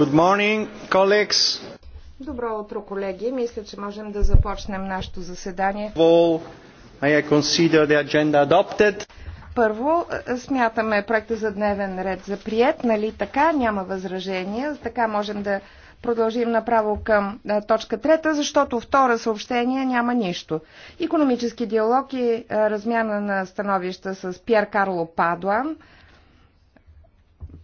Good morning, colleagues. Добро утро, колеги. Мисля, че можем да започнем нашето заседание. Първо, е, смятаме проекта за дневен ред за прият, нали така? Няма възражения, така можем да продължим направо към е, точка трета, защото втора съобщение няма нищо. Економически диалог и е, размяна на становища с Пьер Карло Падуан –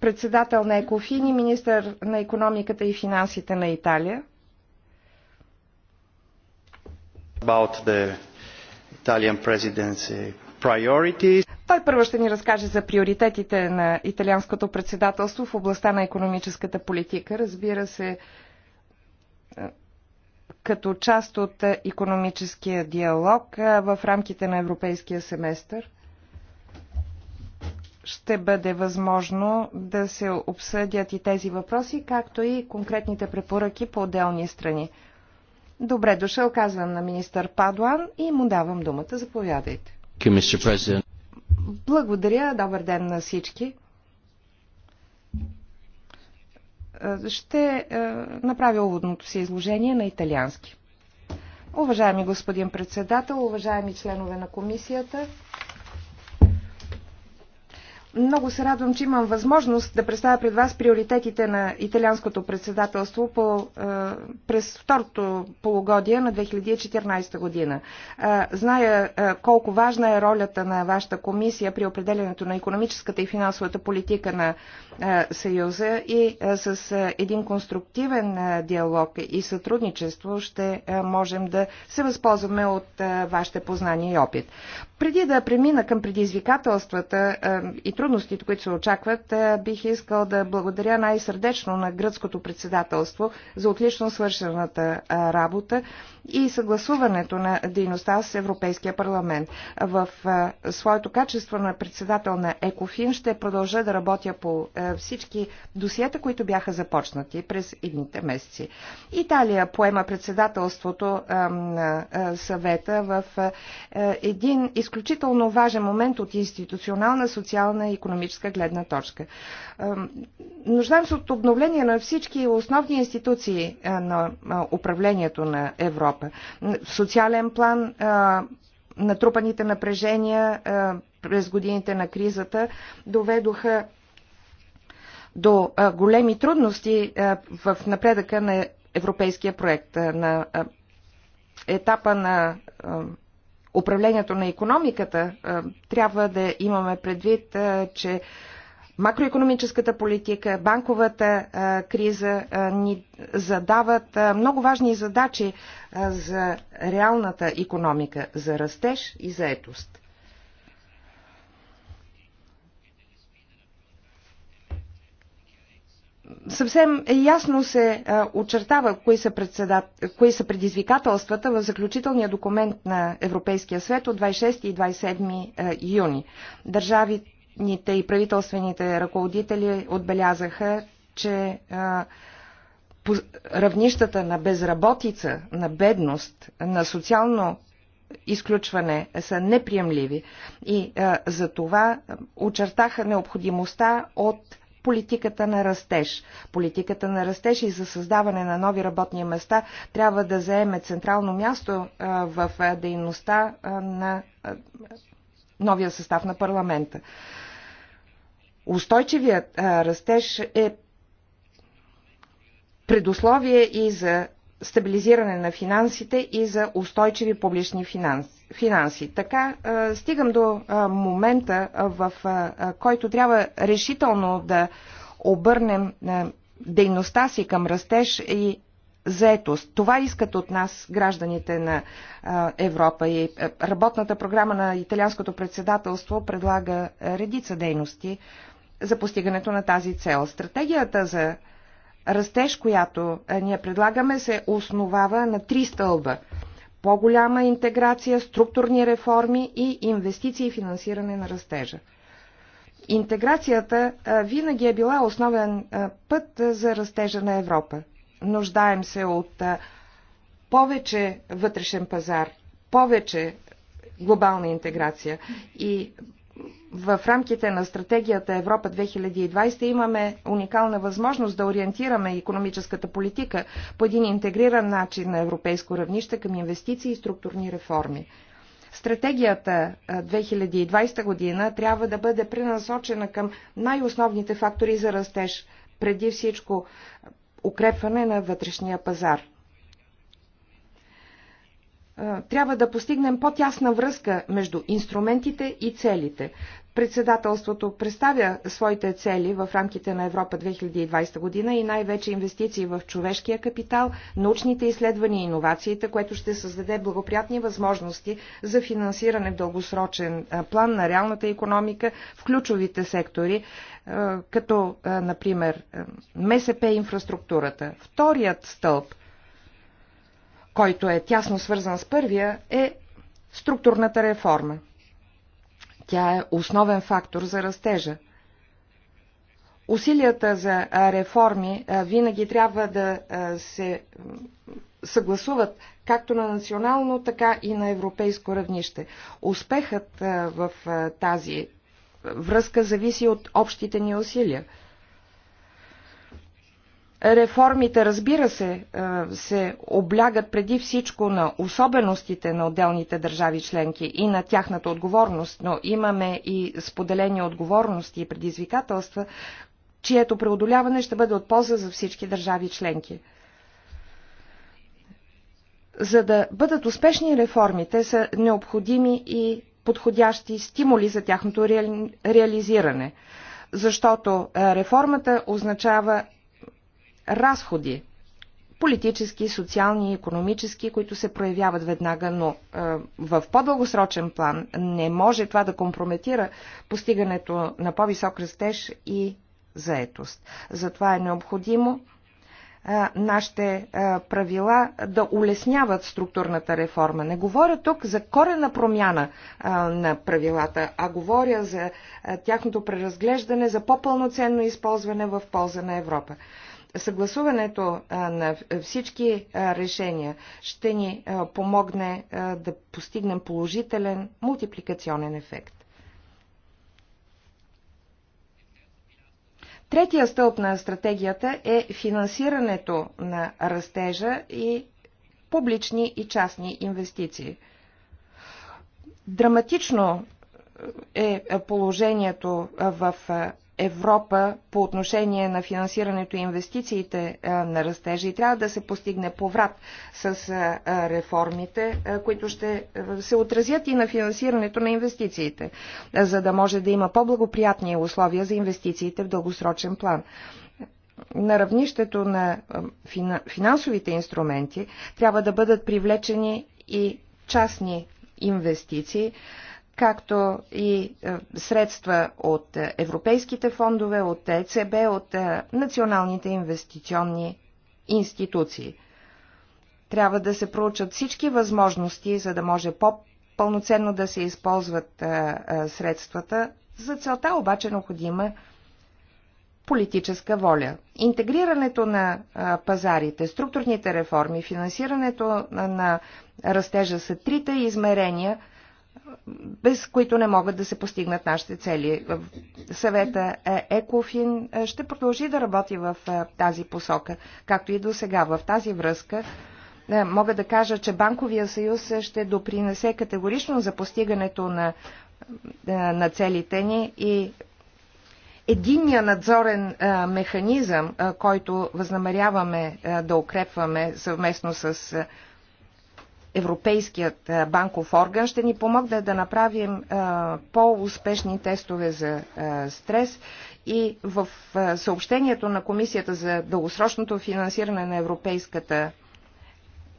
председател на Екофин и министър на економиката и финансите на Италия. About the Italian presidency priorities. Той първо ще ни разкаже за приоритетите на италианското председателство в областта на економическата политика. Разбира се, е, като част от економическия диалог е, в рамките на европейския семестър ще бъде възможно да се обсъдят и тези въпроси, както и конкретните препоръки по отделни страни. Добре дошъл, казвам на министър Падуан и му давам думата. Заповядайте. Благодаря. Добър ден на всички. Е, ще е, направя уводното си изложение на италиански. Уважаеми господин председател, уважаеми членове на комисията, много се радвам, че имам възможност да представя пред вас приоритетите на италианското председателство по, е, през второто полугодие на 2014 година. Е, зная е, колко важна е ролята на вашата комисия при определенето на економическата и финансовата политика на Съюза и с един конструктивен диалог и сътрудничество ще можем да се възползваме от вашите познания и опит. Преди да премина към предизвикателствата е, и трудностите, които се очакват, е, бих искал да благодаря най-сърдечно на гръцкото председателство за отлично свършената е, работа и съгласуването на дейността с Европейския парламент. В своето качество на председател на ЕКОФИН ще продължа да работя по всички досиета, които бяха започнати през едните месеци. Италия поема председателството на съвета в един изключително важен момент от институционална, социална и економическа гледна точка. Нуждаем се от обновление на всички основни институции на управлението на Европа. В социален план натрупаните напрежения през годините на кризата доведоха до големи трудности в напредъка на европейския проект. На етапа на управлението на економиката, трябва да имаме предвид, че макроекономическата политика, банковата криза ни задават много важни задачи за реалната економика, за растеж и заетост. съвсем ясно се очертава кои са, кои са предизвикателствата в заключителния документ на Европейския свет от 26 и 27 юни. Държавите и правителствените ръководители отбелязаха, че по равнищата на безработица, на бедност, на социално изключване са неприемливи и а, за това очертаха необходимостта от политиката на растеж. Политиката на растеж и за създаване на нови работни места трябва да заеме централно място в дейността на новия състав на парламента. Устойчивият растеж е предусловие и за стабилизиране на финансите и за устойчиви публични финанси финанси. Така стигам до момента, в който трябва решително да обърнем дейността си към растеж и заетост. Това искат от нас гражданите на Европа и работната програма на италианското председателство предлага редица дейности за постигането на тази цел. Стратегията за растеж, която ние предлагаме, се основава на три стълба – по-голяма интеграция, структурни реформи и инвестиции и финансиране на растежа. Интеграцията винаги е била основен път за растежа на Европа. Нуждаем се от повече вътрешен пазар, повече глобална интеграция и в рамките на стратегията Европа 2020 имаме уникална възможност да ориентираме економическата политика по един интегриран начин на европейско равнище към инвестиции и структурни реформи. Стратегията 2020 година трябва да бъде пренасочена към най-основните фактори за растеж, преди всичко укрепване на вътрешния пазар трябва да постигнем по-тясна връзка между инструментите и целите. Председателството представя своите цели в рамките на Европа 2020 година и най-вече инвестиции в човешкия капитал, научните изследвания и иновациите, което ще създаде благоприятни възможности за финансиране в дългосрочен план на реалната економика в ключовите сектори, като, например, МСП инфраструктурата. Вторият стълб, който е тясно свързан с първия, е структурната реформа. Тя е основен фактор за растежа. Усилията за реформи винаги трябва да се съгласуват както на национално, така и на европейско равнище. Успехът в тази връзка зависи от общите ни усилия. Реформите, разбира се, се облягат преди всичко на особеностите на отделните държави членки и на тяхната отговорност, но имаме и споделени отговорности и предизвикателства, чието преодоляване ще бъде от полза за всички държави членки. За да бъдат успешни реформите, са необходими и подходящи стимули за тяхното реализиране, защото реформата означава разходи, политически, социални, економически, които се проявяват веднага, но е, в по-дългосрочен план не може това да компрометира постигането на по-висок растеж и заетост. Затова е необходимо е, нашите е, правила да улесняват структурната реформа. Не говоря тук за корена промяна е, на правилата, а говоря за е, тяхното преразглеждане, за по-пълноценно използване в полза на Европа съгласуването на всички решения ще ни помогне да постигнем положителен мултипликационен ефект. Третия стълб на стратегията е финансирането на растежа и публични и частни инвестиции. Драматично е положението в Европа по отношение на финансирането и инвестициите на растежа и трябва да се постигне поврат с реформите, които ще се отразят и на финансирането на инвестициите, за да може да има по-благоприятни условия за инвестициите в дългосрочен план на равнището на финансовите инструменти трябва да бъдат привлечени и частни инвестиции, както и е, средства от е, европейските фондове, от е, ЕЦБ, от националните инвестиционни институции. Трябва да се проучат всички възможности, за да може по-пълноценно да се използват средствата. За целта обаче необходима политическа воля. Интегрирането на пазарите, структурните реформи, финансирането на растежа са трите измерения – без които не могат да се постигнат нашите цели. Съвета е, ЕКОФИН е, ще продължи да работи в е, тази посока, както и до сега. В тази връзка мога да кажа, че Банковия съюз ще допринесе категорично за постигането на, на целите ни и единния надзорен механизъм, който възнамеряваме да укрепваме съвместно с Европейският банков орган ще ни помогне да направим по-успешни тестове за стрес и в съобщението на Комисията за дългосрочното финансиране на европейската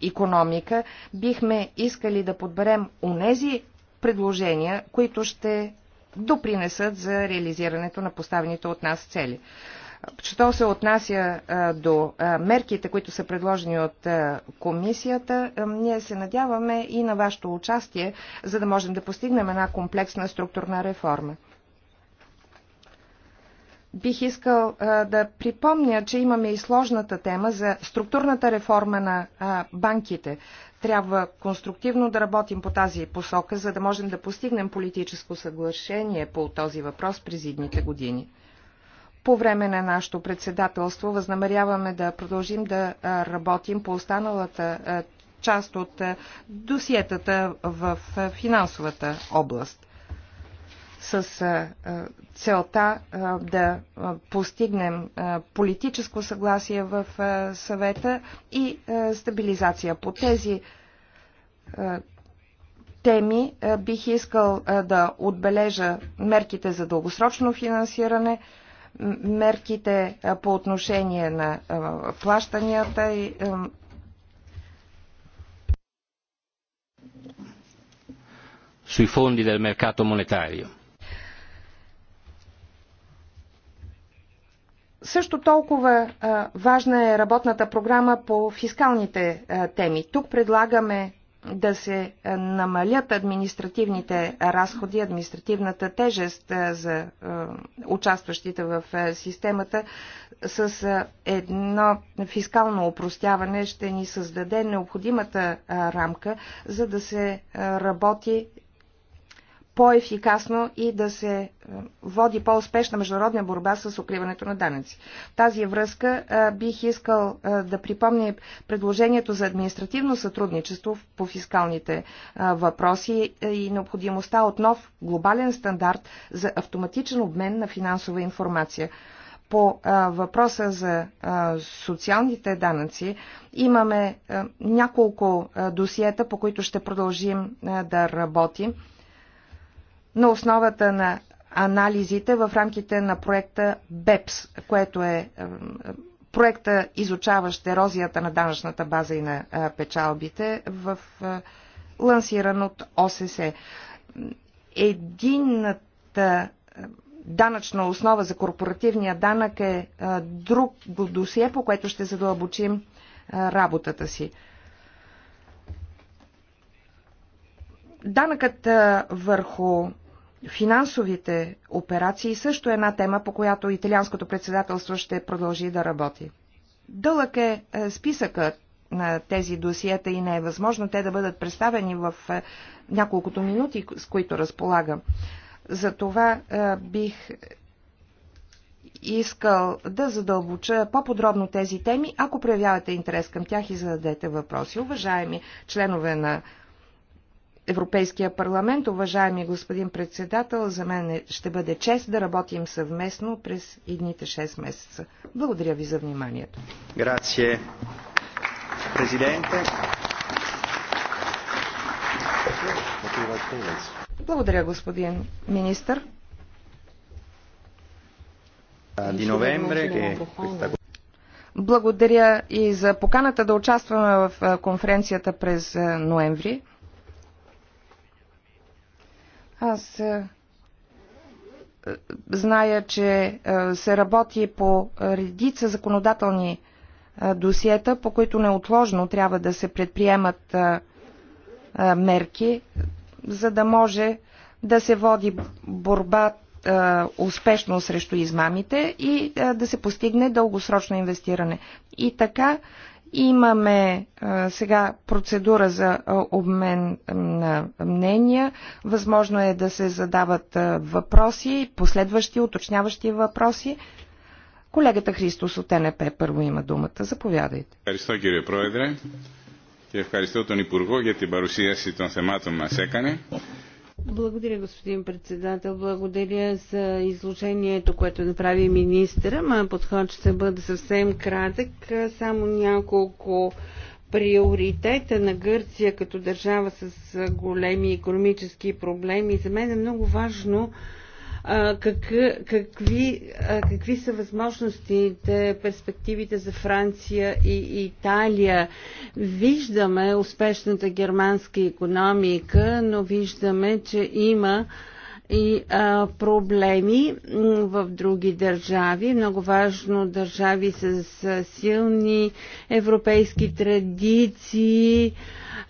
економика бихме искали да подберем онези предложения, които ще допринесат за реализирането на поставените от нас цели. Що се отнася до мерките, които са предложени от комисията, ние се надяваме и на вашето участие, за да можем да постигнем една комплексна структурна реформа. Бих искал да припомня, че имаме и сложната тема за структурната реформа на банките. Трябва конструктивно да работим по тази посока, за да можем да постигнем политическо съглашение по този въпрос през идните години. По време на нашето председателство възнамеряваме да продължим да работим по останалата част от досиетата в финансовата област с целта да постигнем политическо съгласие в съвета и стабилизация по тези теми бих искал да отбележа мерките за дългосрочно финансиране, мерките по отношение на плащанията и sui fondi del mercato monetario. Също толкова а, важна е работната програма по фискалните а, теми. Тук предлагаме да се е, намалят административните разходи, административната тежест е, за е, участващите в системата с едно фискално упростяване ще ни създаде необходимата рамка, за да се работи по-ефикасно и да се е, води по-успешна международна борба с укриването на данъци. В тази връзка е, бих искал е, да припомня предложението за административно сътрудничество по фискалните въпроси и необходимостта от нов глобален стандарт за автоматичен обмен на финансова информация. По въпроса за социалните данъци имаме няколко досиета, по които ще продължим да работим на основата на анализите в рамките на проекта БЕПС, което е, е проекта, изучаващ ерозията на данъчната база и на е, печалбите, в, е, лансиран от ОССЕ. Единната данъчна основа за корпоративния данък е друг досие, по което ще задълбочим работата си. Данъкът върху финансовите операции също е една тема, по която италианското председателство ще продължи да работи. Дълъг е списъкът на тези досиета и не е възможно те да бъдат представени в няколкото минути, с които разполагам. За това бих искал да задълбоча по-подробно тези теми, ако проявявате интерес към тях и зададете въпроси. Уважаеми членове на Европейския парламент. Уважаеми господин председател, за мен е- ще бъде чест да работим съвместно през едните 6 месеца. Благодаря ви за вниманието. Грация, президенте. Благодаря, господин министр. Благодаря и за поканата да участваме в конференцията през ноември. Аз е, е, зная, че е, се работи по редица законодателни досиета, по които неотложно трябва да се предприемат мерки, за да може да се води борба успешно срещу измамите и да се постигне дългосрочно инвестиране. И така Имаме а, сега процедура за а, обмен на мнения. Възможно е да се задават а, въпроси, последващи, уточняващи въпроси. Колегата Христос от НП първо има думата. Заповядайте. Ευχαριστώ κύριε Πρόεδρε και ευχαριστώ ни Υπουργό и барусия си тон θεμάτων на секане. Благодаря, господин председател. Благодаря за изложението, което направи министъра. Моя подход ще бъде съвсем кратък. Само няколко приоритета на Гърция като държава с големи економически проблеми. За мен е много важно как, какви, какви са възможностите, перспективите за Франция и Италия. Виждаме успешната германска економика, но виждаме, че има а, и а, проблеми в други държави. Много важно държави с силни европейски традиции,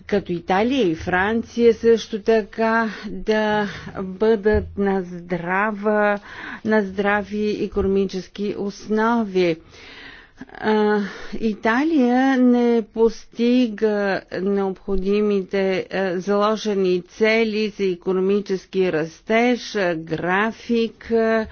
като Италия и Франция също така, да бъдат на, здрава, на здрави економически основи а, Италия не постига необходимите а, заложени цели за економически растеж, график а,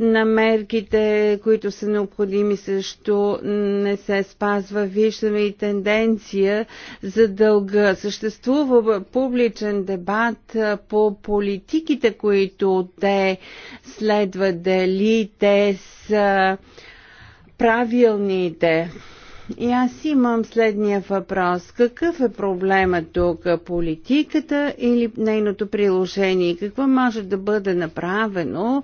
на мерките, които са необходими също не се спазва. Виждаме и тенденция за дълга. Съществува публичен дебат по политиките, които те следват, дали те са правилните. И аз имам следния въпрос. Какъв е проблема тук? Политиката или нейното приложение? Какво може да бъде направено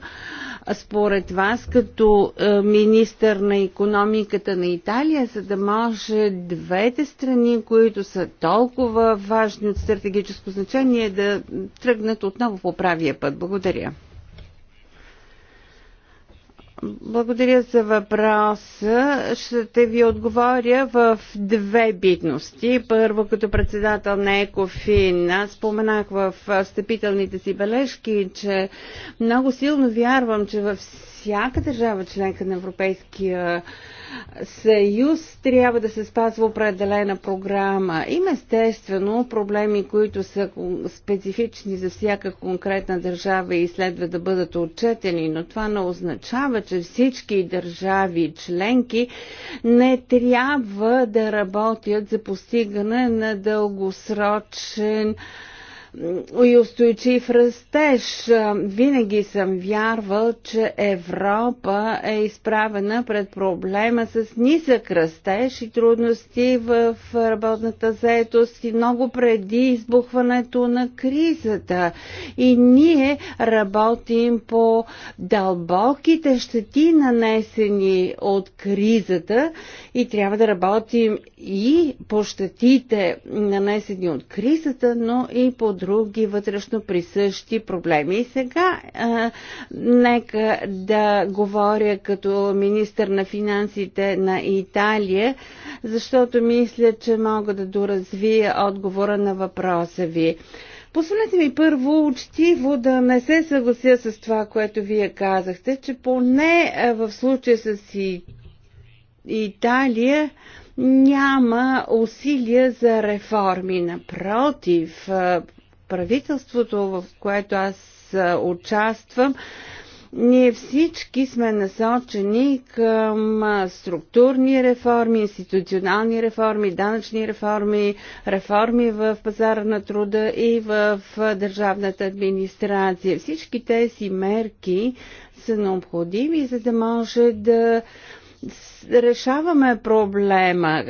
според вас като министър на економиката на Италия, за да може двете страни, които са толкова важни от стратегическо значение, да тръгнат отново по правия път? Благодаря. Благодаря за въпроса. Ще ви отговоря в две битности. Първо, като председател на ЕКОФИН, аз споменах в стъпителните си бележки, че много силно вярвам, че във всяка държава членка на Европейския съюз трябва да се спазва определена програма. Има естествено проблеми, които са специфични за всяка конкретна държава и следва да бъдат отчетени, но това не означава, че всички държави членки не трябва да работят за постигане на дългосрочен и устойчив растеж. Винаги съм вярвал, че Европа е изправена пред проблема с нисък растеж и трудности в работната заетост и много преди избухването на кризата. И ние работим по дълбоките щети нанесени от кризата и трябва да работим и по щетите нанесени от кризата, но и по други вътрешно присъщи проблеми. И сега а, нека да говоря като министър на финансите на Италия, защото мисля, че мога да доразвия отговора на въпроса ви. Позволете ми първо учтиво да не се съглася с това, което вие казахте, че поне в случая с Италия няма усилия за реформи. Напротив, правителството, в което аз участвам, ние всички сме насочени към структурни реформи, институционални реформи, данъчни реформи, реформи в пазара на труда и в държавната администрация. Всички тези мерки са необходими, за да може да решаваме проблема,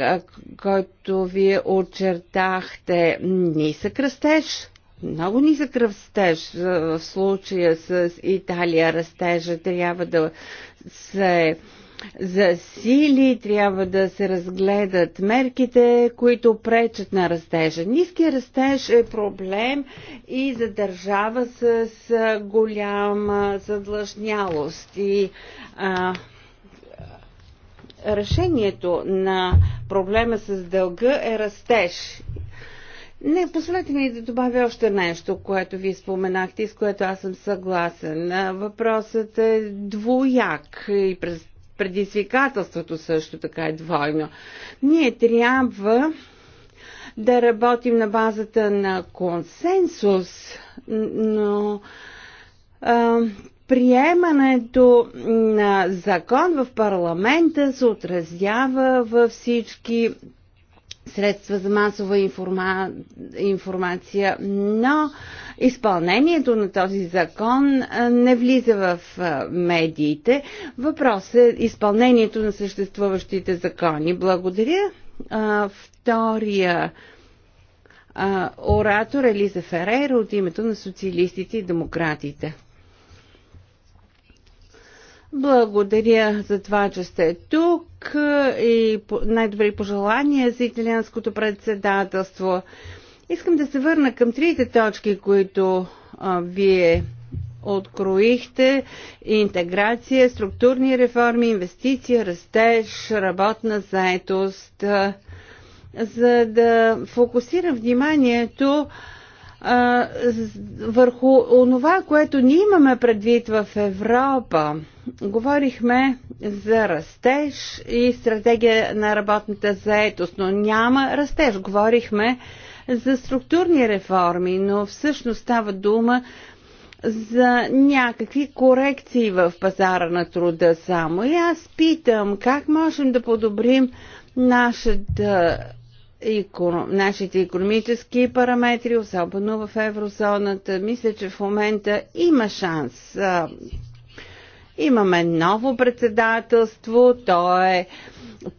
който вие очертахте. Нисък растеж, много нисък растеж в случая с Италия. Растежа трябва да се засили, трябва да се разгледат мерките, които пречат на растежа. Ниският растеж е проблем и за държава с голяма задлъжнялост. И а, решението на проблема с дълга е растеж не, позволете ми да добавя още нещо, което ви споменахте и с което аз съм съгласен. Въпросът е двояк и през предизвикателството също така е двойно. Ние трябва да работим на базата на консенсус, но а, приемането на закон в парламента се отразява във всички средства за масова информа... информация, но изпълнението на този закон не влиза в медиите. Въпрос е изпълнението на съществуващите закони. Благодаря. Втория оратор Елиза Ферейра от името на социалистите и демократите. Благодаря за това, че сте тук. Е, и най-добри пожелания за италианското председателство. Искам да се върна към трите точки, които а, вие откроихте интеграция, структурни реформи, инвестиция, растеж, работна заетост, за да фокусирам вниманието върху онова, което ние имаме предвид в Европа. Говорихме за растеж и стратегия на работната заетост, но няма растеж. Говорихме за структурни реформи, но всъщност става дума за някакви корекции в пазара на труда само. И аз питам как можем да подобрим нашата нашите економически параметри, особено в еврозоната. Мисля, че в момента има шанс. Имаме ново председателство, то е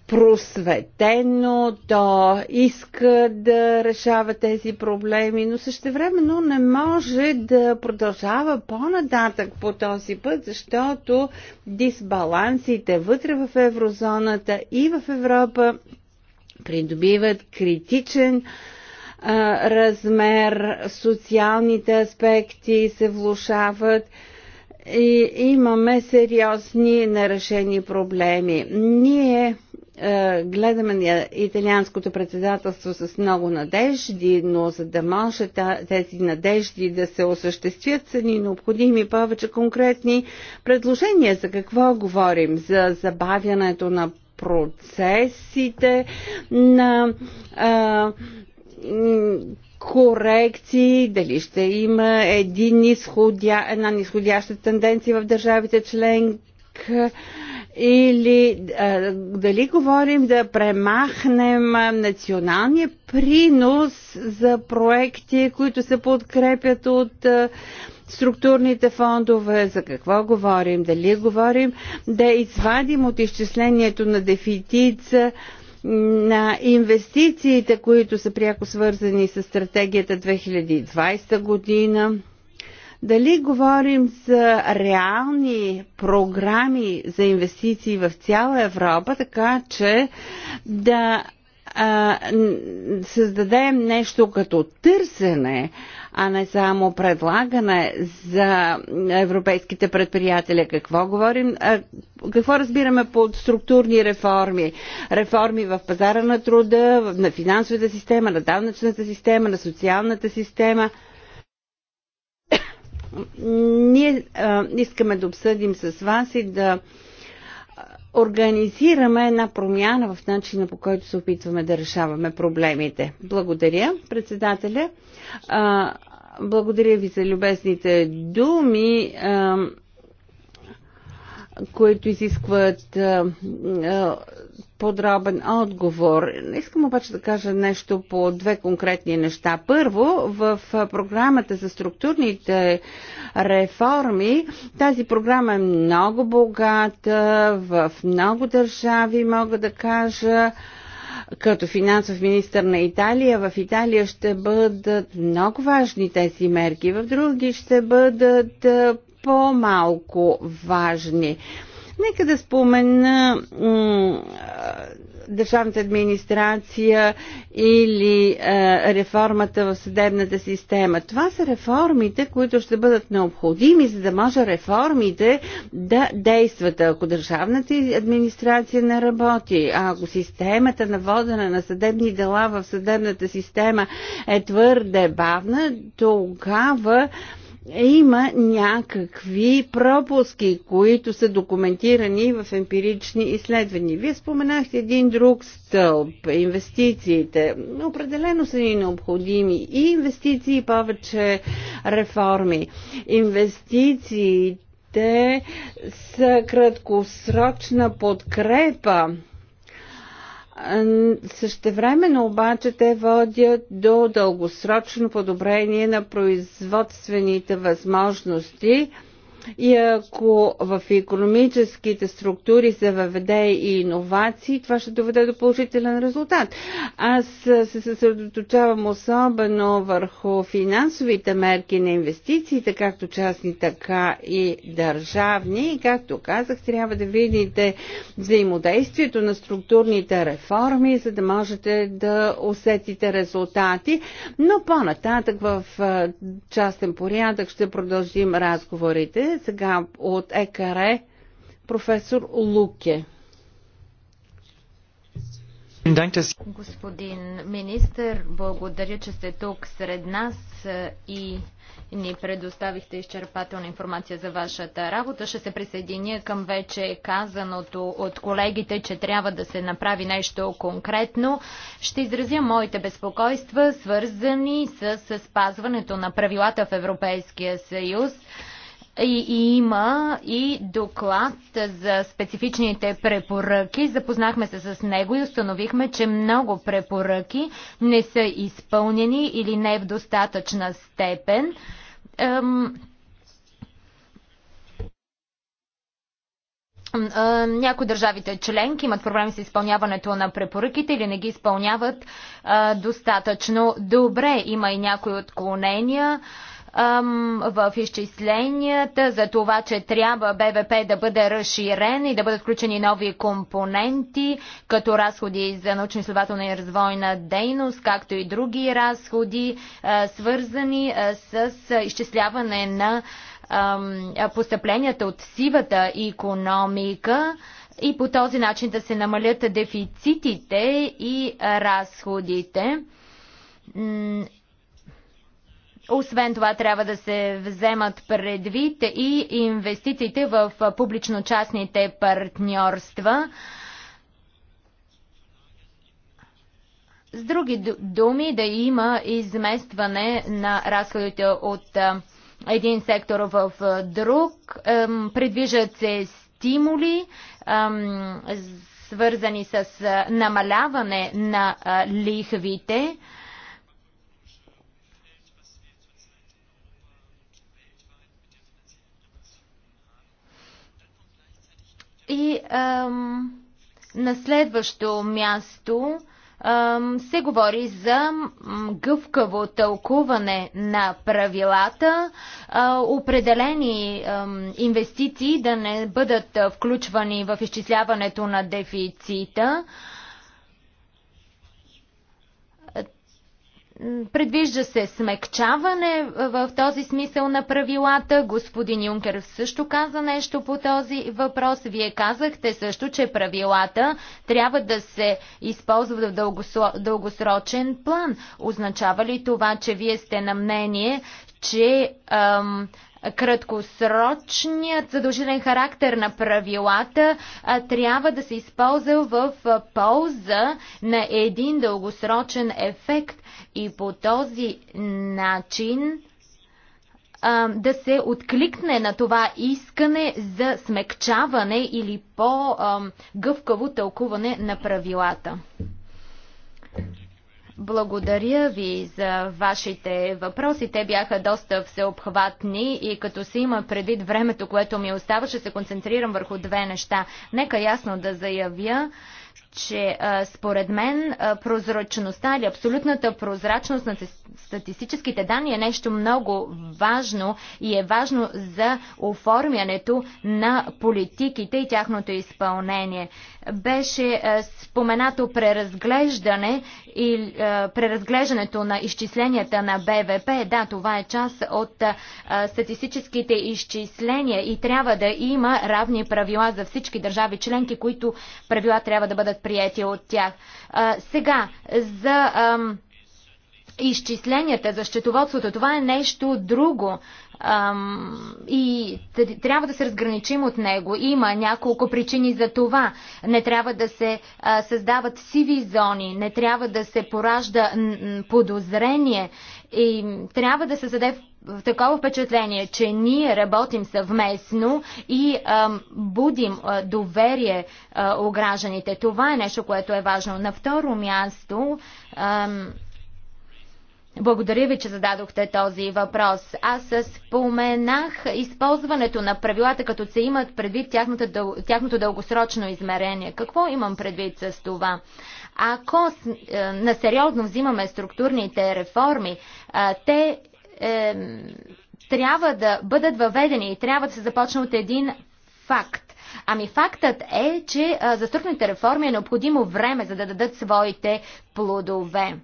просветено, то иска да решава тези проблеми, но същевременно не може да продължава по-нататък по този път, защото дисбалансите вътре в еврозоната и в Европа придобиват критичен а, размер, социалните аспекти се влушават и имаме сериозни нарешени проблеми. Ние гледаме на италианското председателство с много надежди, но за да може тези надежди да се осъществят, са ни необходими повече конкретни предложения. За какво говорим? За забавянето на процесите на а, корекции, дали ще има един изходя, една нисходяща тенденция в държавите членка, или а, дали говорим да премахнем националния принос за проекти, които се подкрепят от а, структурните фондове, за какво говорим, дали говорим, да извадим от изчислението на дефицита на инвестициите, които са пряко свързани с стратегията 2020 година. Дали говорим за реални програми за инвестиции в цяла Европа, така че да а, създадем нещо като търсене а не само предлагане за европейските предприятели. Какво говорим? Какво разбираме под структурни реформи? Реформи в пазара на труда, на финансовата система, на данъчната система, на социалната система ние а, искаме да обсъдим с вас и да организираме една промяна в начина по който се опитваме да решаваме проблемите. Благодаря, председателя. А, благодаря ви за любезните думи. А, които изискват а, а, подробен отговор. Искам обаче да кажа нещо по две конкретни неща. Първо, в програмата за структурните реформи, тази програма е много богата, в много държави, мога да кажа, като финансов министр на Италия, в Италия ще бъдат много важни тези мерки, в други ще бъдат по-малко важни. Нека да спомена държавната администрация или а, реформата в съдебната система. Това са реформите, които ще бъдат необходими, за да може реформите да действат. Ако държавната администрация не работи, ако системата на водене на съдебни дела в съдебната система е твърде бавна, тогава има някакви пропуски, които са документирани в емпирични изследвания. Вие споменахте един друг стълб – инвестициите. Определено са ни необходими и инвестиции, и повече реформи. Инвестициите са краткосрочна подкрепа Същевременно обаче те водят до дългосрочно подобрение на производствените възможности и ако в економическите структури се въведе и иновации, това ще доведе до положителен резултат. Аз се съсредоточавам особено върху финансовите мерки на инвестициите, както частни, така и държавни. И както казах, трябва да видите взаимодействието на структурните реформи, за да можете да усетите резултати. Но по-нататък в частен порядък ще продължим разговорите сега от ЕКР професор Луке. Господин министр, благодаря, че сте тук сред нас е, и ни предоставихте изчерпателна информация за вашата работа. Ще се присъединя към вече казаното от колегите, че трябва да се направи нещо конкретно. Ще изразя моите безпокойства, свързани с спазването на правилата в Европейския съюз и, и има и доклад за специфичните препоръки. Запознахме се с него и установихме, че много препоръки не са изпълнени или не в достатъчна степен. Ем, някои държавите членки имат проблеми с изпълняването на препоръките или не ги изпълняват достатъчно добре. Има и някои отклонения в изчисленията за това, че трябва БВП да бъде разширен и да бъдат включени нови компоненти, като разходи за научно-изследователна и развойна дейност, както и други разходи, свързани с изчисляване на постъпленията от сивата економика и по този начин да се намалят дефицитите и разходите освен това трябва да се вземат предвид и инвестициите в публично-частните партньорства. С други думи, да има изместване на разходите от един сектор в друг. Предвижат се стимули, свързани с намаляване на лихвите. И ам, на следващо място ам, се говори за гъвкаво тълкуване на правилата, а, определени ам, инвестиции да не бъдат включвани в изчисляването на дефицита. Предвижда се смекчаване е, в този смисъл на правилата. Господин Юнкер също каза нещо по този въпрос. Вие казахте също, че правилата трябва да се използват в дългосрочен план. Означава ли това, че вие сте на мнение, че ам, краткосрочният задължителен характер на правилата а, трябва да се използва в а, полза на един дългосрочен ефект и по този начин а, да се откликне на това искане за смекчаване или по-гъвкаво тълкуване на правилата. Благодаря ви за вашите въпроси. Те бяха доста всеобхватни и като се има предвид времето, което ми остава, ще се концентрирам върху две неща. Нека ясно да заявя, че според мен прозрачността или абсолютната прозрачност на статистическите данни е нещо много важно и е важно за оформянето на политиките и тяхното изпълнение. Беше е, споменато преразглеждане и е, преразглеждането на изчисленията на БВП. Да, това е част от е, статистическите изчисления и трябва да има равни правила за всички държави членки, които правила трябва да бъдат прияти от тях. Сега, за изчисленията за счетоводството, това е нещо друго и трябва да се разграничим от него. Има няколко причини за това. Не трябва да се създават сиви зони, не трябва да се поражда подозрение и трябва да се създаде в такова впечатление, че ние работим съвместно и ам, будим а, доверие а, у гражданите. Това е нещо, което е важно. На второ място ам, благодаря ви, че зададохте този въпрос. Аз споменах използването на правилата, като се имат предвид тяхното, дъл... тяхното дългосрочно измерение. Какво имам предвид с това? Ако е, на сериозно взимаме структурните реформи, е, те е, трябва да бъдат въведени и трябва да се започне от един факт. Ами фактът е, че е, за структурните реформи е необходимо време, за да дадат своите плодове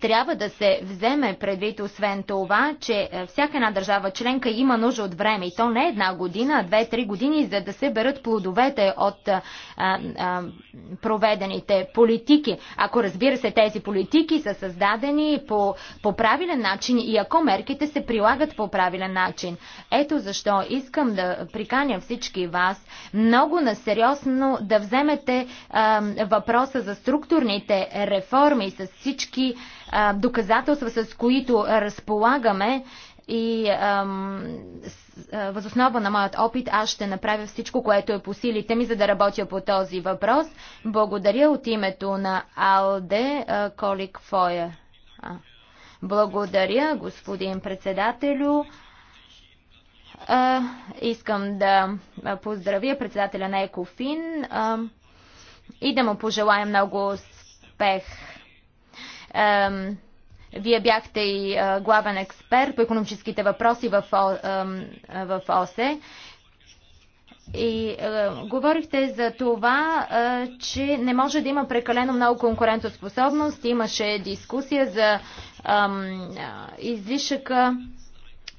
трябва да се вземе предвид освен това, че е, всяка една държава членка има нужда от време и то не една година, а две-три години, за да се берат плодовете от е, а, а, проведените политики. Ако разбира се тези политики са създадени по, по правилен начин и ако мерките се прилагат по правилен начин. Ето защо искам да приканя всички вас много насериозно да вземете а, въпроса за структурните реформи с всички доказателства, с които разполагаме и възоснова на моят опит аз ще направя всичко, което е по силите ми, за да работя по този въпрос. Благодаря от името на Алде Колик Фоя. Благодаря, господин председателю. А, искам да поздравя председателя на Екофин а, и да му пожелая много успех. Вие бяхте и главен експерт по економическите въпроси в, в ОСЕ. И е, говорихте за това, е, че не може да има прекалено много конкурентоспособност. Имаше дискусия за е, е, излишъка,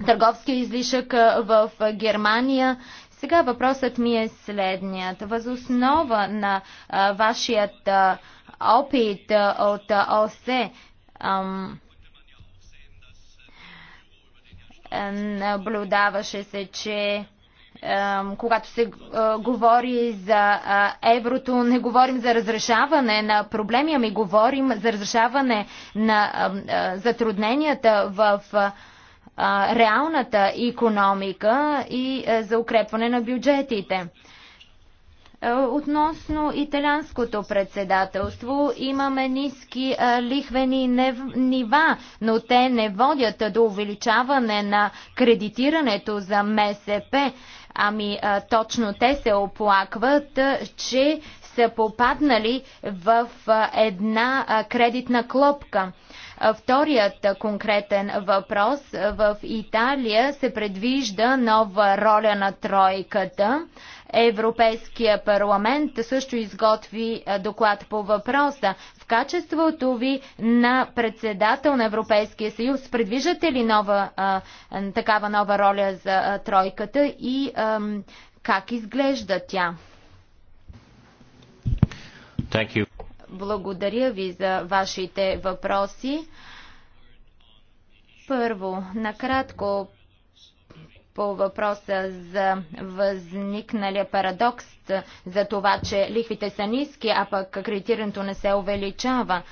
търговския излишък в Германия сега въпросът ми е следният. Възоснова на а, вашият а, опит а, от а, ОСЕ, ам, наблюдаваше се, че когато се говори за еврото, не говорим за разрешаване на проблеми, ами говорим за разрешаване на затрудненията в а, реалната економика и а, е, за укрепване на бюджетите. Е, относно италянското председателство имаме ниски е, лихвени нива, но те не водят до увеличаване на кредитирането за МСП. Ами точно те се оплакват, че са попаднали в една кредитна клопка. Вторият конкретен въпрос. В Италия се предвижда нова роля на тройката. Европейския парламент също изготви доклад по въпроса. В качеството ви на председател на Европейския съюз, предвиждате ли нова, а, такава нова роля за а, тройката и а, как изглежда тя? Thank you. Благодаря ви за вашите въпроси. Първо, накратко по въпроса за възникналия парадокс за това, че лихвите са ниски, а пък кредитирането не се увеличава.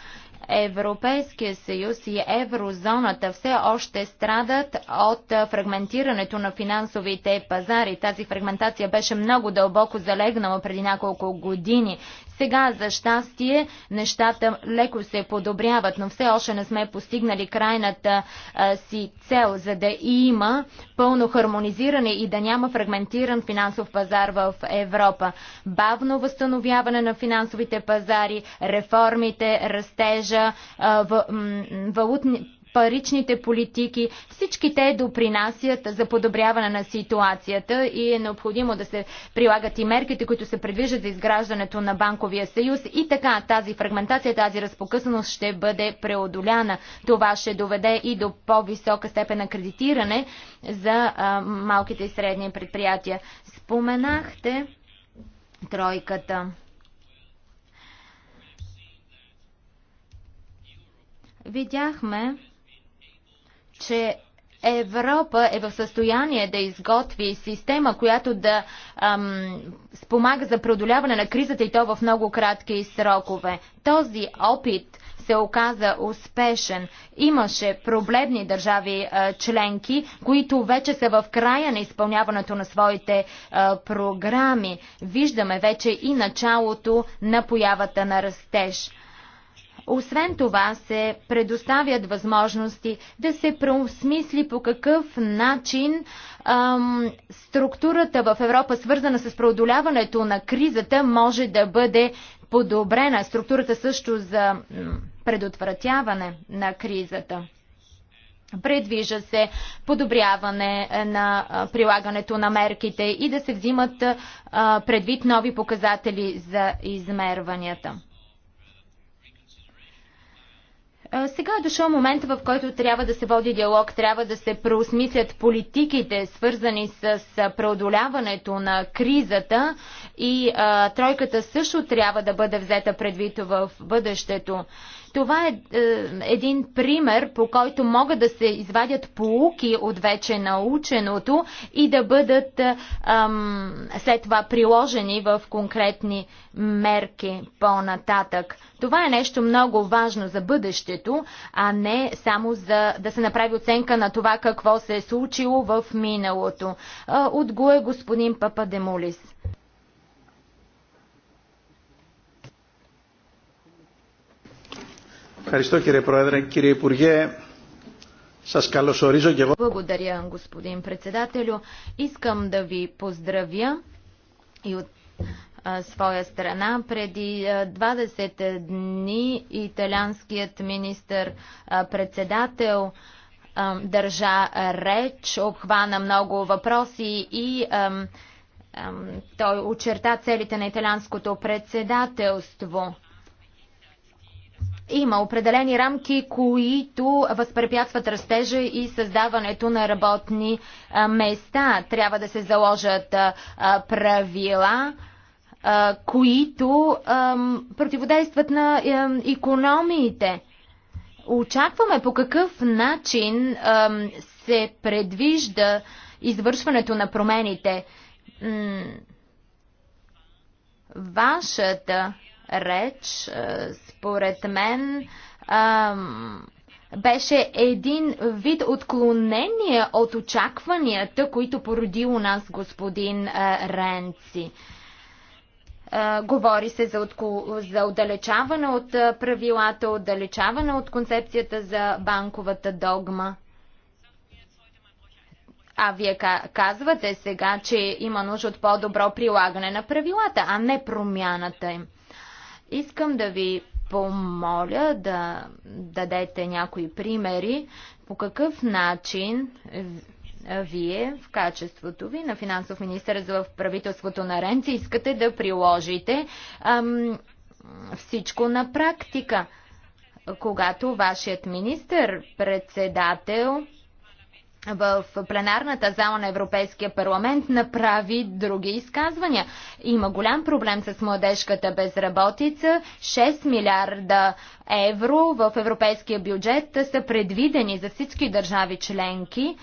Европейския съюз и еврозоната все още страдат от фрагментирането на финансовите пазари. Тази фрагментация беше много дълбоко залегнала преди няколко години. Сега, за щастие, нещата леко се подобряват, но все още не сме постигнали крайната а, си цел, за да има пълно хармонизиране и да няма фрагментиран финансов пазар в Европа. Бавно възстановяване на финансовите пазари, реформите, растежа, а, в, м, валутни паричните политики, всички те допринасят за подобряване на ситуацията и е необходимо да се прилагат и мерките, които се предвиждат за изграждането на банковия съюз и така тази фрагментация, тази разпокъсаност ще бъде преодоляна. Това ще доведе и до по-висока степен на кредитиране за а, малките и средни предприятия. Споменахте тройката. Видяхме, че Европа е в състояние да изготви система, която да ам, спомага за преодоляване на кризата и то в много кратки срокове. Този опит се оказа успешен. Имаше проблемни държави а, членки, които вече са в края на изпълняването на своите а, програми. Виждаме вече и началото на появата на растеж. Освен това се предоставят възможности да се преосмисли по какъв начин ам, структурата в Европа, свързана с преодоляването на кризата, може да бъде подобрена. Структурата също за предотвратяване на кризата. Предвижда се подобряване е, на прилагането на мерките и да се взимат предвид нови показатели за измерванията. Е, сега е дошъл момента, в който трябва да се води диалог, трябва да се преосмислят политиките, свързани с преодоляването на кризата и а, тройката също трябва да бъде взета предвид в бъдещето. Това е, е един пример, по който могат да се извадят полуки от вече наученото и да бъдат е, след това приложени в конкретни мерки по-нататък. Това е нещо много важно за бъдещето, а не само за да се направи оценка на това какво се е случило в миналото. Отго е господин Демолис. Ευχαριστώ κύριε Πρόεδρε. Κύριε Υπουργέ, σας καλωσορίζω και εγώ. Благодаря, господин председателю. Искам да ви поздравя и от своя страна. Преди 20 дни италианският министър-председател държа реч, обхвана много въпроси и той очерта целите на италианското председателство. Има определени рамки, които възпрепятстват растежа и създаването на работни места. Трябва да се заложат правила, които противодействат на економиите. Очакваме по какъв начин се предвижда извършването на промените. Вашата реч според мен, беше един вид отклонение от очакванията, които породи у нас господин Ренци. Говори се за, отко... за отдалечаване от правилата, отдалечаване от концепцията за банковата догма. А вие казвате сега, че има нужда от по-добро прилагане на правилата, а не промяната им. Искам да ви помоля да дадете някои примери по какъв начин вие в качеството ви на финансов министър в правителството на Ренци искате да приложите ам, всичко на практика. Когато вашият министър, председател, в пленарната зала на Европейския парламент направи други изказвания. Има голям проблем с младежката безработица. 6 милиарда евро в европейския бюджет са предвидени за всички държави членки.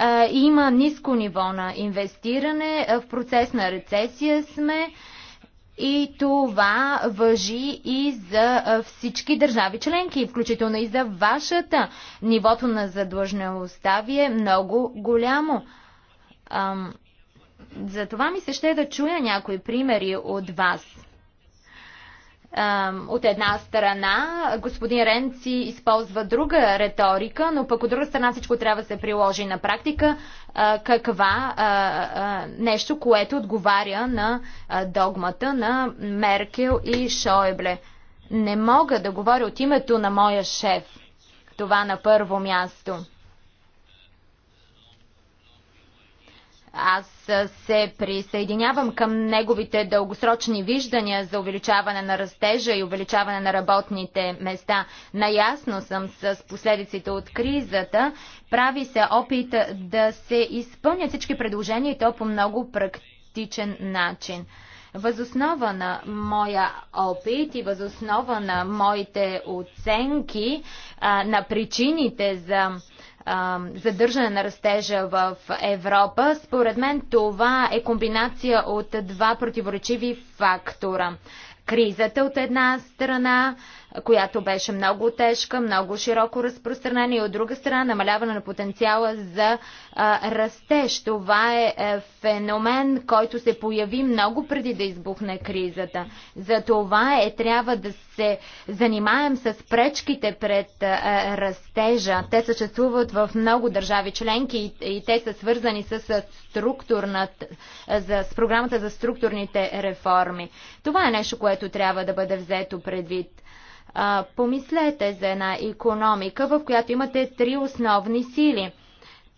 Е, има ниско ниво на инвестиране, е, в процес на рецесия сме и това въжи и за всички държави членки, включително и за вашата. Нивото на задлъжнялостта ви е много голямо. Ам, за това ми се ще е да чуя някои примери от вас от една страна господин Ренци използва друга риторика, но пък от друга страна всичко трябва да се приложи на практика. Каква нещо, което отговаря на догмата на Меркел и Шойбле. Не мога да говоря от името на моя шеф. Това на първо място. Аз се присъединявам към неговите дългосрочни виждания за увеличаване на растежа и увеличаване на работните места. Наясно съм с последиците от кризата. Прави се опит да се изпълнят всички предложения и то по много практичен начин. Възоснова на моя опит и възоснова на моите оценки а, на причините за задържане на растежа в Европа. Според мен това е комбинация от два противоречиви фактора. Кризата от една страна, която беше много тежка, много широко разпространена и от друга страна намаляване на потенциала за а, растеж. Това е, е феномен, който се появи много преди да избухне кризата. За това е трябва да се занимаем с пречките пред а, е, е, растежа. Те съществуват в много държави членки и, и те са свързани с, с, за, с програмата за структурните реформи. Това е нещо, което трябва да бъде взето предвид. А, помислете за една економика, в която имате три основни сили.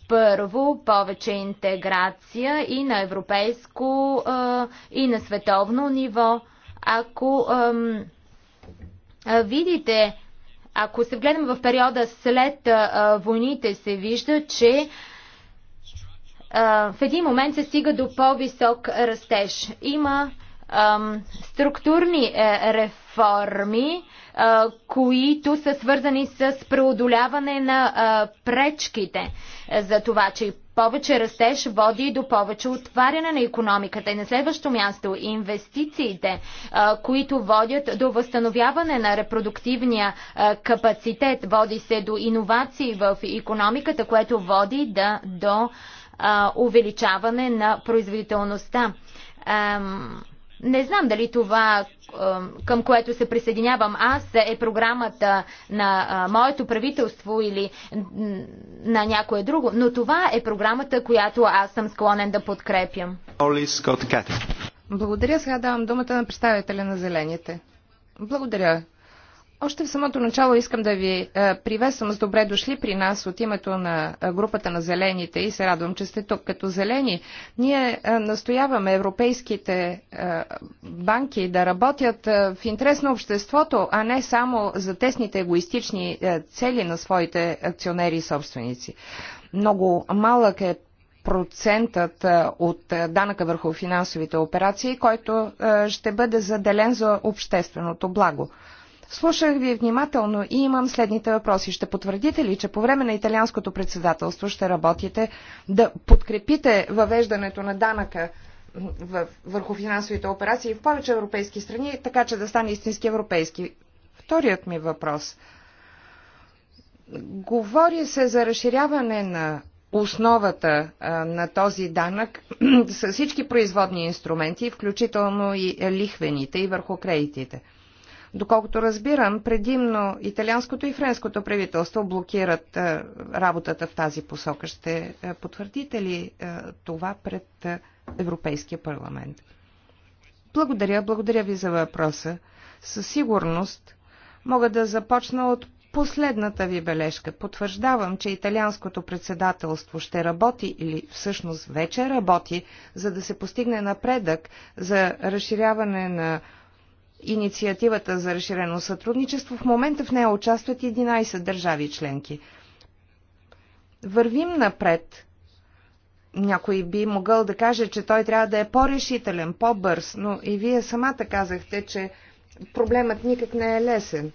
Първо, повече интеграция и на европейско, а, и на световно ниво. Ако ам, а, видите, ако се вгледаме в периода след а, войните, се вижда, че а, в един момент се стига до по-висок растеж. Има ам, структурни е, реформи форми, които са свързани с преодоляване на пречките за това, че повече растеж води до повече отваряне на економиката. И на следващо място инвестициите, които водят до възстановяване на репродуктивния капацитет, води се до иновации в економиката, което води да, до увеличаване на производителността. Не знам дали това, към което се присъединявам аз, е програмата на моето правителство или на някое друго, но това е програмата, която аз съм склонен да подкрепям. Благодаря. Сега давам думата на представителя на Зелените. Благодаря, още в самото начало искам да ви е, приветствам с добре дошли при нас от името на е, групата на зелените и се радвам, че сте тук като зелени. Ние е, настояваме европейските банки да работят в интерес на обществото, а не само за тесните егоистични цели на своите акционери и собственици. Много малък е процентът от данъка върху финансовите операции, който ще бъде заделен за общественото благо. Слушах ви внимателно и имам следните въпроси. Ще потвърдите ли, че по време на италианското председателство ще работите да подкрепите въвеждането на данъка върху финансовите операции в повече европейски страни, така че да стане истински европейски? Вторият ми въпрос. Говори се за разширяване на основата на този данък с всички производни инструменти, включително и лихвените и върху кредитите. Доколкото разбирам, предимно италианското и френското правителство блокират е, работата в тази посока. Ще е, потвърдите ли е, това пред Европейския парламент? Благодаря, благодаря ви за въпроса. Със сигурност мога да започна от последната ви бележка. Потвърждавам, че италианското председателство ще работи или всъщност вече работи, за да се постигне напредък за разширяване на инициативата за разширено сътрудничество. В момента в нея участват 11 държави членки. Вървим напред. Някой би могъл да каже, че той трябва да е по-решителен, по-бърз, но и вие самата казахте, че проблемът никак не е лесен.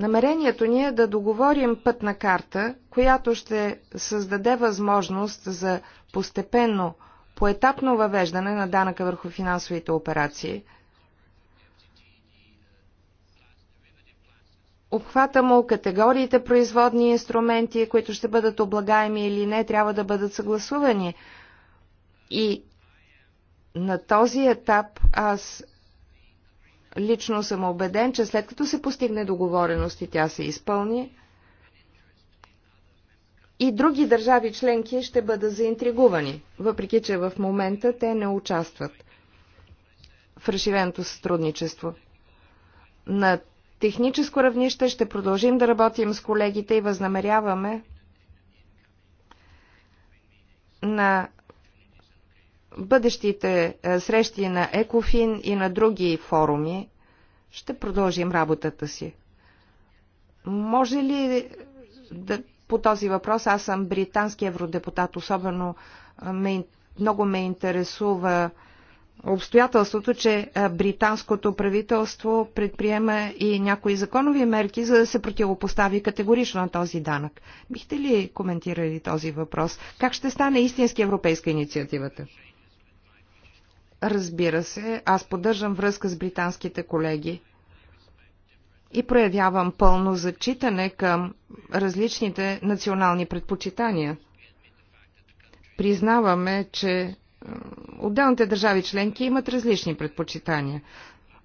Намерението ни е да договорим пътна карта, която ще създаде възможност за постепенно, поетапно въвеждане на данъка върху финансовите операции – обхвата му, категориите производни инструменти, които ще бъдат облагаеми или не, трябва да бъдат съгласувани. И на този етап аз лично съм убеден, че след като се постигне договореност и тя се изпълни, и други държави членки ще бъдат заинтригувани, въпреки че в момента те не участват в разширеното сътрудничество. На техническо равнище ще продължим да работим с колегите и възнамеряваме на бъдещите е, срещи на Екофин и на други форуми ще продължим работата си. Може ли да, по този въпрос, аз съм британски евродепутат, особено е, ме, много ме интересува обстоятелството, че британското правителство предприема и някои законови мерки, за да се противопостави категорично на този данък. Бихте ли коментирали този въпрос? Как ще стане истински европейска инициативата? Разбира се, аз поддържам връзка с британските колеги и проявявам пълно зачитане към различните национални предпочитания. Признаваме, че Отделните държави членки имат различни предпочитания.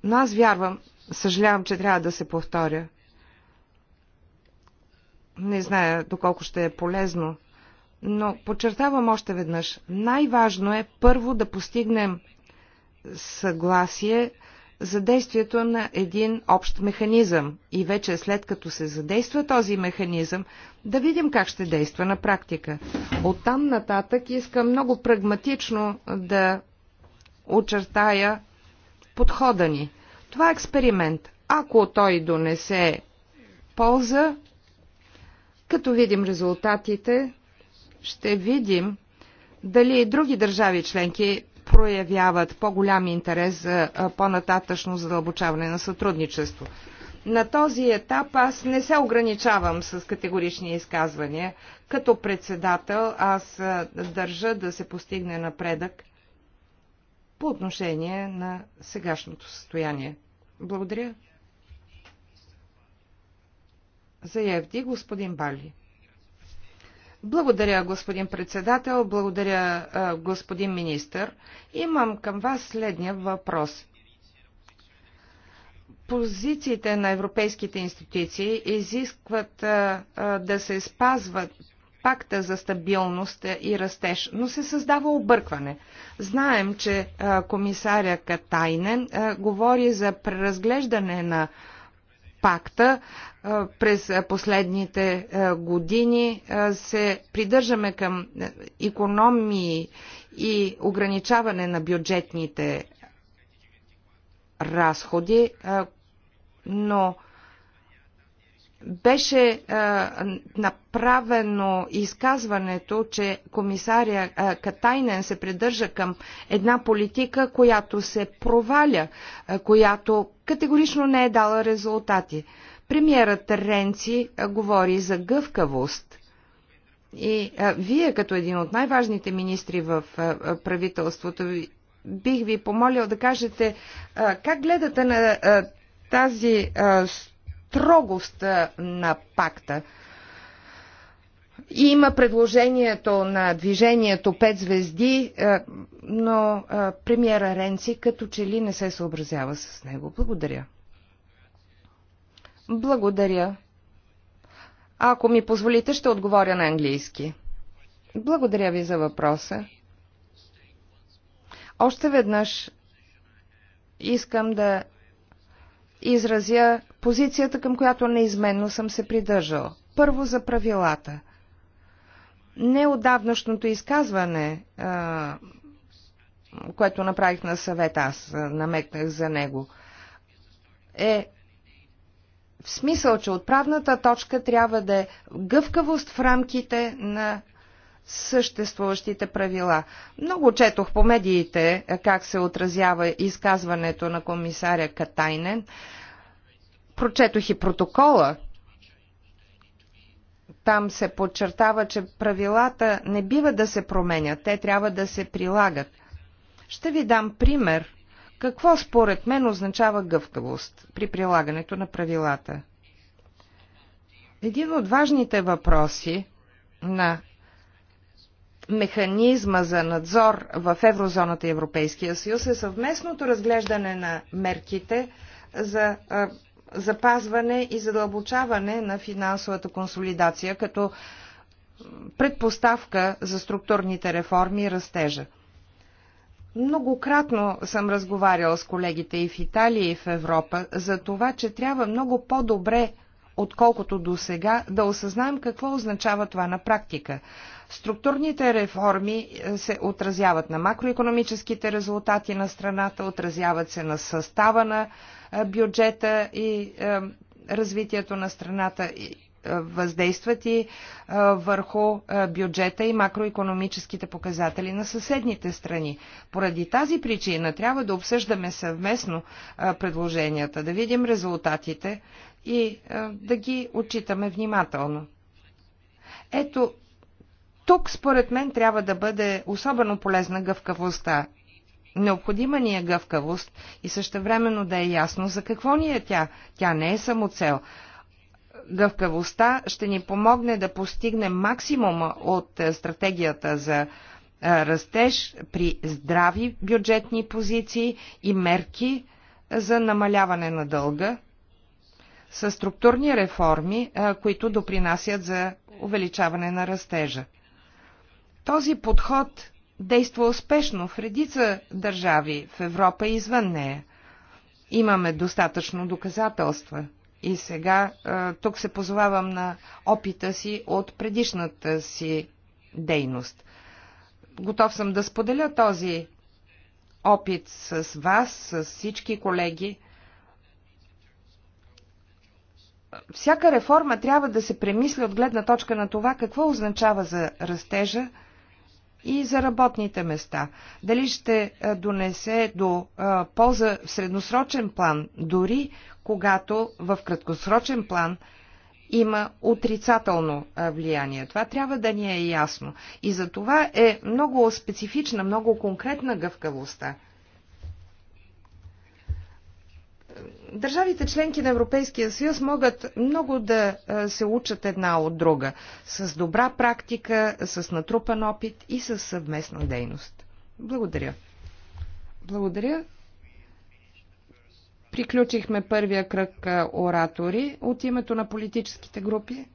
Но аз вярвам, съжалявам, че трябва да се повторя. Не зная доколко ще е полезно, но подчертавам още веднъж. Най-важно е първо да постигнем съгласие за действието на един общ механизъм и вече след като се задейства този механизъм, да видим как ще действа на практика. От там нататък искам много прагматично да очертая подхода ни. Това е експеримент. Ако той донесе полза, като видим резултатите, ще видим дали и други държави членки проявяват по-голям интерес за по-нататъчно задълбочаване на сътрудничество. На този етап аз не се ограничавам с категорични изказвания. Като председател аз държа да се постигне напредък по отношение на сегашното състояние. Благодаря. Заявди господин Бали. Благодаря, господин председател, благодаря, господин министр. Имам към вас следния въпрос. Позициите на европейските институции изискват да се спазват пакта за стабилност и растеж, но се създава объркване. Знаем, че комисаря Катайнен говори за преразглеждане на пакта. През последните години се придържаме към економии и ограничаване на бюджетните разходи, но беше а, е, направено изказването, че комисаря а, е, Катайнен се придържа към една политика, която се проваля, а, е, която категорично не е дала резултати. Премьерът Ренци а, говори за гъвкавост. И а, вие, като един от най-важните министри в а, правителството, бих ви помолил да кажете а, как гледате на а, тази а, строгост на пакта. Има предложението на движението 5 звезди, но премиера Ренци като че ли не се съобразява с него. Благодаря. Благодаря. Ако ми позволите, ще отговоря на английски. Благодаря ви за въпроса. Още веднъж искам да изразя позицията, към която неизменно съм се придържал. Първо за правилата. Неодавнашното изказване, което направих на съвет, аз намекнах за него, е в смисъл, че отправната точка трябва да е гъвкавост в рамките на съществуващите правила. Много четох по медиите как се отразява изказването на комисаря Катайнен. Прочетох и протокола. Там се подчертава, че правилата не бива да се променят, те трябва да се прилагат. Ще ви дам пример какво според мен означава гъвкавост при прилагането на правилата. Един от важните въпроси на механизма за надзор в еврозоната и Европейския съюз е съвместното разглеждане на мерките за запазване и задълбочаване на финансовата консолидация като предпоставка за структурните реформи и растежа. Многократно съм разговарял с колегите и в Италия, и в Европа за това, че трябва много по-добре, отколкото до сега, да осъзнаем какво означава това на практика. Структурните реформи е, се отразяват на макроекономическите резултати на страната, отразяват се на състава на бюджета и развитието на страната въздействат и върху бюджета и макроекономическите показатели на съседните страни. Поради тази причина трябва да обсъждаме съвместно предложенията, да видим резултатите и да ги отчитаме внимателно. Ето, тук според мен трябва да бъде особено полезна гъвкавостта Необходима ни е гъвкавост и същевременно да е ясно за какво ни е тя. Тя не е само цел. Гъвкавостта ще ни помогне да постигнем максимума от е, стратегията за е, растеж при здрави бюджетни позиции и мерки е, за намаляване на дълга с структурни реформи, които допринасят за увеличаване на растежа. Този подход действа успешно в редица държави в Европа и извън нея. Имаме достатъчно доказателства. И сега тук се позовавам на опита си от предишната си дейност. Готов съм да споделя този опит с вас, с всички колеги. Всяка реформа трябва да се премисли от гледна точка на това какво означава за растежа, и за работните места. Дали ще донесе до полза в средносрочен план, дори когато в краткосрочен план има отрицателно влияние. Това трябва да ни е ясно. И за това е много специфична, много конкретна гъвкавостта. Държавите членки на Европейския съюз могат много да е, се учат една от друга, с добра практика, с натрупан опит и с съвместна дейност. Благодаря. Благодаря. Приключихме първия кръг е, оратори от името на политическите групи.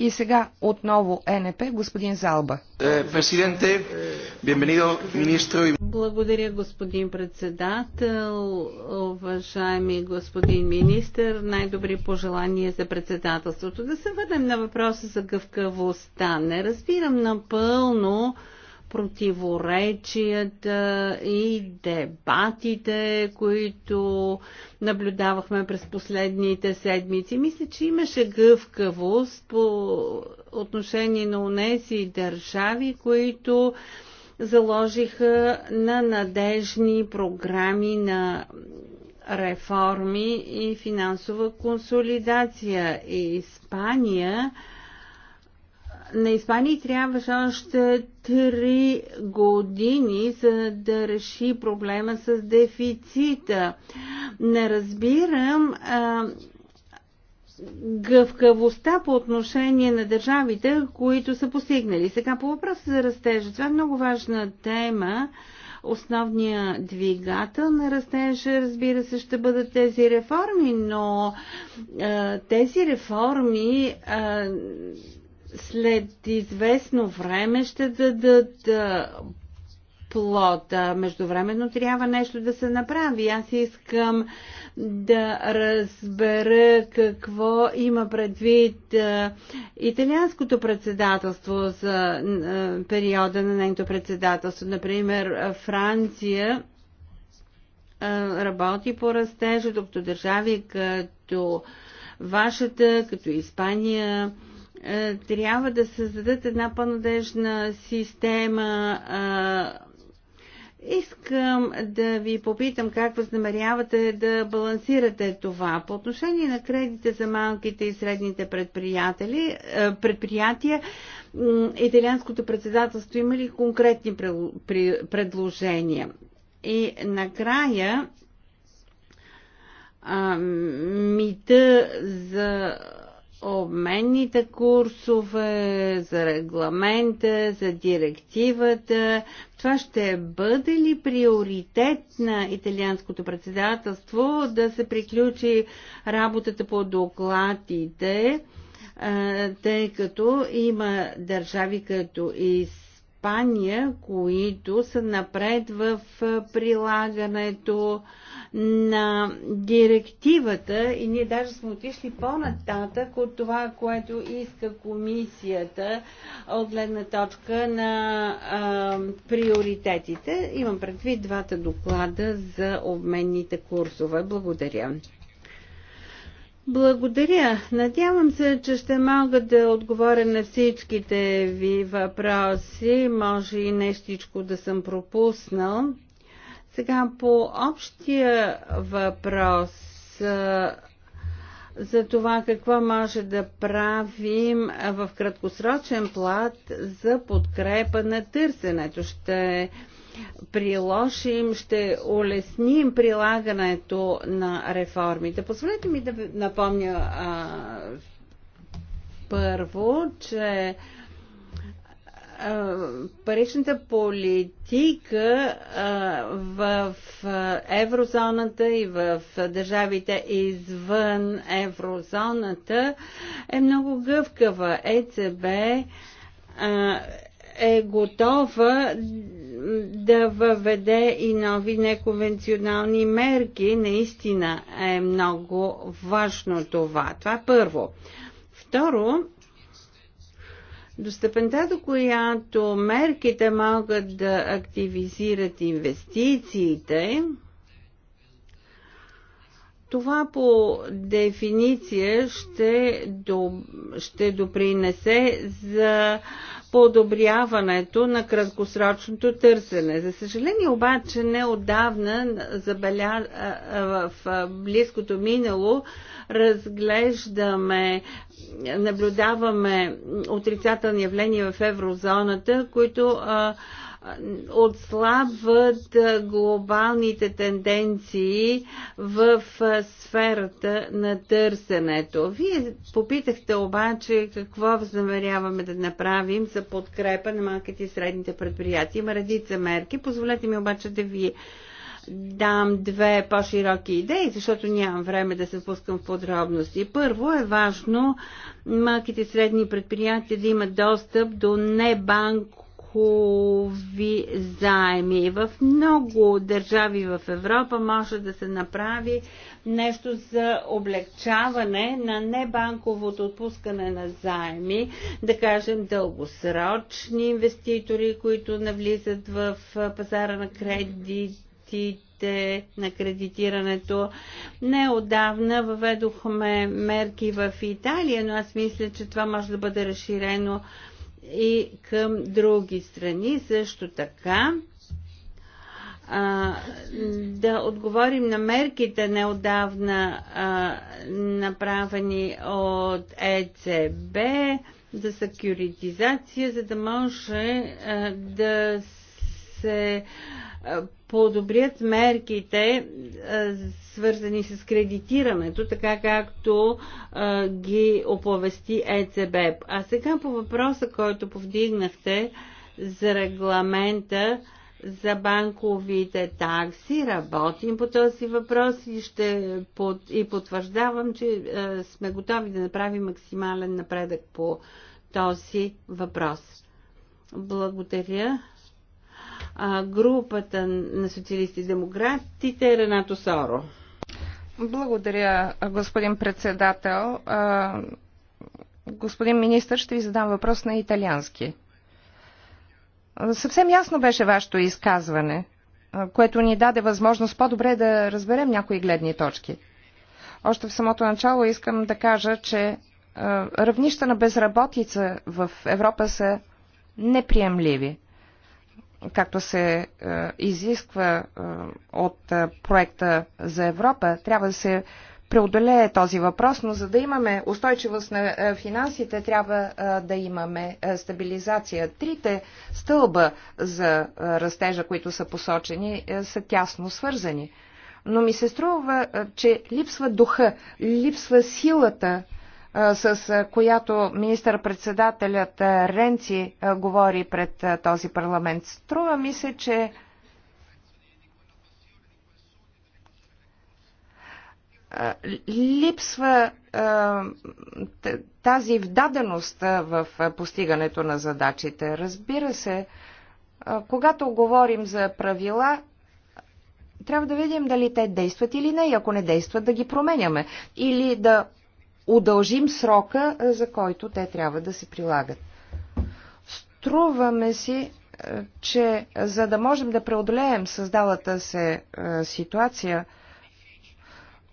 И сега отново е НП, господин Залба. Е, президенте, бенвенидо, министро. Благодаря, господин председател, уважаеми господин министр. Най-добри пожелания за председателството. Да се върнем на въпроса за гъвкавостта. Не разбирам напълно противоречията и дебатите, които наблюдавахме през последните седмици. Мисля, че имаше гъвкавост по отношение на унеси държави, които заложиха на надежни програми на реформи и финансова консолидация. И Испания на Испания трябваше още три години, за да реши проблема с дефицита. Не разбирам а, гъвкавостта по отношение на държавите, които са постигнали. Сега по въпроса за растежа. Това е много важна тема. Основният двигател на растежа, разбира се, ще бъдат тези реформи, но а, тези реформи. А, след известно време ще дадат плода. Междувременно трябва нещо да се направи. Аз искам да разбера какво има предвид италианското председателство за периода на нейното председателство. Например, Франция работи по растежа, докато държави като вашата, като Испания, е, трябва да създадат една по-надежна система. Искам да ви попитам как възнамерявате да балансирате това. По отношение на кредите за малките и средните е, предприятия, италианското председателство има ли конкретни предложения? И накрая мита за обменните курсове, за регламента, за директивата. Това ще бъде ли приоритет на италианското председателство да се приключи работата по докладите, тъй като има държави като ИС компания, които са напред в прилагането на директивата и ние даже сме отишли по-нататък от това, което иска комисията от гледна точка на а, приоритетите. Имам предвид двата доклада за обменните курсове. Благодаря. Благодаря. Надявам се, че ще мога да отговоря на всичките ви въпроси. Може и нещичко да съм пропуснал. Сега по общия въпрос за това какво може да правим в краткосрочен плат за подкрепа на търсенето. Ще приложим, ще улесним прилагането на реформите. Позволете ми да напомня а, първо, че паричната политика в еврозоната и в държавите извън еврозоната е много гъвкава. ЕЦБ е готова да въведе и нови неконвенционални мерки. Наистина е много важно това. Това е първо. Второ, до степента, до която мерките могат да активизират инвестициите, това по дефиниция ще, до, ще допринесе за подобряването на краткосрочното търсене. За съжаление обаче неодавна забеля... в близкото минало разглеждаме, наблюдаваме отрицателни явления в еврозоната, които а, отслабват глобалните тенденции в сферата на търсенето. Вие попитахте обаче какво възнамеряваме да направим за подкрепа на малките и средните предприятия. Има редица мерки. Позволете ми обаче да ви дам две по-широки идеи, защото нямам време да се впускам в подробности. Първо е важно малките и средни предприятия да имат достъп до небанко банкови заеми. В много държави в Европа може да се направи нещо за облегчаване на небанковото отпускане на заеми, да кажем дългосрочни инвеститори, които навлизат в пазара на кредитите на кредитирането. Неодавна въведохме мерки в Италия, но аз мисля, че това може да бъде разширено и към други страни. Също така а, да отговорим на мерките неодавна а, направени от ЕЦБ за секюритизация, за да може а, да се подобрят мерките свързани с кредитирането, така както а, ги оповести ЕЦБ. А сега по въпроса, който повдигнахте за регламента за банковите такси, работим по този въпрос и, ще под, и потвърждавам, че а, сме готови да направим максимален напредък по този въпрос. Благодаря групата на социалисти и демократите Ренато Соро. Благодаря, господин председател. Господин министр, ще ви задам въпрос на италиански. Съвсем ясно беше вашето изказване, което ни даде възможност по-добре да разберем някои гледни точки. Още в самото начало искам да кажа, че равнища на безработица в Европа са неприемливи както се е, изисква е, от е, проекта за Европа, трябва да се преодолее този въпрос, но за да имаме устойчивост на финансите, трябва да имаме стабилизация. Трите стълба за растежа, които са посочени, са тясно свързани. Но ми се струва, че липсва духа, липсва силата с която министър-председателят Ренци говори пред този парламент. Струва ми се, че липсва тази вдаденост в постигането на задачите. Разбира се, когато говорим за правила, трябва да видим дали те действат или не и ако не действат да ги променяме или да удължим срока, е, за който те трябва да се прилагат. Струваме си, е, че е, за да можем да преодолеем създалата се ситуация,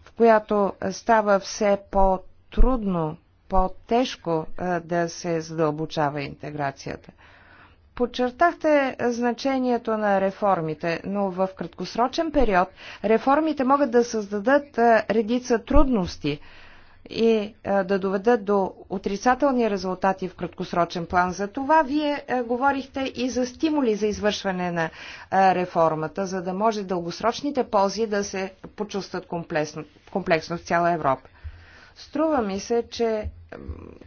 в която става все по-трудно, по-тежко да се задълбочава интеграцията. Подчертахте значението на реформите, но в краткосрочен период реформите могат да създадат редица трудности – и е, да доведат до отрицателни резултати в краткосрочен план. За това вие е, говорихте и за стимули за извършване на е, реформата, за да може дългосрочните ползи да се почувстват комплексно, комплексно в цяла Европа. Струва ми се, че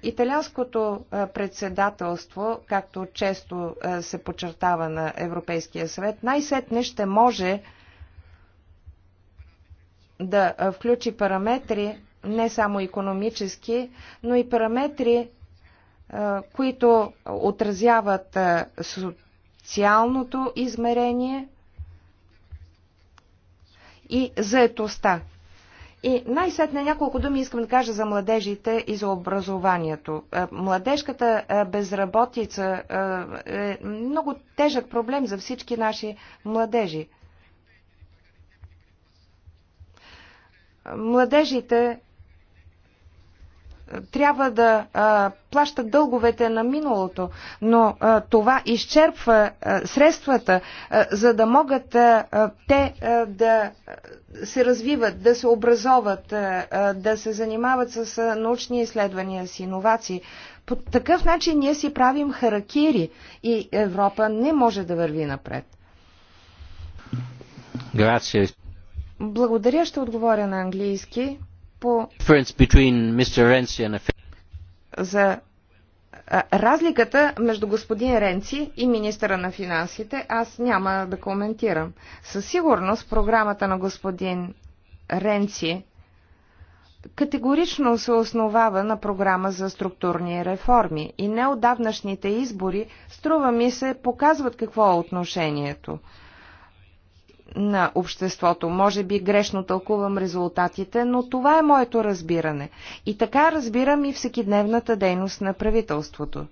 италианското председателство, както често се подчертава на Европейския съвет, най-сетне ще може да включи параметри не само економически, но и параметри, които отразяват социалното измерение и заетостта. И най-сетне няколко думи искам да кажа за младежите и за образованието. Младежката безработица е много тежък проблем за всички наши младежи. Младежите трябва да а, плащат дълговете на миналото, но а, това изчерпва а, средствата, а, за да могат а, те а, да се развиват, да се образоват, а, а, да се занимават с а, научни изследвания, с иновации. По такъв начин ние си правим харакири и Европа не може да върви напред. Благодаря, ще отговоря на английски по... За разликата между господин Ренци и министъра на финансите аз няма да коментирам. Със сигурност програмата на господин Ренци категорично се основава на програма за структурни реформи и неодавнашните избори, струва ми се, показват какво е отношението на обществото. Може би грешно тълкувам резултатите, но това е моето разбиране. И така разбирам и всекидневната дейност на правителството.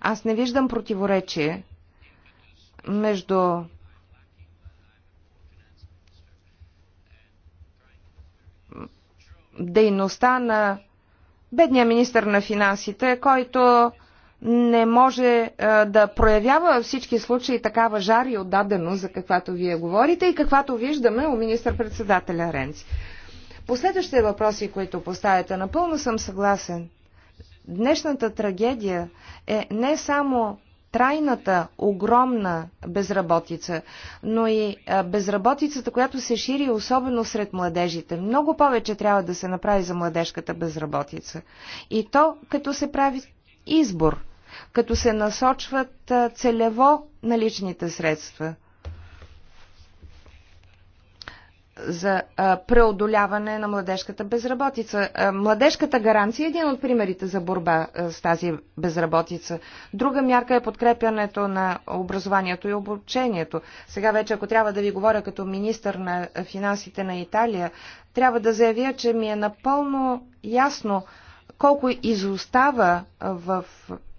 Аз не виждам противоречие между дейността на бедния министр на финансите, който не може е, да проявява във всички случаи такава жар и отдаденост, за каквато вие говорите и каквато виждаме у министър-председателя Ренци. Последващите въпроси, които поставяте, напълно съм съгласен. Днешната трагедия е не само трайната огромна безработица, но и е, безработицата, която се шири особено сред младежите. Много повече трябва да се направи за младежката безработица. И то, като се прави избор като се насочват целево на личните средства за преодоляване на младежката безработица. Младежката гаранция е един от примерите за борба с тази безработица. Друга мярка е подкрепянето на образованието и обучението. Сега вече, ако трябва да ви говоря като министър на финансите на Италия, трябва да заявя, че ми е напълно ясно колко изостава в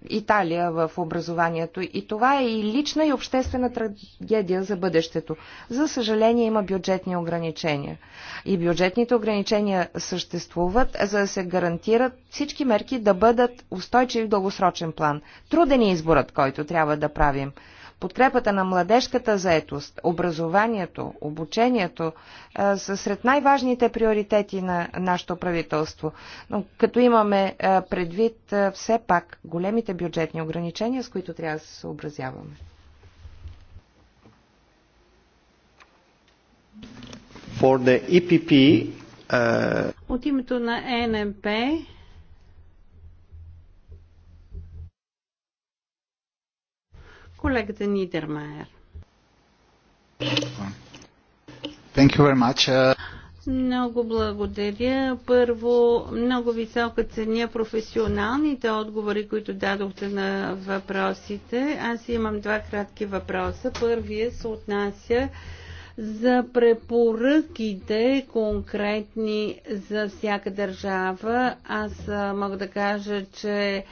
Италия в образованието. И това е и лична и обществена трагедия за бъдещето. За съжаление има бюджетни ограничения. И бюджетните ограничения съществуват, за да се гарантират всички мерки да бъдат устойчиви в дългосрочен план. Труден е изборът, който трябва да правим. Подкрепата на младежката заетост, образованието, обучението а, са сред най-важните приоритети на нашето правителство. Но като имаме а, предвид а, все пак големите бюджетни ограничения, с които трябва да се съобразяваме. For the EPP, uh... От името на ЕНМП Колегата Нидермайер. Thank you very much. Много благодаря. Първо, много висока ценя професионалните отговори, които дадохте на въпросите. Аз имам два кратки въпроса. Първия се отнася за препоръките конкретни за всяка държава. Аз мога да кажа, че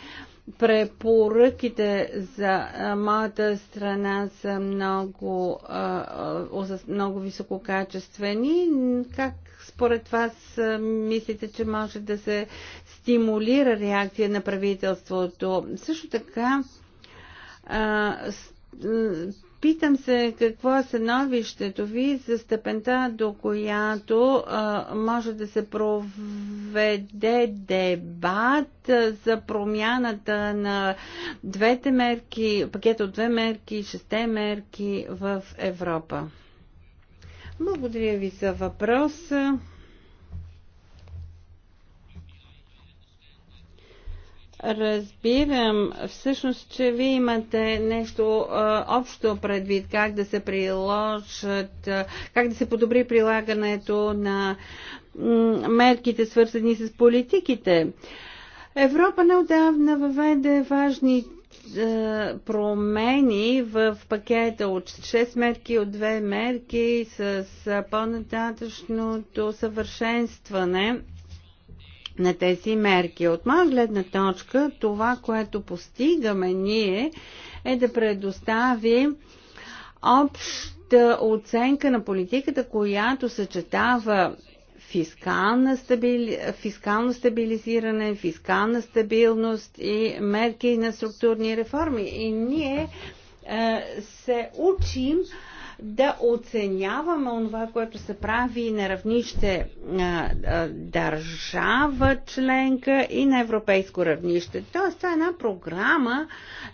Препоръките за моята страна са много, много висококачествени. Как според вас мислите, че може да се стимулира реакция на правителството? Също така, Питам се какво е становището ви за степента, до която а, може да се проведе дебат за промяната на двете мерки, пакет от две мерки шесте мерки в Европа. Благодаря ви за въпроса. Разбирам всъщност, че вие имате нещо а, общо предвид как да се приложат, а, как да се подобри прилагането на мерките, свързани с политиките. Европа неодавна въведе важни промени в пакета от 6 мерки, от 2 мерки с по-нататъчното съвършенстване на тези мерки. От моя гледна точка, това, което постигаме ние, е да предоставим обща оценка на политиката, която съчетава фискална стабили... фискално стабилизиране, фискална стабилност и мерки на структурни реформи. И ние е, се учим е, да оценяваме това, което се прави на равнище а, а, държава членка и на европейско равнище. Тоест, това е една програма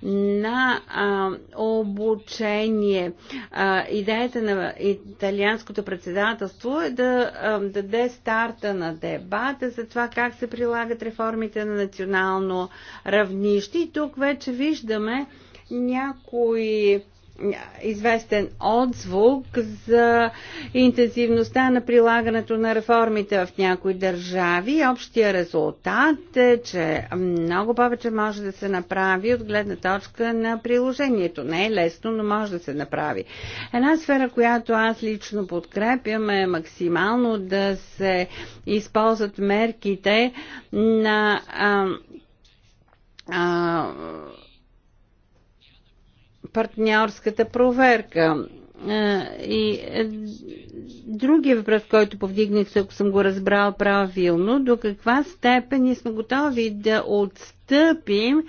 на а, обучение. А, идеята на италианското председателство е да а, даде старта на дебата за това как се прилагат реформите на национално равнище. И тук вече виждаме някои известен отзвук за интензивността на прилагането на реформите в някои държави. Общия резултат е, че много повече може да се направи от гледна точка на приложението. Не е лесно, но може да се направи. Една сфера, която аз лично подкрепям е максимално да се използват мерките на а, а, партньорската проверка. И е, другия въпрос, който повдигнах, ако съм го разбрал правилно, до каква степен ние сме готови да отстъпим е,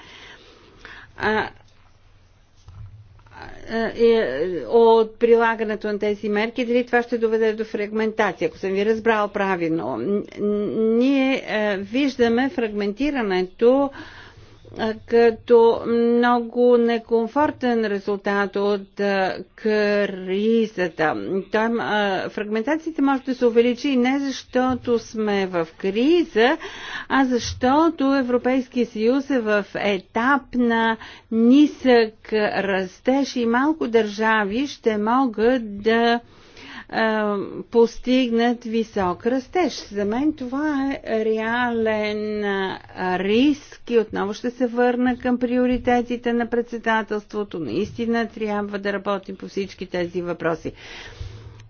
от прилагането на тези мерки, дали това ще доведе до фрагментация, ако съм ви разбрал правилно. Ние е, виждаме фрагментирането като много некомфортен резултат от кризата. Там фрагментацията може да се увеличи не защото сме в криза, а защото Европейския съюз е в етап на нисък растеж и малко държави ще могат да постигнат висок растеж. За мен това е реален риск и отново ще се върна към приоритетите на председателството. Наистина трябва да работим по всички тези въпроси.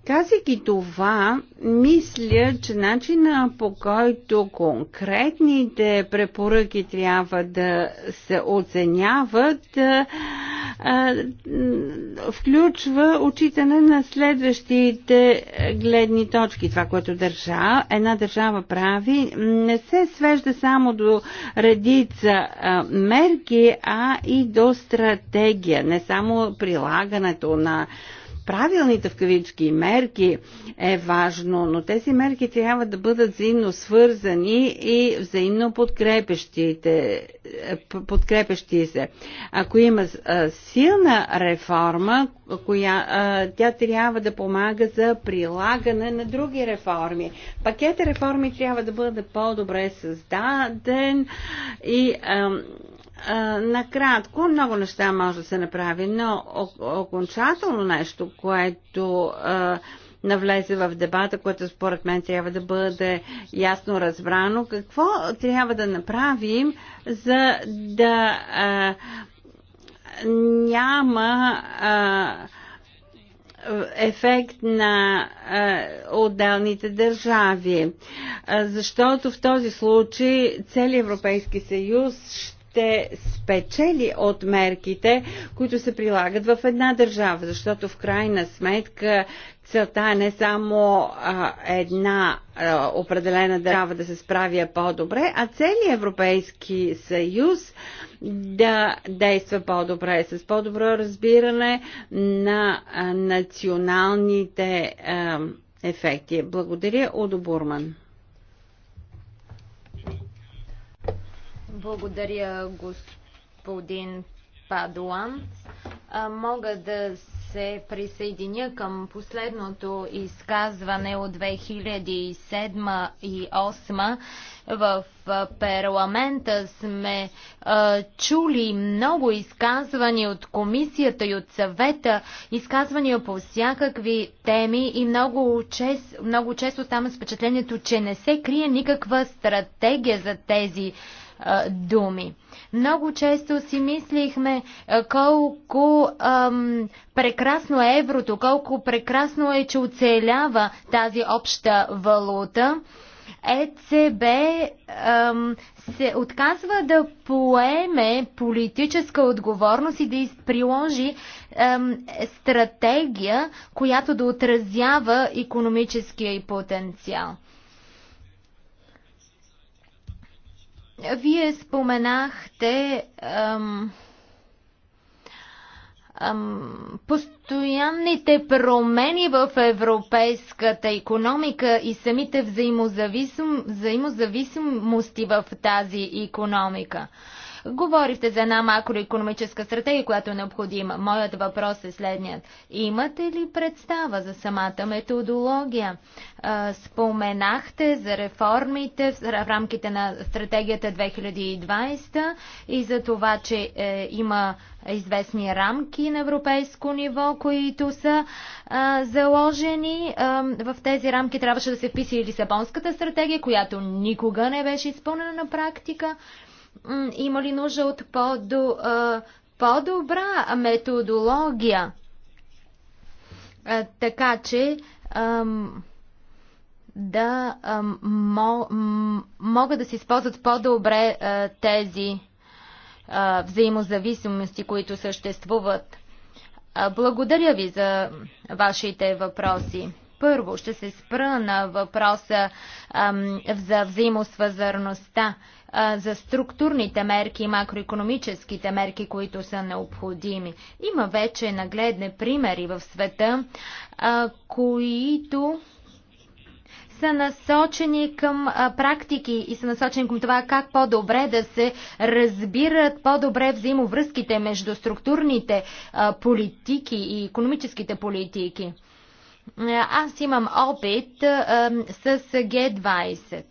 Казайки това, мисля, че начина по който конкретните препоръки трябва да се оценяват включва отчитане на следващите гледни точки. Това, което държа, една държава прави, не се свежда само до редица мерки, а и до стратегия. Не само прилагането на правилните в кавички мерки е важно, но тези мерки трябва да бъдат взаимно свързани и взаимно подкрепещите, подкрепещи се. Ако има силна реформа, коя, тя трябва да помага за прилагане на други реформи. Пакет реформи трябва да бъде по-добре създаден и накратко, много неща може да се направи, но окончателно нещо, което навлезе в дебата, което според мен трябва да бъде ясно разбрано, какво трябва да направим, за да а, няма а, ефект на а, отделните държави. А, защото в този случай цели Европейски съюз ще ще спечели от мерките, които се прилагат в една държава, защото в крайна сметка целта е не само а, една а, определена държава да се справя по-добре, а целият Европейски съюз да действа по-добре, с по-добро разбиране на а, националните а, ефекти. Благодаря, Одо Бурман. Благодаря, господин Падуан. Мога да се присъединя към последното изказване от 2007 и 2008. В парламента сме а, чули много изказвания от комисията и от съвета, изказвания по всякакви теми и много, чест, много често ставам с впечатлението, че не се крие никаква стратегия за тези думи. Много често си мислихме колко ам, прекрасно е еврото, колко прекрасно е, че оцелява тази обща валута. ЕЦБ ам, се отказва да поеме политическа отговорност и да изприложи ам, стратегия, която да отразява економическия и потенциал. Вие споменахте ам, ам, постоянните промени в европейската економика и самите взаимозависимости в тази економика. Говорихте за една макроекономическа стратегия, която е необходима. Моят въпрос е следният. Имате ли представа за самата методология? Споменахте за реформите в рамките на стратегията 2020 и за това, че е, има известни рамки на европейско ниво, които са а, заложени. А, в тези рамки трябваше да се вписи и Лисабонската стратегия, която никога не беше изпълнена на практика. Има ли нужда от по-добра по методология? Така че да могат да се използват по-добре тези взаимозависимости, които съществуват. Благодаря ви за вашите въпроси. Първо ще се спра на въпроса ам, за взаимосвъзърността, а, за структурните мерки и макроекономическите мерки, които са необходими. Има вече нагледни примери в света, а, които са насочени към а, практики и са насочени към това как по-добре да се разбират по-добре взаимовръзките между структурните а, политики и економическите политики. Аз имам опит а, с Г20.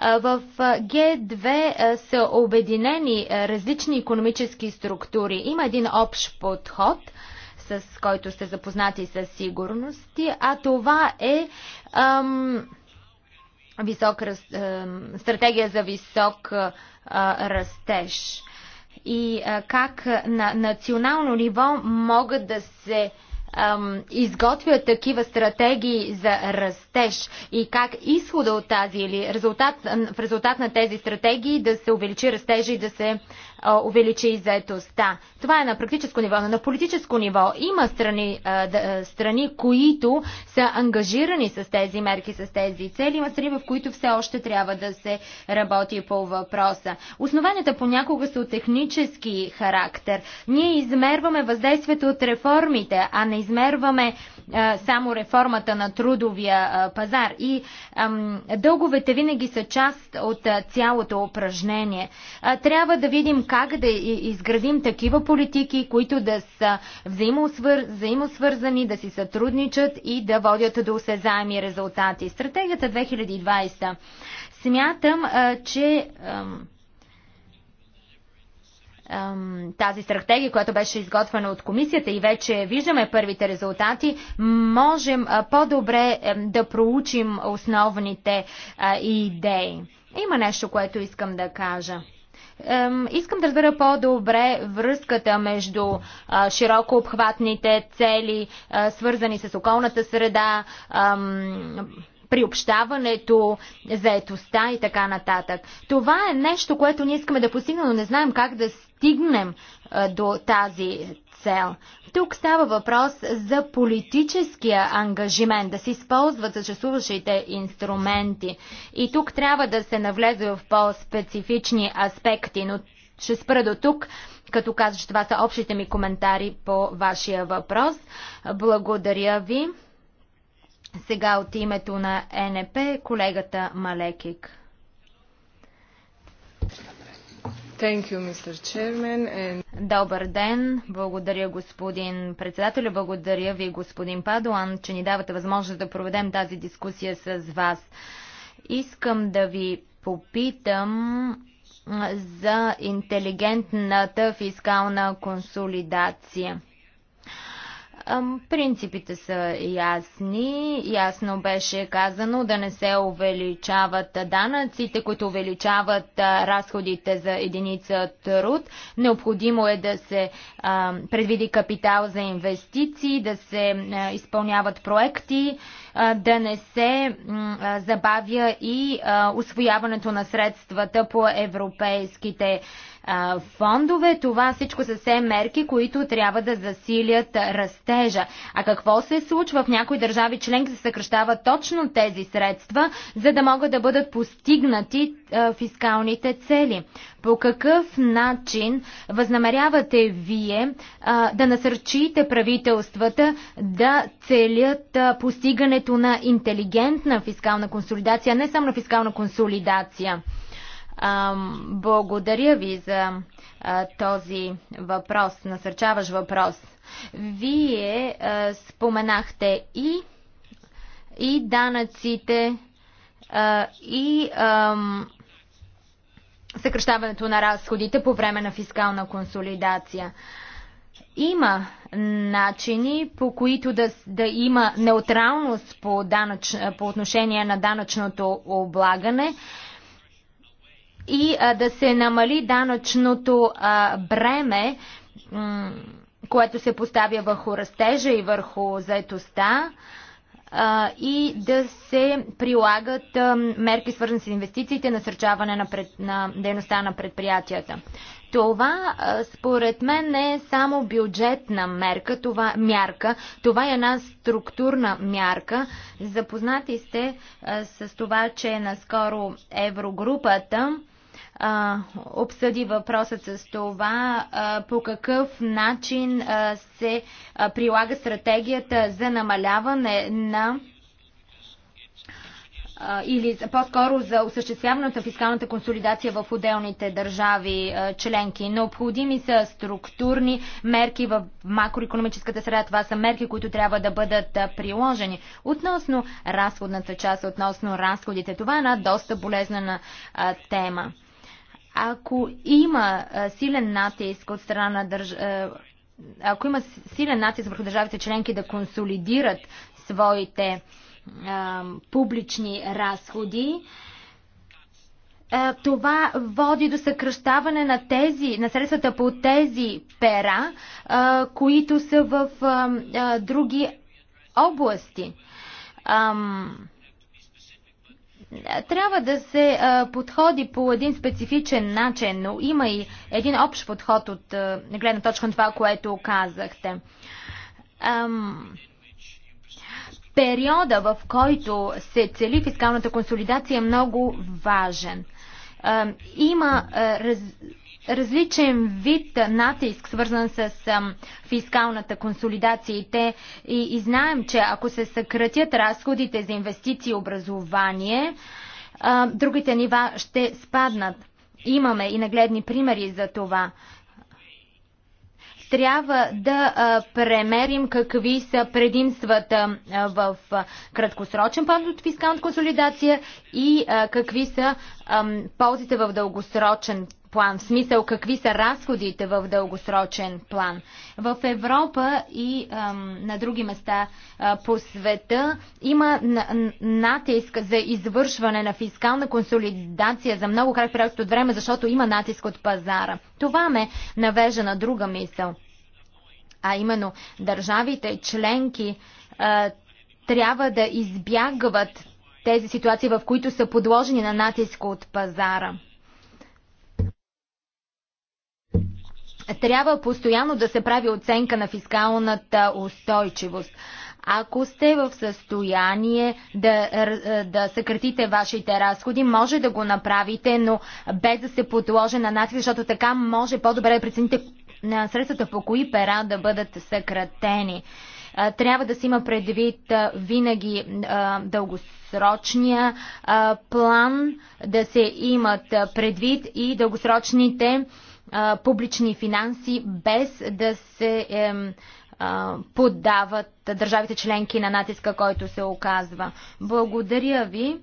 В Г2 са обединени различни економически структури. Има един общ подход, с който сте запознати със сигурност, а това е ам, висок, ам, стратегия за висок а, растеж. И а, как на национално ниво могат да се а, изготвят такива стратегии за растеж и как изхода от тази или резултат, в резултат на тези стратегии да се увеличи растежа и да се а, увеличи и заетостта. Това е на практическо ниво, но на политическо ниво има страни, а, да, страни, които са ангажирани с тези мерки, с тези цели, има страни, в които все още трябва да се работи по въпроса. Основанията понякога са от технически характер. Ние измерваме въздействието от реформите, а не не измерваме а, е, само реформата на трудовия а, е, пазар. И а, дълговете винаги са част от а, е, цялото упражнение. А, трябва да видим как да изградим такива политики, които да са взаимосвър... взаимосвързани, да си сътрудничат и да водят до осезаеми резултати. Стратегията 2020. Смятам, а, че. А, тази стратегия, която беше изготвена от комисията и вече виждаме първите резултати, можем по-добре да проучим основните идеи. Има нещо, което искам да кажа. Искам да разбера по-добре връзката между широко обхватните цели, свързани с околната среда, приобщаването, заетостта и така нататък. Това е нещо, което ние искаме да постигнем, но не знаем как да стигнем до тази цел. Тук става въпрос за политическия ангажимент, да се използват съществуващите инструменти. И тук трябва да се навлезе в по-специфични аспекти, но ще спра до тук, като каза, че това са общите ми коментари по вашия въпрос. Благодаря ви. Сега от името на НП колегата Малекик. You, Добър ден! Благодаря, господин председател. Благодаря ви, господин Падуан, че ни давате възможност да проведем тази дискусия с вас. Искам да ви попитам за интелигентната фискална консолидация. Принципите са ясни. Ясно беше казано да не се увеличават данъците, които увеличават разходите за единица труд. Необходимо е да се предвиди капитал за инвестиции, да се изпълняват проекти да не се забавя и освояването на средствата по европейските фондове. Това всичко са все мерки, които трябва да засилят растежа. А какво се случва в някои държави членки се съкръщава точно тези средства, за да могат да бъдат постигнати фискалните цели. По какъв начин възнамерявате вие а, да насърчите правителствата да целят а, постигането на интелигентна фискална консолидация, не само на фискална консолидация? А, благодаря ви за а, този въпрос, насърчаваш въпрос. Вие а, споменахте и, и данъците, и А, съкръщаването на разходите по време на фискална консолидация. Има начини, по които да, да има неутралност по, данъч, по отношение на данъчното облагане и а, да се намали данъчното а, бреме, което се поставя върху растежа и върху заетостта и да се прилагат мерки свързани с инвестициите, насърчаване на, пред, на дейността на предприятията. Това, според мен, не е само бюджетна мерка, това, мярка. Това е една структурна мярка. Запознати сте с това, че наскоро Еврогрупата а, обсъди въпросът с това а, по какъв начин а, се а, прилага стратегията за намаляване на или по-скоро за осъществяваната фискалната консолидация в отделните държави членки. Необходими са структурни мерки в макроекономическата среда. Това са мерки, които трябва да бъдат приложени. Относно разходната част, относно разходите, това е една доста болезнена тема. Ако има силен натиск от страна на държ... ако има силен натиск върху държавите членки да консолидират своите публични разходи, това води до съкръщаване на тези, на средствата по тези пера, които са в други области трябва да се а, подходи по един специфичен начин, но има и един общ подход от а, гледна точка на това, което казахте. Ам, периода, в който се цели фискалната консолидация е много важен. Ам, има а, раз, различен вид натиск, свързан с фискалната консолидация и, те, и, и знаем, че ако се съкратят разходите за инвестиции и образование, другите нива ще спаднат. Имаме и нагледни примери за това. Трябва да премерим какви са предимствата в краткосрочен план от фискалната консолидация и какви са ползите в дългосрочен план, в смисъл какви са разходите в дългосрочен план. В Европа и ам, на други места а, по света има натиск за извършване на фискална консолидация за много крайни период от време, защото има натиск от пазара. Това ме навежа на друга мисъл. А именно, държавите членки а, трябва да избягват тези ситуации, в които са подложени на натиск от пазара. Трябва постоянно да се прави оценка на фискалната устойчивост. Ако сте в състояние да, да съкратите вашите разходи, може да го направите, но без да се подложи на натиск, защото така може по-добре да прецените на средствата по кои пера да бъдат съкратени. Трябва да се има предвид винаги дългосрочния план, да се имат предвид и дългосрочните публични финанси, без да се поддават държавите членки на натиска, който се оказва. Благодаря ви.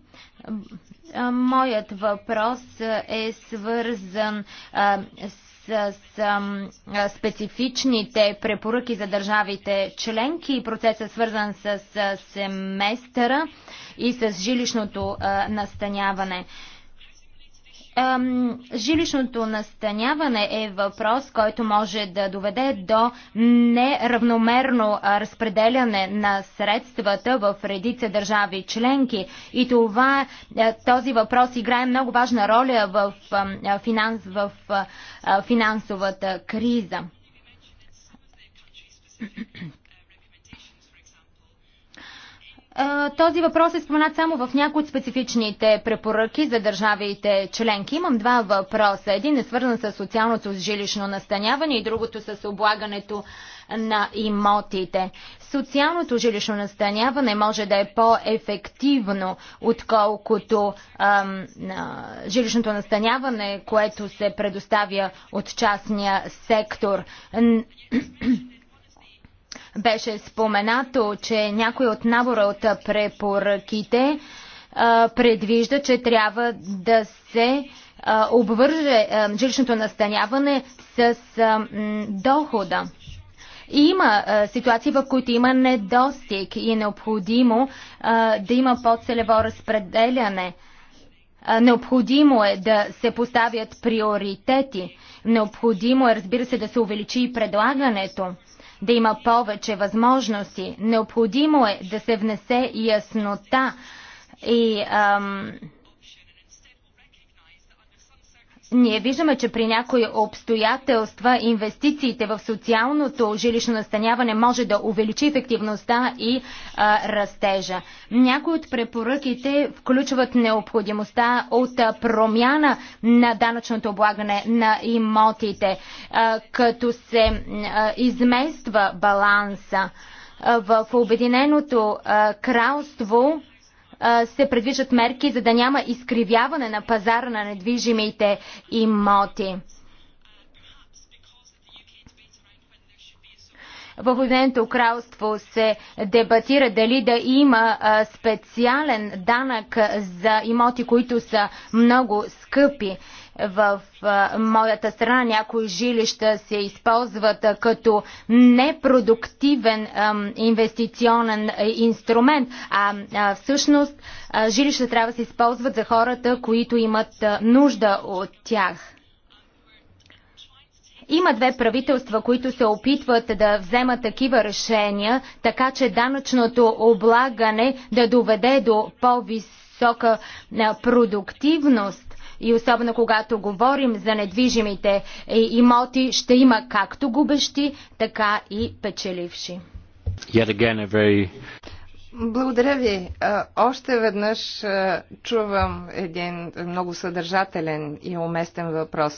Моят въпрос е свързан с, специфичните препоръки за държавите членки и процеса свързан с семестъра и с жилищното настаняване. Жилищното настаняване е въпрос, който може да доведе до неравномерно разпределяне на средствата в редица държави членки. И това, този въпрос играе много важна роля в, финанс, в финансовата криза. Този въпрос е споменат само в някои от специфичните препоръки за държавите членки. Имам два въпроса. Един е свързан с социалното жилищно настаняване и другото с облагането на имотите. Социалното жилищно настаняване може да е по-ефективно, отколкото ам, а, жилищното настаняване, което се предоставя от частния сектор беше споменато, че някой от набора от препоръките предвижда, че трябва да се обвърже жилищното настаняване с дохода. Има ситуации, в които има недостиг и е необходимо да има по-целево разпределяне. необходимо е да се поставят приоритети. Необходимо е, разбира се, да се увеличи и предлагането да има повече възможности. Необходимо е да се внесе яснота и ам, ние виждаме, че при някои обстоятелства инвестициите в социалното жилищно настаняване може да увеличи ефективността и а, растежа. Някои от препоръките включват необходимостта от промяна на данъчното облагане на имотите, а, като се а, измества баланса. А, в Обединеното а, кралство се предвиждат мерки, за да няма изкривяване на пазара на недвижимите имоти. в Обединеното кралство се дебатира дали да има специален данък за имоти, които са много скъпи. В моята страна някои жилища се използват като непродуктивен инвестиционен инструмент, а всъщност жилища трябва да се използват за хората, които имат нужда от тях. Има две правителства, които се опитват да вземат такива решения, така че данъчното облагане да доведе до по-висока продуктивност и особено когато говорим за недвижимите е, имоти, ще има както губещи, така и печеливши. Благодаря ви. Още веднъж чувам един много съдържателен и уместен въпрос.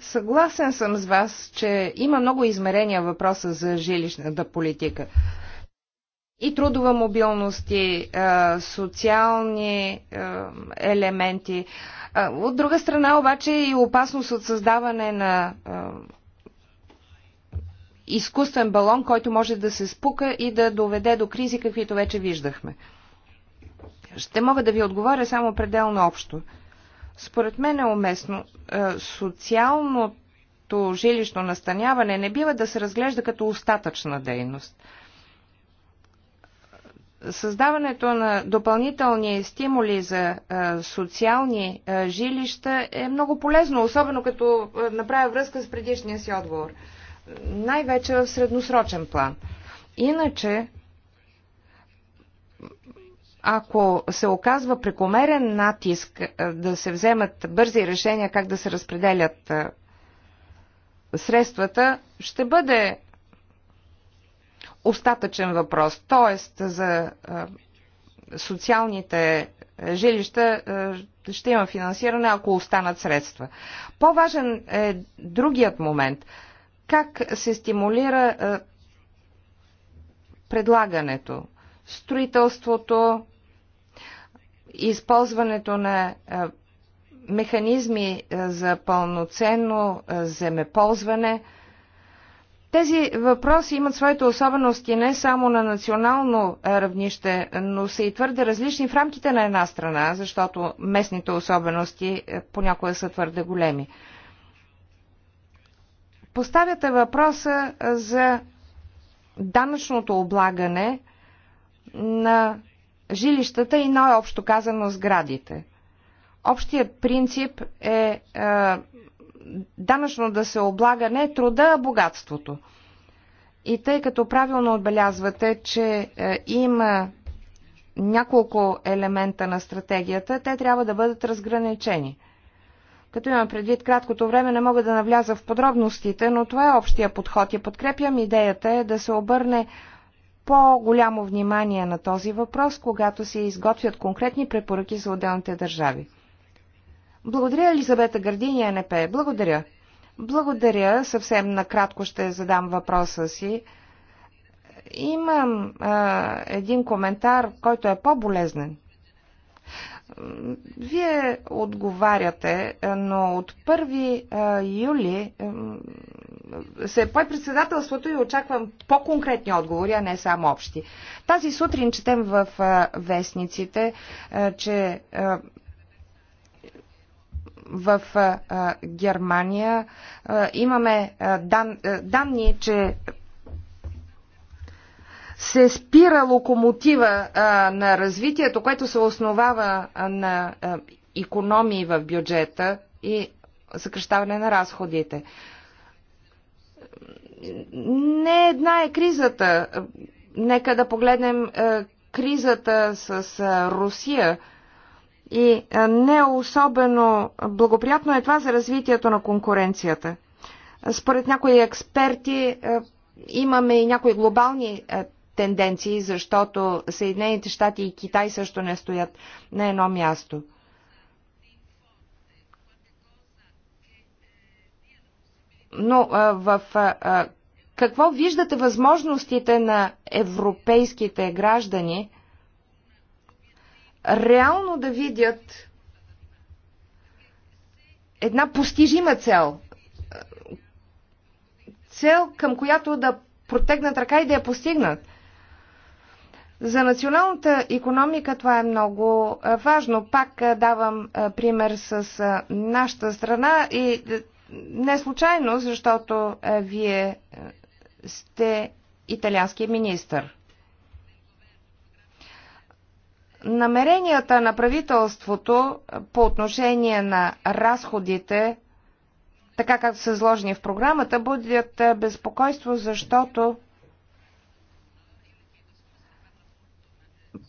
Съгласен съм с вас, че има много измерения въпроса за жилищната политика и трудова мобилност, и социални елементи. От друга страна обаче е и опасност от създаване на изкуствен балон, който може да се спука и да доведе до кризи, каквито вече виждахме. Ще мога да ви отговоря само пределно общо. Според мен е уместно социалното жилищно настаняване не бива да се разглежда като остатъчна дейност – Създаването на допълнителни стимули за социални жилища е много полезно, особено като направя връзка с предишния си отговор. Най-вече в средносрочен план. Иначе, ако се оказва прекомерен натиск да се вземат бързи решения как да се разпределят средствата, ще бъде остатъчен въпрос. Тоест за социалните жилища ще има финансиране, ако останат средства. По-важен е другият момент. Как се стимулира предлагането, строителството, използването на механизми за пълноценно земеползване – тези въпроси имат своите особености не само на национално е, равнище, но са и твърде различни в рамките на една страна, защото местните особености е, понякога са твърде големи. Поставяте въпроса е, за данъчното облагане на жилищата и най-общо казано сградите. Общият принцип е, е данъчно да се облага не труда, а богатството. И тъй като правилно отбелязвате, че е, има няколко елемента на стратегията, те трябва да бъдат разграничени. Като имам предвид краткото време, не мога да навляза в подробностите, но това е общия подход и подкрепям идеята е да се обърне по-голямо внимание на този въпрос, когато се изготвят конкретни препоръки за отделните държави. Благодаря, Елизабета Гърдини, НП. Благодаря. Благодаря. Съвсем накратко ще задам въпроса си. Имам а, един коментар, който е по-болезнен. Вие отговаряте, но от 1 юли се е пое председателството и очаквам по-конкретни отговори, а не само общи. Тази сутрин четем в вестниците, че в Германия имаме дан, данни, че се спира локомотива на развитието, което се основава на економии в бюджета и съкръщаване на разходите. Не една е кризата. Нека да погледнем кризата с Русия – и не особено благоприятно е това за развитието на конкуренцията. Според някои експерти имаме и някои глобални тенденции, защото Съединените щати и Китай също не стоят на едно място. Но в какво виждате възможностите на европейските граждани реално да видят една постижима цел. Цел, към която да протегнат ръка и да я постигнат. За националната економика това е много важно. Пак давам пример с нашата страна и не случайно, защото вие сте италиански министр намеренията на правителството по отношение на разходите, така както са изложени в програмата, будят безпокойство, защото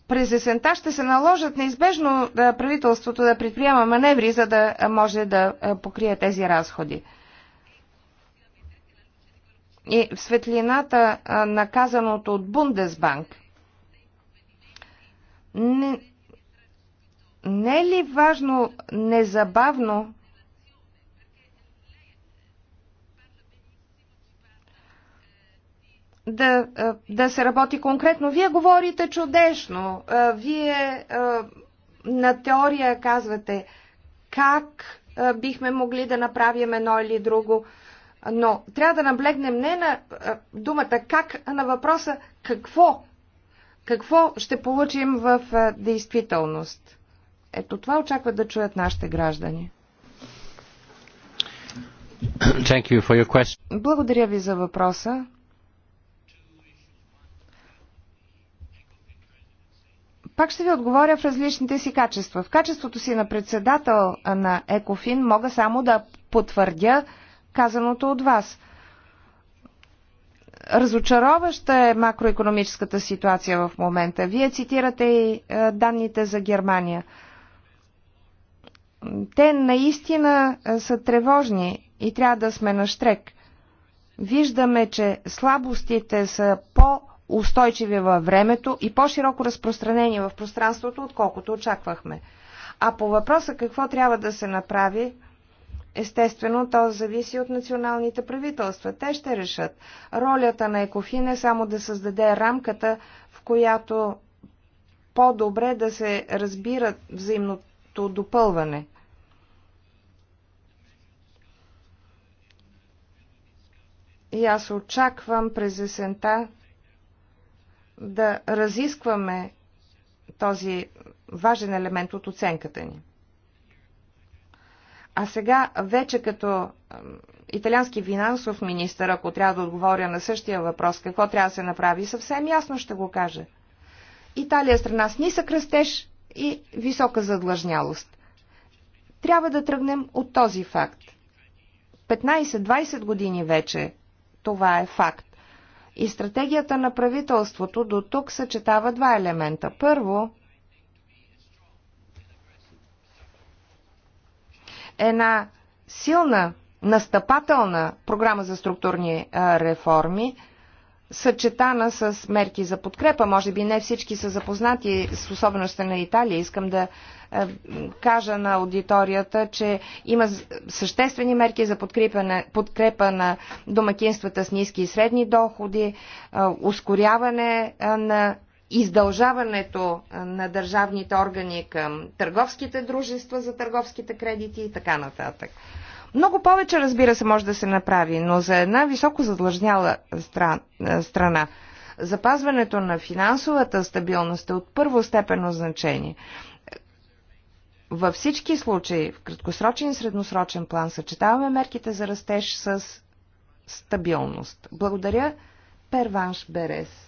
през есента ще се наложат неизбежно да правителството да предприема маневри, за да може да покрие тези разходи. И в светлината на казаното от Бундесбанк – не, не е ли важно незабавно да, да се работи конкретно. Вие говорите чудесно. Вие на теория казвате как бихме могли да направим едно или друго. Но трябва да наблегнем не на думата как, а на въпроса какво какво ще получим в действителност? Ето това очакват да чуят нашите граждани. Thank you for your question. Благодаря ви за въпроса. Пак ще ви отговоря в различните си качества. В качеството си на председател на Екофин мога само да потвърдя казаното от вас – разочароваща е макроекономическата ситуация в момента. Вие цитирате и е, данните за Германия. Те наистина е, са тревожни и трябва да сме на штрек. Виждаме, че слабостите са по-устойчиви във времето и по-широко разпространени в пространството, отколкото очаквахме. А по въпроса какво трябва да се направи, Естествено, то зависи от националните правителства. Те ще решат. Ролята на Екофин е само да създаде рамката, в която по-добре да се разбира взаимното допълване. И аз очаквам през есента да разискваме този важен елемент от оценката ни. А сега вече като италиански финансов министър, ако трябва да отговоря на същия въпрос, какво трябва да се направи, съвсем ясно ще го кажа. Италия е страна с нисък растеж и висока задлъжнялост. Трябва да тръгнем от този факт. 15-20 години вече това е факт. И стратегията на правителството до тук съчетава два елемента. Първо, една силна настъпателна програма за структурни реформи, съчетана с мерки за подкрепа. Може би не всички са запознати с особеността на Италия. Искам да кажа на аудиторията, че има съществени мерки за подкрепа на, подкрепа на домакинствата с ниски и средни доходи, ускоряване на издължаването на държавните органи към търговските дружества за търговските кредити и така нататък. Много повече, разбира се, може да се направи, но за една високо задлъжняла страна запазването на финансовата стабилност е от първостепенно значение. Във всички случаи, в краткосрочен и средносрочен план, съчетаваме мерките за растеж с стабилност. Благодаря, Перванш Берес.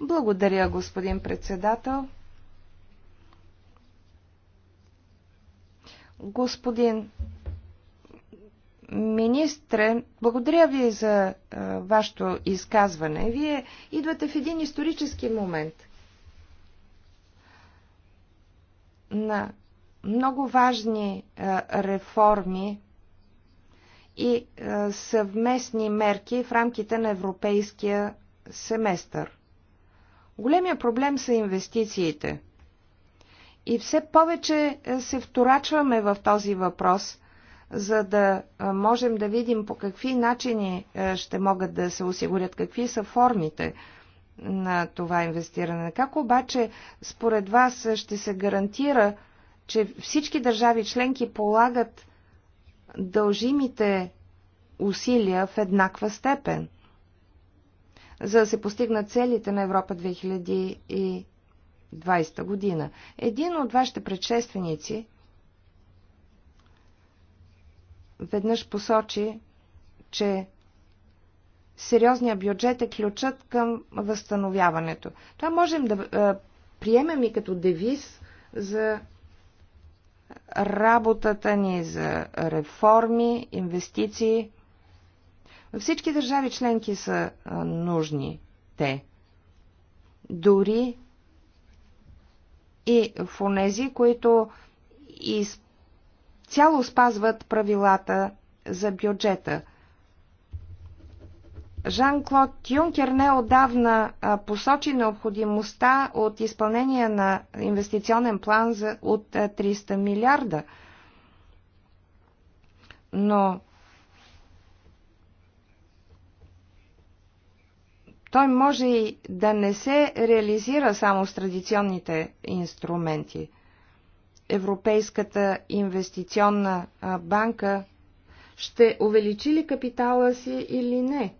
Благодаря, господин председател. Господин министре, благодаря ви за а, вашето изказване. Вие идвате в един исторически момент на много важни а, реформи и а, съвместни мерки в рамките на европейския семестър. Големия проблем са инвестициите. И все повече е, се вторачваме в този въпрос, за да е, можем да видим по какви начини е, ще могат да се осигурят, какви са формите на това инвестиране. Как обаче според вас ще се гарантира, че всички държави членки полагат дължимите усилия в еднаква степен? за да се постигнат целите на Европа 2020 година. Един от вашите предшественици веднъж посочи, че сериозният бюджет е ключът към възстановяването. Това можем да приемем и като девиз за работата ни за реформи, инвестиции всички държави членки са нужни те. Дори и в онези, които из... цяло спазват правилата за бюджета. Жан-Клод Юнкер неодавна посочи необходимостта от изпълнение на инвестиционен план за, от 300 милиарда. Но Той може и да не се реализира само с традиционните инструменти. Европейската инвестиционна банка ще увеличи ли капитала си или не?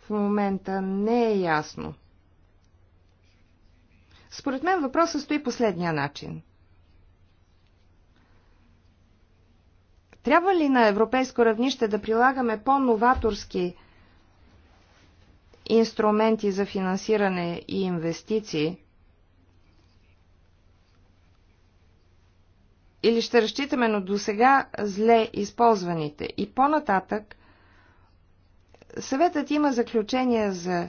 В момента не е ясно. Според мен въпросът стои последния начин. Трябва ли на европейско равнище да прилагаме по-новаторски инструменти за финансиране и инвестиции, или ще разчитаме на досега зле използваните. И по-нататък съветът има заключение за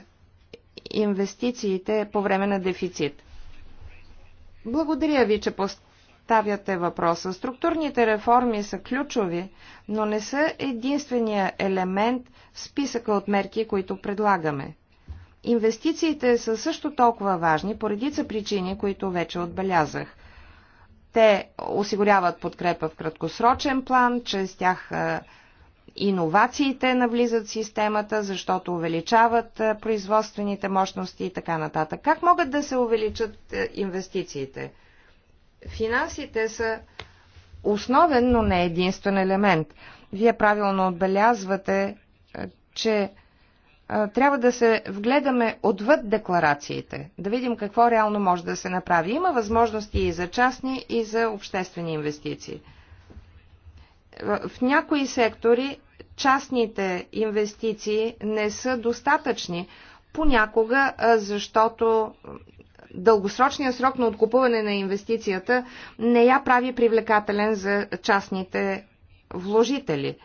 инвестициите по време на дефицит. Благодаря ви, че поставяте въпроса. Структурните реформи са ключови, но не са единствения елемент в списъка от мерки, които предлагаме. Инвестициите са също толкова важни по редица причини, които вече отбелязах. Те осигуряват подкрепа в краткосрочен план, чрез тях иновациите навлизат в системата, защото увеличават производствените мощности и така нататък. Как могат да се увеличат инвестициите? Финансите са основен, но не единствен елемент. Вие правилно отбелязвате, е, че е, трябва да се вгледаме отвъд декларациите, да видим какво реално може да се направи. Има възможности и за частни, и за обществени инвестиции. В някои сектори частните инвестиции не са достатъчни, понякога е, защото дългосрочния срок на откупуване на инвестицията не я прави привлекателен за частните вложители.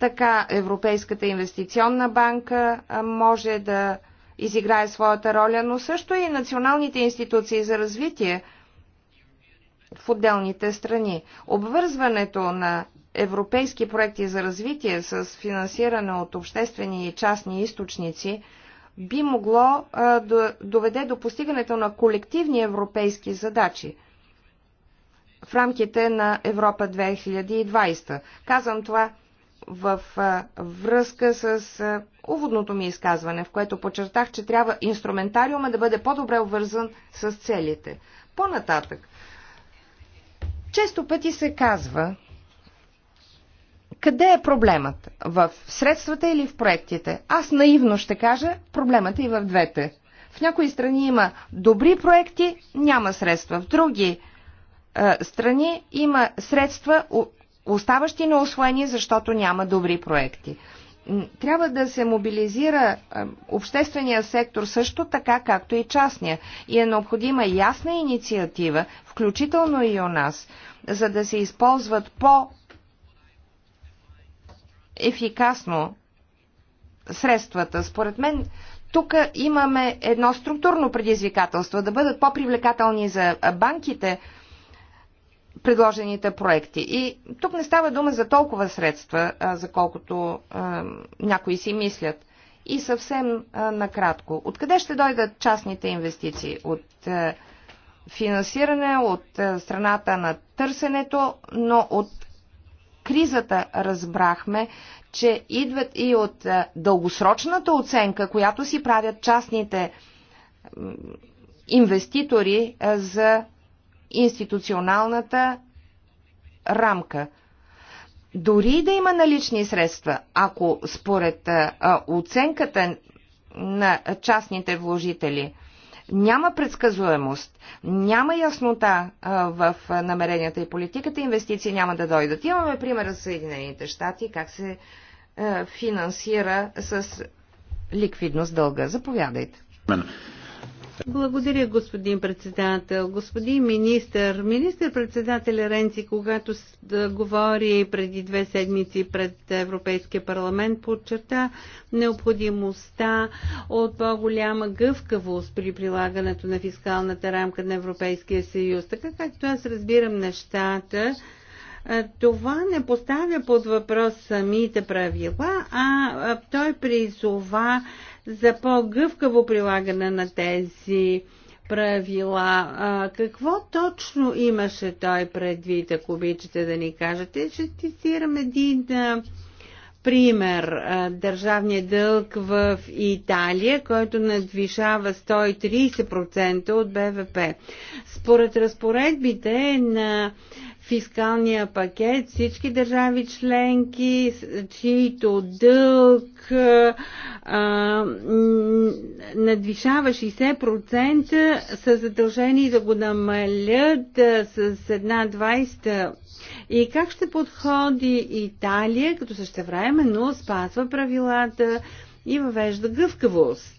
Така Европейската инвестиционна банка може да изиграе своята роля, но също и националните институции за развитие в отделните страни. Обвързването на европейски проекти за развитие с финансиране от обществени и частни източници – би могло а, до, доведе до постигането на колективни европейски задачи в рамките на Европа 2020. Казвам това в а, връзка с а, уводното ми изказване, в което подчертах, че трябва инструментариума да бъде по-добре обвързан с целите. По-нататък. Често пъти се казва, къде е проблемът? В средствата или в проектите? Аз наивно ще кажа, проблемът е и в двете. В някои страни има добри проекти, няма средства. В други е, страни има средства, оставащи неосвоени, защото няма добри проекти. Трябва да се мобилизира е, обществения сектор също така, както и частния. И е необходима ясна инициатива, включително и у нас, за да се използват по ефикасно средствата. Според мен тук имаме едно структурно предизвикателство да бъдат по-привлекателни за банките предложените проекти. И тук не става дума за толкова средства, за колкото е, някои си мислят. И съвсем е, накратко. Откъде ще дойдат частните инвестиции? От е, финансиране, от страната на търсенето, но от кризата разбрахме, че идват и от е, дългосрочната оценка, която си правят частните инвеститори е, за институционалната рамка. Дори да има налични средства, ако според е, оценката на частните вложители – няма предсказуемост, няма яснота в намеренията и политиката, инвестиции няма да дойдат. Имаме примера с Съединените щати, как се финансира с ликвидност дълга. Заповядайте. Благодаря, господин председател. Господин министр, министр-председателя Ренци, когато говори преди две седмици пред Европейския парламент, подчерта необходимостта от по-голяма гъвкавост при прилагането на фискалната рамка на Европейския съюз. Така както аз разбирам нещата, това не поставя под въпрос самите правила, а той призова за по-гъвкаво прилагане на тези правила. А, какво точно имаше той предвид, ако обичате да ни кажете? Ще цитирам един а, пример. А, държавният дълг в Италия, който надвишава 130% от БВП. Според разпоредбите на фискалния пакет, всички държави членки, чието дълг а, надвишава 60%, са задължени да го намалят с една 20 и как ще подходи Италия, като същевременно спазва правилата и въвежда гъвкавост?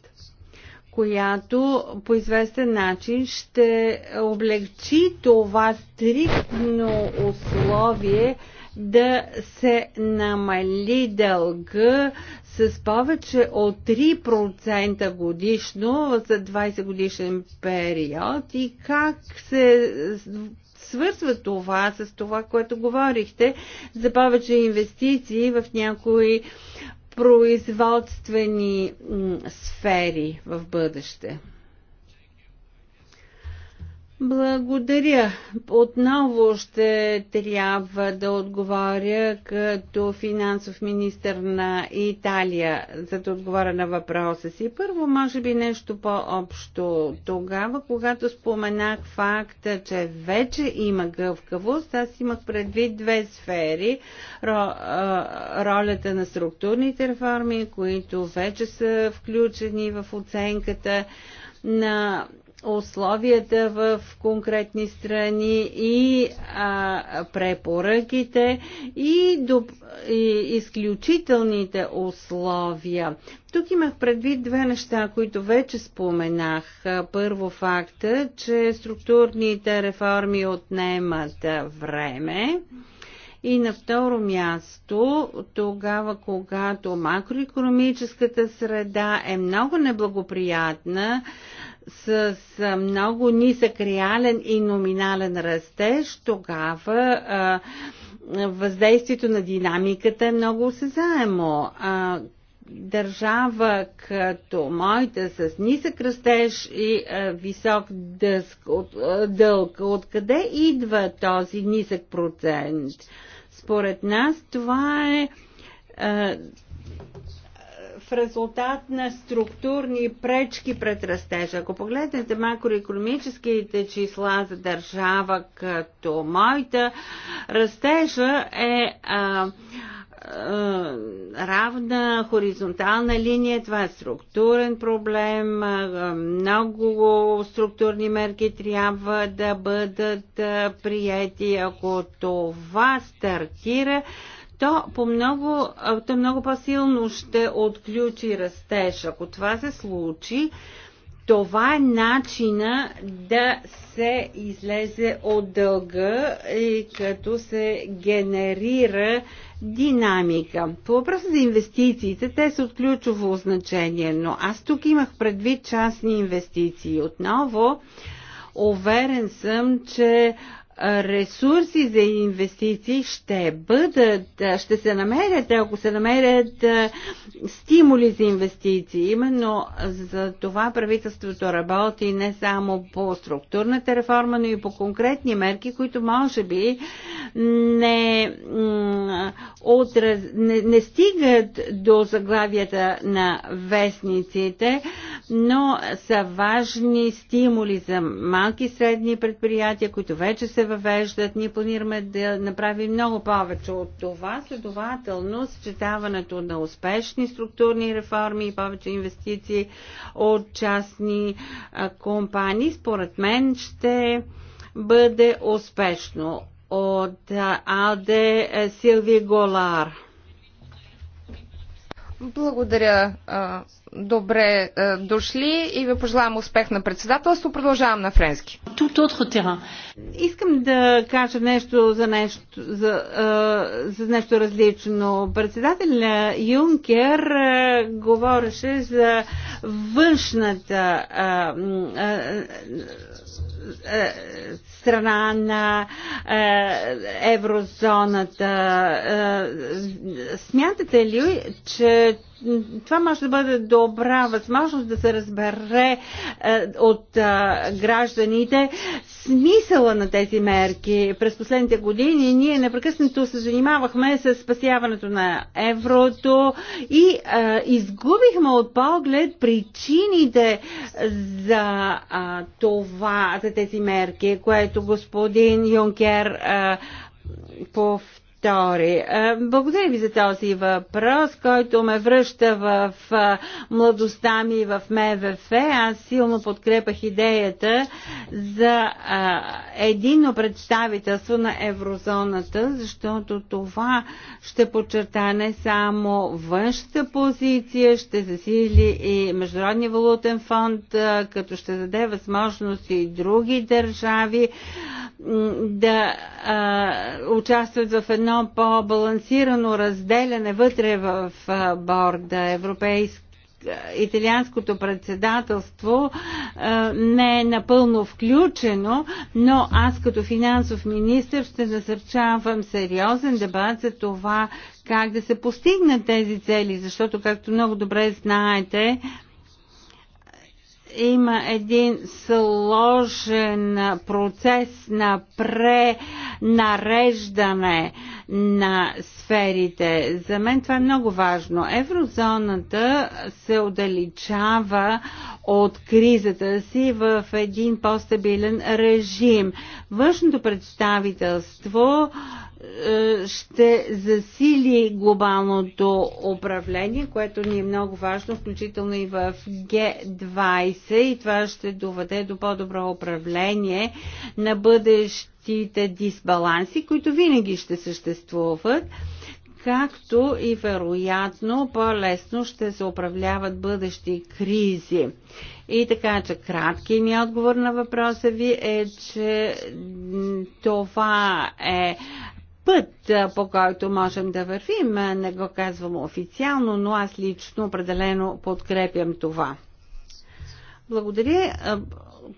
която по известен начин ще облегчи това стриктно условие да се намали дълга с повече от 3% годишно за 20 годишен период и как се свързва това с това, което говорихте за повече инвестиции в някои производствени сфери в бъдеще. Благодаря. Отново ще трябва да отговоря като финансов министр на Италия, за да отговоря на въпроса си. Първо, може би нещо по-общо. Тогава, когато споменах факта, че вече има гъвкавост, аз имах предвид две сфери. Ро, ролята на структурните реформи, които вече са включени в оценката на условията в конкретни страни и а, препоръките и, доп... и изключителните условия. Тук имах предвид две неща, които вече споменах. Първо факта, че структурните реформи отнемат време. И на второ място, тогава, когато макроекономическата среда е много неблагоприятна, с много нисък реален и номинален растеж, тогава а, въздействието на динамиката е много осезаемо. А, държава като моята с нисък растеж и а, висок дъск, от, а, дълг, откъде идва този нисък процент? Според нас това е в резултат на структурни пречки пред растежа. Ако погледнете макроекономическите числа за държава като моята, растежа е а, равна хоризонтална линия, това е структурен проблем, много структурни мерки трябва да бъдат приети. Ако това стартира, то по много, то много по-силно ще отключи растеж. Ако това се случи, това е начина да се излезе от дълга и като се генерира динамика. По въпроса за инвестициите, те са от ключово значение, но аз тук имах предвид частни инвестиции. Отново, уверен съм, че ресурси за инвестиции ще бъдат, ще се намерят, ако се намерят стимули за инвестиции. Именно за това правителството работи не само по структурната реформа, но и по конкретни мерки, които може би не, отраз, не, не стигат до заглавията на вестниците, но са важни стимули за малки и средни предприятия, които вече се въвеждат. Ние планираме да направим много повече от това. Следователно, съчетаването на успешни структурни реформи и повече инвестиции от частни компании, според мен, ще бъде успешно. От Алде Силви Голар. Благодаря. Добре дошли и ви пожелавам успех на председателство. Продължавам на френски. Искам да кажа нещо за нещо, за, за нещо различно. Председателя Юнкер говореше за външната е, страна на е, еврозоната. Е, смятате ли, че това може да бъде добра възможност да се разбере от гражданите смисъла на тези мерки. През последните години ние непрекъснато се занимавахме с спасяването на еврото и а, изгубихме от поглед причините за а, това, за тези мерки, което господин Юнкер а, повтори Тори. Е, благодаря ви за този въпрос, който ме връща в е, младостта ми в МВФ. Аз силно подкрепах идеята за е, единно представителство на еврозоната, защото това ще подчерта не само външната позиция, ще засили и Международния валутен фонд, като ще даде възможност и други държави да участват в едно едно по-балансирано разделяне вътре в борда европейски италианското председателство не е напълно включено, но аз като финансов министр ще насърчавам сериозен дебат за това как да се постигнат тези цели, защото, както много добре знаете, има един сложен процес на пренареждане на сферите. За мен това е много важно. Еврозоната се отдалечава от кризата си в един по-стабилен режим. Външното представителство е, ще засили глобалното управление, което ни е много важно, включително и в Г20 и това ще доведе до по-добро управление на бъдещите дисбаланси, които винаги ще съществуват както и вероятно по-лесно ще се управляват бъдещи кризи. И така, че кратки ми отговор на въпроса ви е, че това е път, по който можем да вървим. Не го казвам официално, но аз лично определено подкрепям това. Благодаря.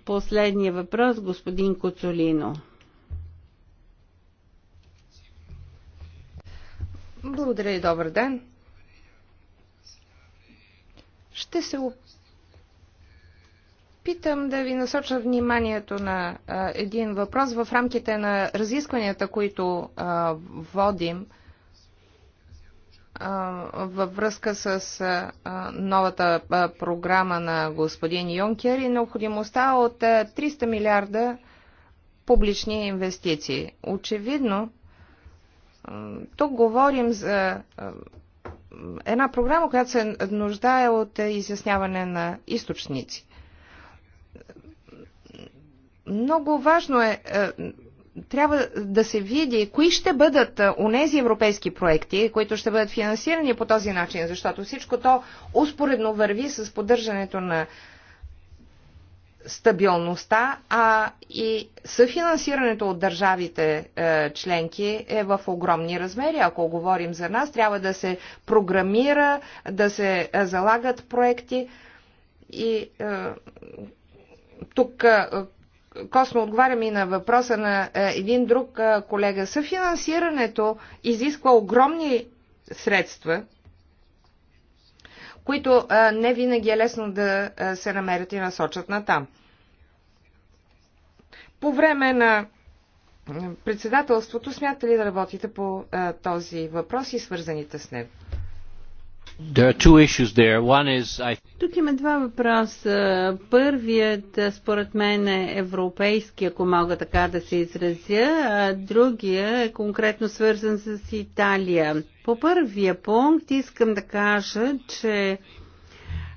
Последния въпрос, господин Коцолино. Благодаря и добър ден. Ще се Питам да ви насоча вниманието на а, един въпрос в рамките на разискванията, които а, водим а, във връзка с а, новата а, програма на господин Юнкер и необходимостта от а, 300 милиарда публични инвестиции. Очевидно, тук говорим за една програма, която се нуждае от изясняване на източници. Много важно е, е, трябва да се види кои ще бъдат е, онези европейски проекти, които ще бъдат финансирани по този начин, защото всичко то успоредно върви с поддържането на стабилността, а и съфинансирането от държавите е, членки е в огромни размери. Ако говорим за нас, трябва да се програмира, да се е, залагат проекти и е, тук е, косно отговарям и на въпроса на е, един друг е, колега. Съфинансирането изисква огромни средства, които е, не винаги е лесно да се намерят и насочат на там. По време на председателството смятате ли да работите по този въпрос и свързаните с него? Is, I... Тук има два въпроса. Първият, е, според мен, е европейски, ако мога така да се изразя, а другия е конкретно свързан с Италия. По първия пункт искам да кажа, че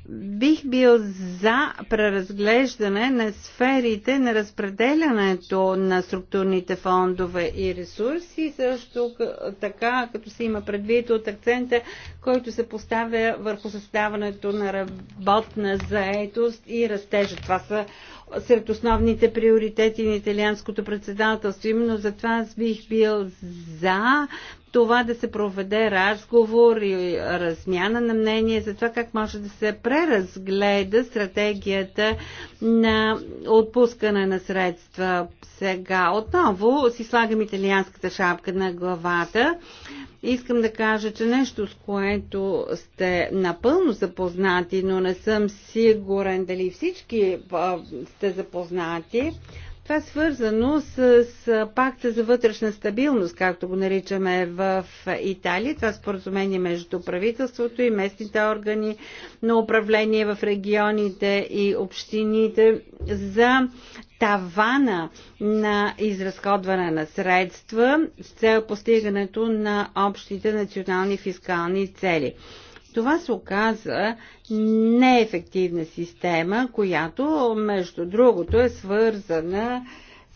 бих бил за преразглеждане на сферите на разпределянето на структурните фондове и ресурси, също така, като се има предвид от акцента, който се поставя върху създаването на работна заетост и растежа. Това са сред основните приоритети на италианското председателство. Именно за това аз бих бил за това да се проведе разговор и размяна на мнение за това как може да се преразгледа стратегията на отпускане на средства. Сега отново си слагам италианската шапка на главата. Искам да кажа, че нещо, с което сте напълно запознати, но не съм сигурен дали всички сте запознати, това е свързано с, с пакта за вътрешна стабилност, както го наричаме в Италия. Това споразумение между правителството и местните органи на управление в регионите и общините за тавана на изразходване на средства с цел постигането на общите национални фискални цели. Това се оказа неефективна система, която, между другото, е свързана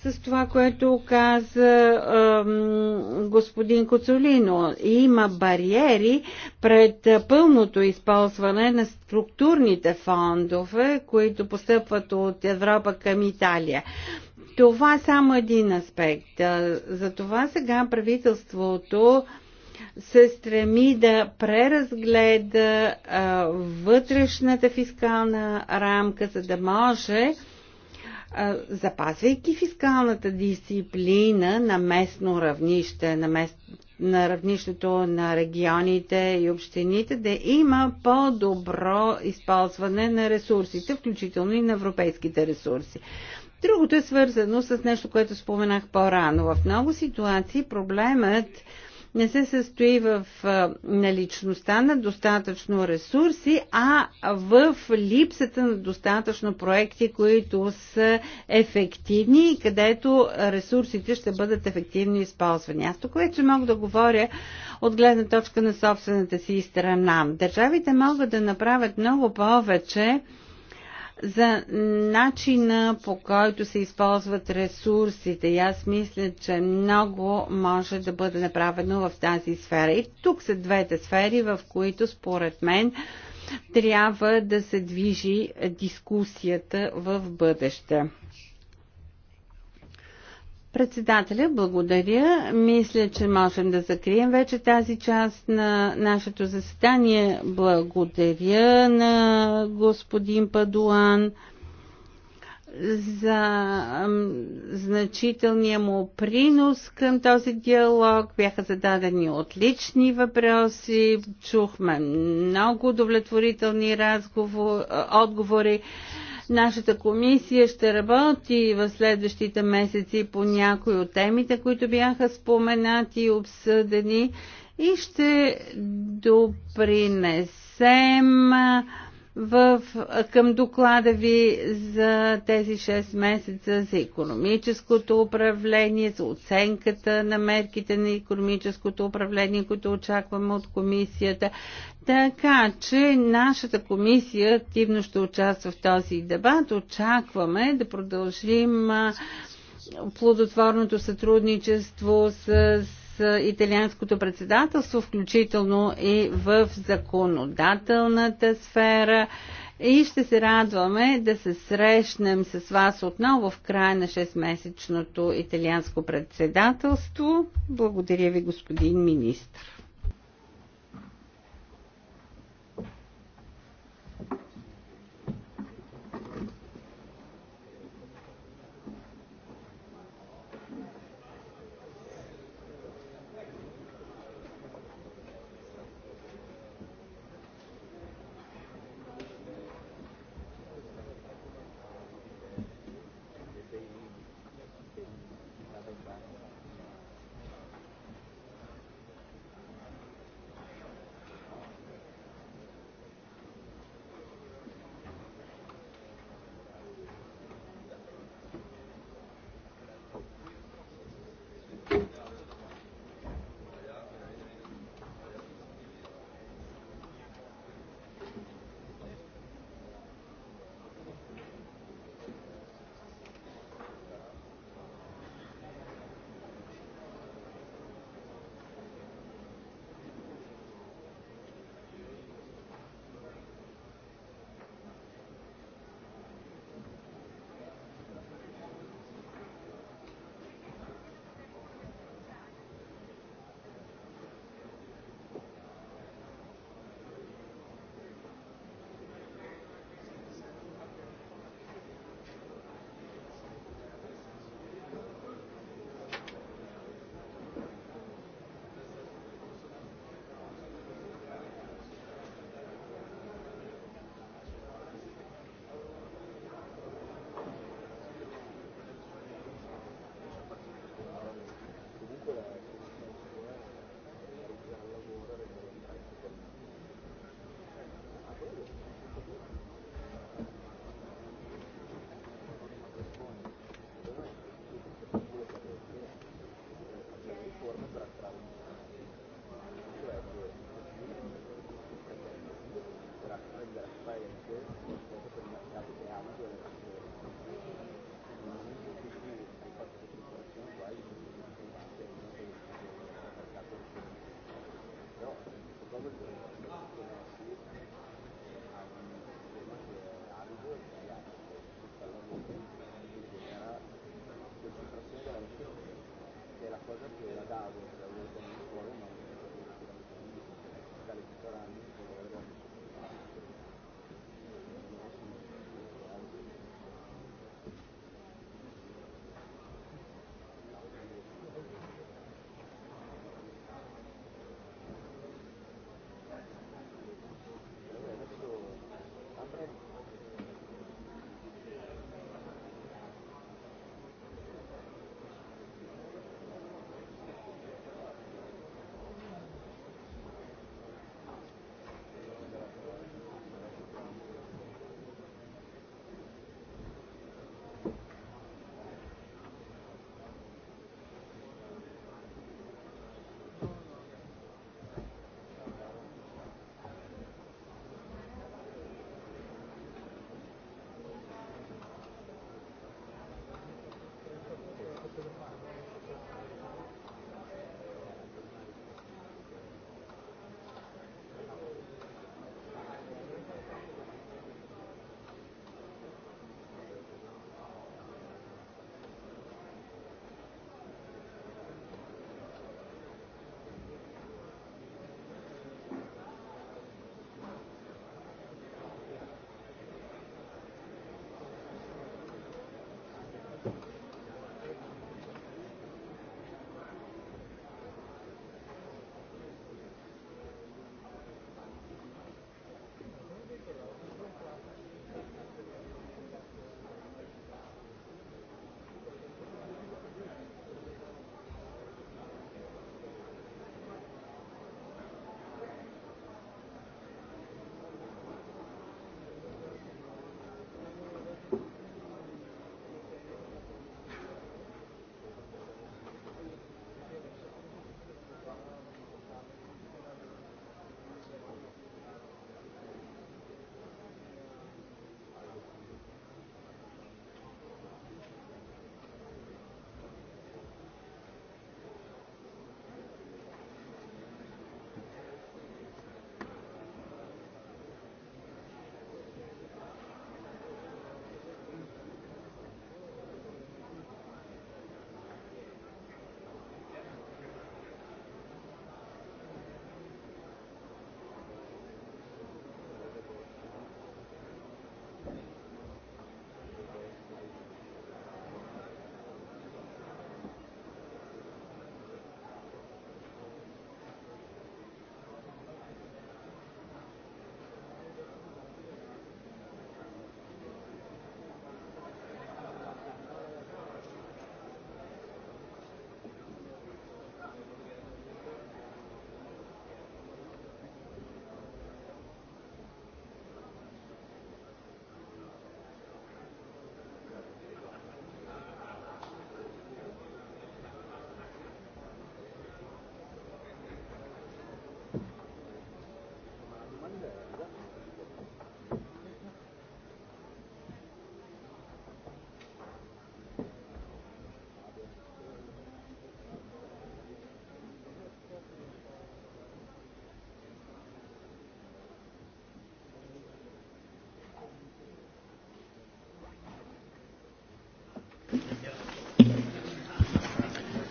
с това, което каза ем, господин Коцолино. Има бариери пред пълното използване на структурните фондове, които постъпват от Европа към Италия. Това е само един аспект. Затова сега правителството е, се стреми да преразгледа а, вътрешната фискална рамка, за да може, а, запазвайки фискалната дисциплина на местно равнище, на, мест, на равнището на регионите и общините, да има по-добро използване на ресурсите, включително и на европейските ресурси. Другото е свързано с нещо, което споменах по-рано. В много ситуации проблемът не се състои в наличността на достатъчно ресурси, а в липсата на достатъчно проекти, които са ефективни и където ресурсите ще бъдат ефективно използвани. Аз тук вече мога да говоря от гледна точка на собствената си страна. Държавите могат да направят много повече за начина по който се използват ресурсите. И аз мисля, че много може да бъде направено в тази сфера. И тук са двете сфери, в които според мен трябва да се движи дискусията в бъдеще. Председателя, благодаря. Мисля, че можем да закрием вече тази част на нашето заседание. Благодаря на господин Падуан за значителния му принос към този диалог. Бяха зададени отлични въпроси, чухме много удовлетворителни разговор, отговори. Нашата комисия ще работи в следващите месеци по някои от темите, които бяха споменати и обсъдени и ще допринесем в, към доклада ви за тези 6 месеца за економическото управление, за оценката на мерките на економическото управление, които очакваме от комисията. Така че нашата комисия активно ще участва в този дебат. Очакваме да продължим плодотворното сътрудничество с италианското председателство, включително и в законодателната сфера. И ще се радваме да се срещнем с вас отново в края на 6-месечното италианско председателство. Благодаря ви, господин министр.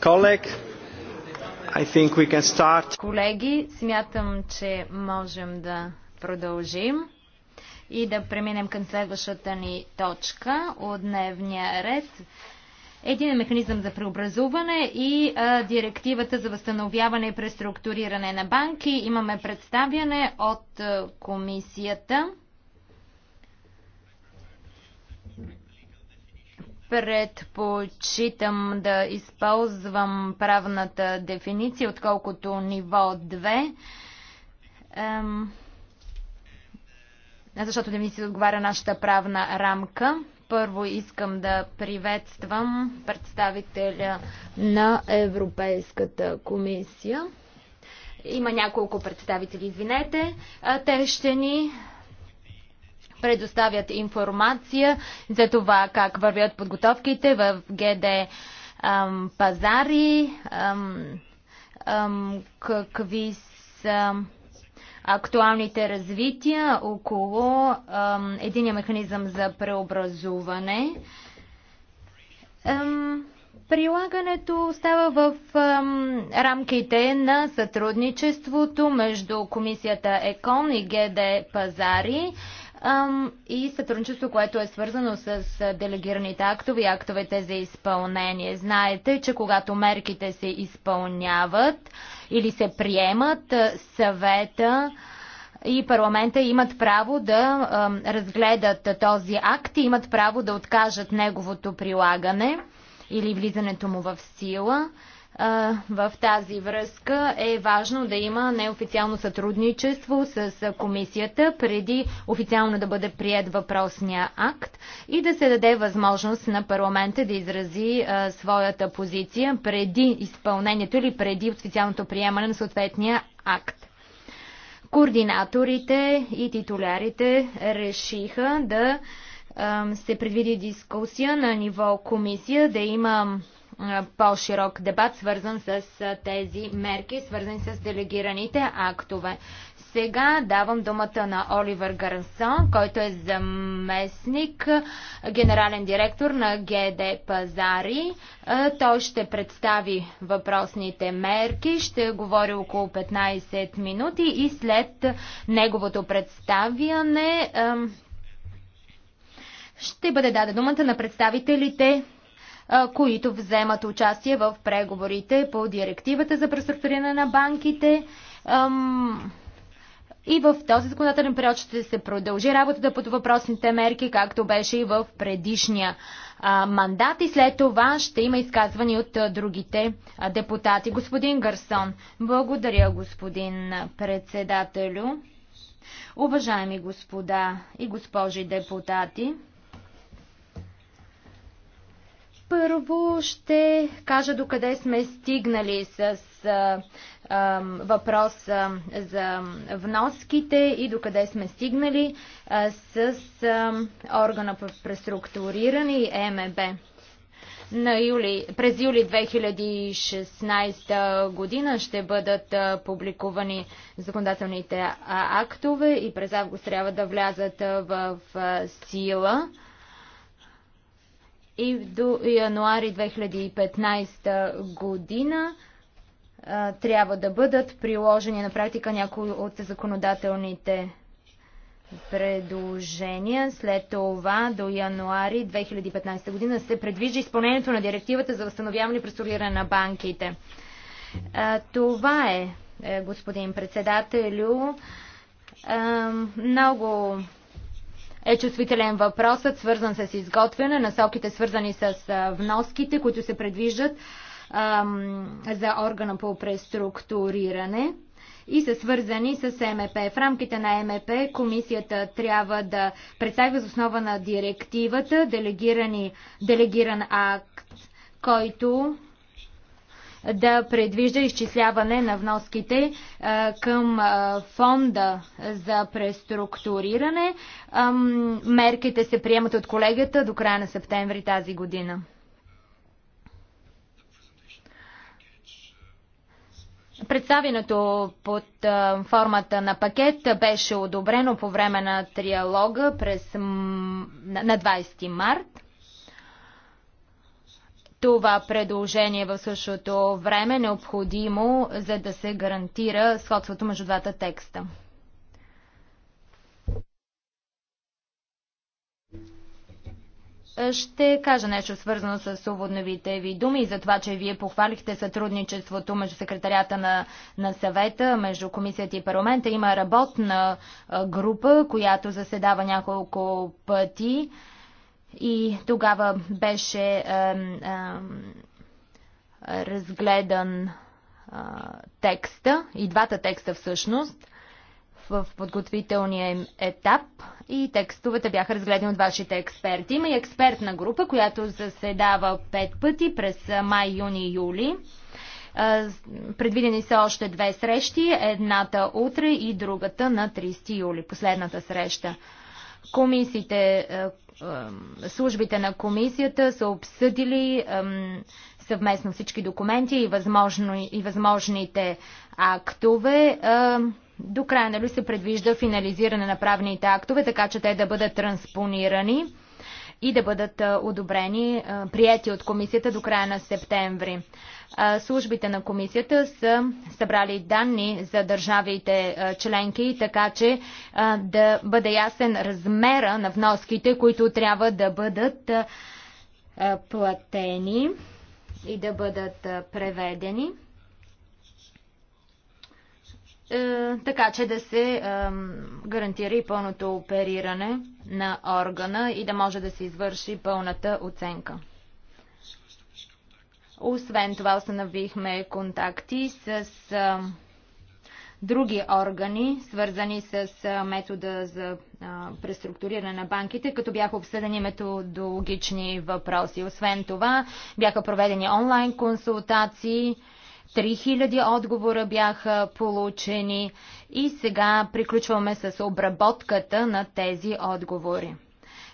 colleague. I think we can start. Колеги, смятам, че можем да продължим и да преминем към следващата ни точка от дневния ред. Един е механизъм за преобразуване и а, директивата за възстановяване и преструктуриране на банки. Имаме представяне от а, комисията. Предпочитам да използвам правната дефиниция, отколкото ниво 2, ем, защото не ми се отговаря нашата правна рамка. Първо искам да приветствам представителя на Европейската комисия. Има няколко представители, извинете. Те ще ни предоставят информация за това как вървят подготовките в ГД ам, пазари, ам, ам, какви са актуалните развития около ам, единия механизъм за преобразуване. Ам, Прилагането става в ам, рамките на сътрудничеството между Комисията ЕКОН и ГД Пазари и сътрудничество, което е свързано с делегираните актове и актовете за изпълнение. Знаете, че когато мерките се изпълняват или се приемат, съвета и парламента имат право да разгледат този акт и имат право да откажат неговото прилагане или влизането му в сила. В тази връзка е важно да има неофициално сътрудничество с комисията преди официално да бъде прият въпросния акт и да се даде възможност на парламента да изрази своята позиция преди изпълнението или преди официалното приемане на съответния акт. Координаторите и титулярите решиха да се предвиди дискусия на ниво комисия, да има по-широк дебат, свързан с тези мерки, свързани с делегираните актове. Сега давам думата на Оливер Гарсон, който е заместник, генерален директор на ГД Пазари. Той ще представи въпросните мерки, ще говори около 15 минути и след неговото представяне ще бъде даде думата на представителите които вземат участие в преговорите по директивата за преструктуриране на банките. И в този законодателен период ще се продължи работата под въпросните мерки, както беше и в предишния мандат. И след това ще има изказвани от другите депутати. Господин Гарсон, благодаря, господин председателю. Уважаеми господа и госпожи депутати, първо ще кажа докъде сме стигнали с а, а, въпроса за вноските и докъде сме стигнали а, с а, органа по преструктуриране и МЕБ. На юли, през юли 2016 година ще бъдат публикувани законодателните актове и през август трябва да влязат в сила и до януари 2015 година трябва да бъдат приложени на практика някои от законодателните предложения. След това до януари 2015 година се предвижда изпълнението на директивата за възстановяване и преструктуриране на банките. това е, е, господин председателю. много е чувствителен въпросът, свързан с изготвяне, насоките свързани с вноските, които се предвиждат ам, за органа по преструктуриране и са свързани с МП. В рамките на МП комисията трябва да представи въз основа на директивата делегиран акт, който да предвижда изчисляване на вноските към фонда за преструктуриране. Мерките се приемат от колегията до края на септември тази година. Представенето под формата на пакет беше одобрено по време на триалога през, на 20 март това предложение в същото време, необходимо, за да се гарантира сходството между двата текста. Ще кажа нещо свързано с уводновите ви думи и за това, че вие похвалихте сътрудничеството между секретарията на, на съвета, между комисията и парламента. Има работна група, която заседава няколко пъти. И тогава беше разгледан текста, и двата текста всъщност, в подготвителния етап и текстовете бяха разгледани от вашите експерти. Има и експертна група, която заседава пет пъти през май, юни и юли. Предвидени са още две срещи, едната утре и другата на 30 юли, последната среща. Комисиите, е, службите на комисията са обсъдили съвместно всички документи и, възможно, и възможните актове. До края на ли се предвижда финализиране на правните актове, така че те да бъдат транспонирани и да бъдат одобрени, прияти от комисията до края на септември. Службите на комисията са събрали данни за държавите членки, така че да бъде ясен размера на вноските, които трябва да бъдат платени и да бъдат преведени. Е, така че да се гарантира и пълното опериране на органа и да може да се извърши пълната оценка. Освен това установихме контакти с други органи, свързани с метода за преструктуриране на банките, като бяха обсъдени методологични въпроси. Освен това бяха проведени онлайн консултации, 3000 отговора бяха получени и сега приключваме с обработката на тези отговори.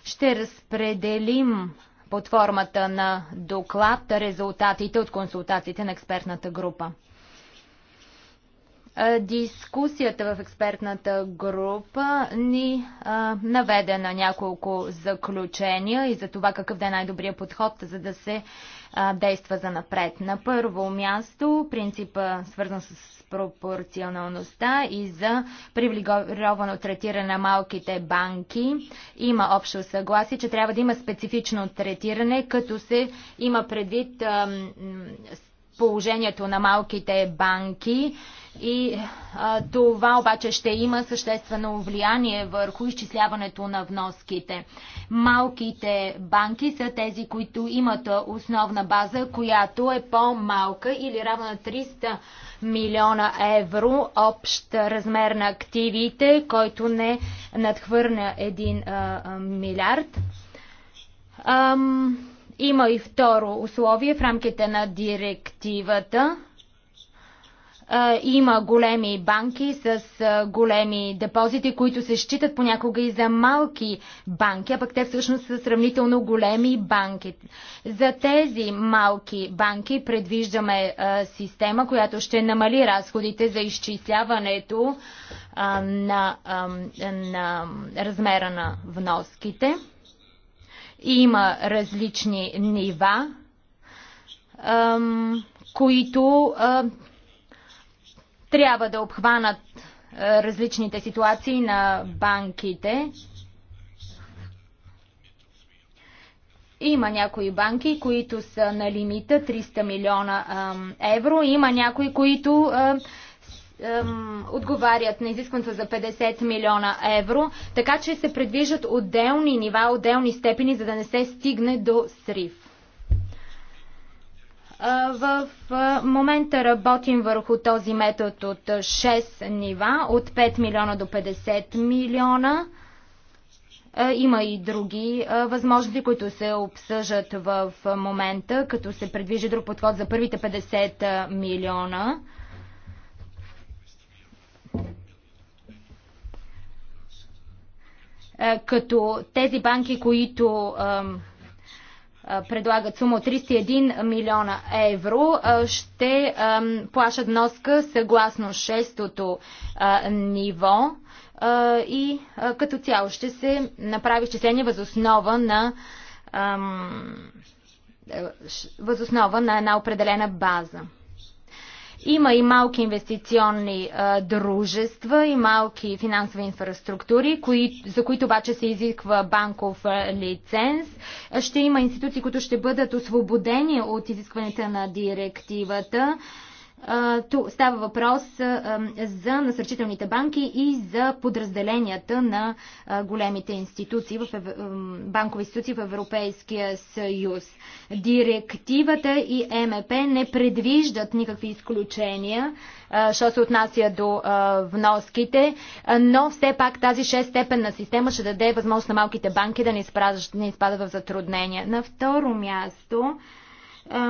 Ще разпределим под формата на доклад резултатите от консултациите на експертната група. Дискусията в експертната група ни а, наведе на няколко заключения и за това какъв да е най-добрият подход, за да се а, действа за напред. На първо място принципа свързан с пропорционалността и за привилегировано третиране на малките банки. Има общо съгласие, че трябва да има специфично третиране, като се има предвид а, положението на малките банки и а, това обаче ще има съществено влияние върху изчисляването на вноските. Малките банки са тези, които имат основна база, която е по-малка или равна на 300 милиона евро общ размер на активите, който не надхвърля 1 а, а, милиард. Ам, има и второ условие в рамките на директивата има големи банки с големи депозити, които се считат понякога и за малки банки, а пък те всъщност са сравнително големи банки. За тези малки банки предвиждаме система, която ще намали разходите за изчисляването на, на размера на вноските. Има различни нива които трябва да обхванат е, различните ситуации на банките. Има някои банки, които са на лимита 300 милиона евро. Има някои, които отговарят на изискването за 50 милиона евро, така че се предвижат отделни нива, отделни степени, за да не се стигне до срив. В момента работим върху този метод от 6 нива, от 5 милиона до 50 милиона. Има и други възможности, които се обсъжат в момента, като се предвижи друг подход за първите 50 милиона. Като тези банки, които предлагат сума от 301 милиона евро, ще плащат вноска съгласно шестото ниво и като цяло ще се направи изчисление възоснова на е, възоснова на една определена база. Има и малки инвестиционни а, дружества и малки финансови инфраструктури, кои, за които обаче се изисква банков а, лиценз. Ще има институции, които ще бъдат освободени от изискването на директивата. Ту става въпрос за насърчителните банки и за подразделенията на големите институции, в банкови институции в Европейския съюз. Директивата и МП не предвиждат никакви изключения, що се отнася до вноските, но все пак тази 6-степенна система ще даде възможност на малките банки да не изпадат в затруднения. На второ място,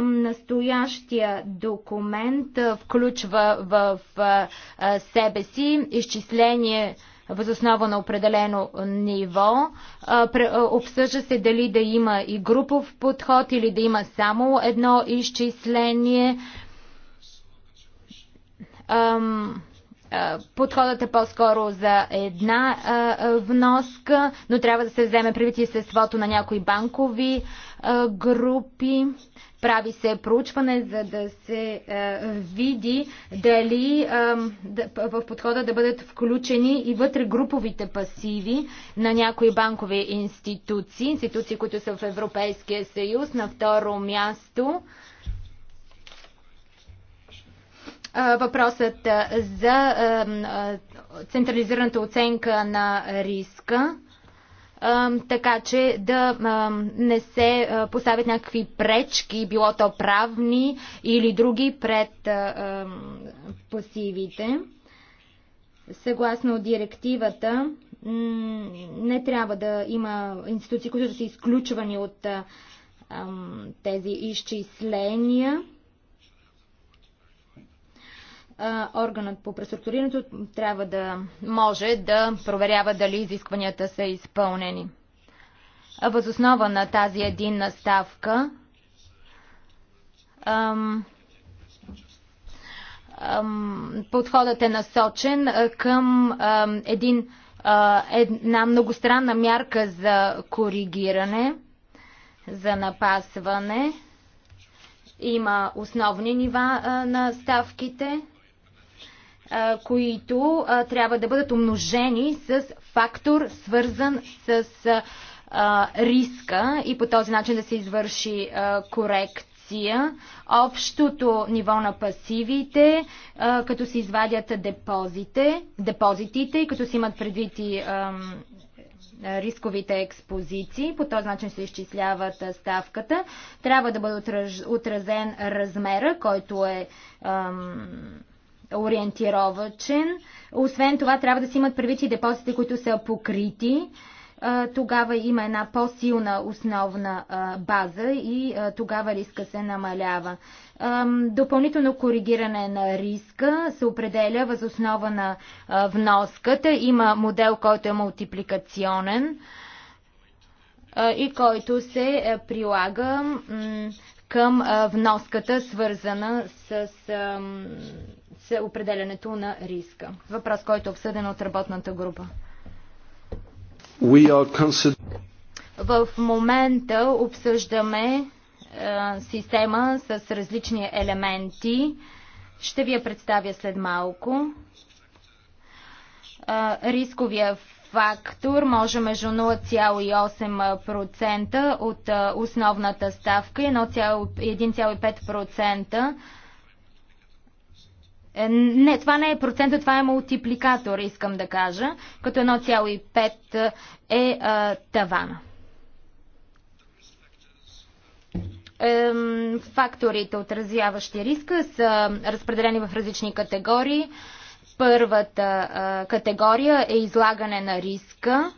Настоящия документ включва в себе си изчисление възоснова на определено ниво. Обсъжда се дали да има и групов подход или да има само едно изчисление. Подходът е по-скоро за една вноска, но трябва да се вземе предвид и естеството на някои банкови групи. Прави се проучване, за да се е, види дали е, да, в подхода да бъдат включени и вътре груповите пасиви на някои банкови институции, институции, които са в Европейския съюз. На второ място е, въпросът за централизираната оценка на риска така че да не се поставят някакви пречки, било то правни или други пред пасивите. Съгласно директивата, не трябва да има институции, които са изключвани от тези изчисления органът по преструктурирането трябва да може да проверява дали изискванията са изпълнени. Възоснова на тази единна ставка подходът е насочен към един, една многостранна мярка за коригиране, за напасване. Има основни нива на ставките – които трябва да бъдат умножени с фактор, свързан с риска и по този начин да се извърши корекция. Общото ниво на пасивите, като се извадят депозите, депозитите и като се имат предвид и рисковите експозиции. По този начин се изчисляват ставката. Трябва да бъде отразен размера, който е ам, ориентировачен. Освен това, трябва да си имат предвид и депозитите, които са покрити. Тогава има една по-силна основна база и тогава риска се намалява. Допълнително коригиране на риска се определя възоснова на вноската. Има модел, който е мултипликационен и който се прилага към вноската, свързана с за определенето на риска. Въпрос, който е обсъден от работната група. В момента обсъждаме е, система с различни елементи. Ще ви я представя след малко. Е, рисковия фактор може между 0,8% от е, основната ставка и 1,5% е, не, това не е процент, това е мултипликатор, искам да кажа, като 1,5 е а, тавана. факторите, отразяващи риска, са разпределени в различни категории. Първата а, категория е излагане на риска.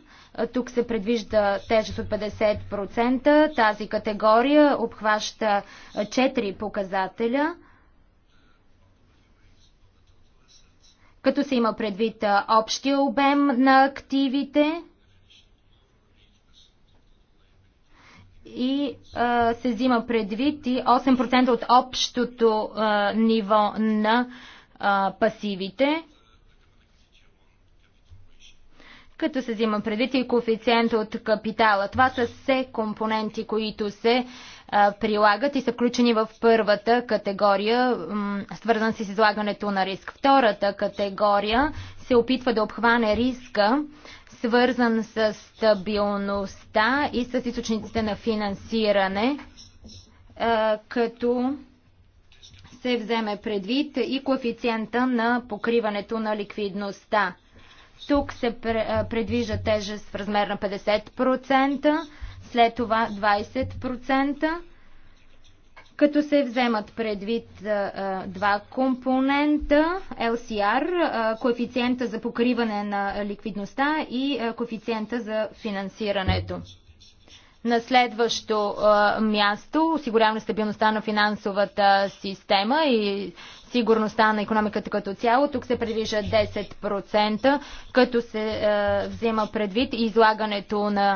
Тук се предвижда тежест от 50%. Тази категория обхваща 4 показателя – като се има предвид общия обем на активите и а, се взима предвид и 8% от общото а, ниво на а, пасивите, като се взима предвид и коефициент от капитала. Това са все компоненти, които се а, прилагат и са включени в първата категория, свързан с излагането на риск. Втората категория се опитва да обхване риска, свързан с стабилността и с източниците на финансиране, като се вземе предвид и коефициента на покриването на ликвидността. Тук се предвижда тежест в размер на 50%, след това 20%, като се вземат предвид два компонента LCR, коефициента за покриване на ликвидността и коефициента за финансирането. На следващо място осигуряване стабилността на финансовата система и сигурността на економиката като цяло. Тук се предвижда 10%, като се е, взема предвид излагането на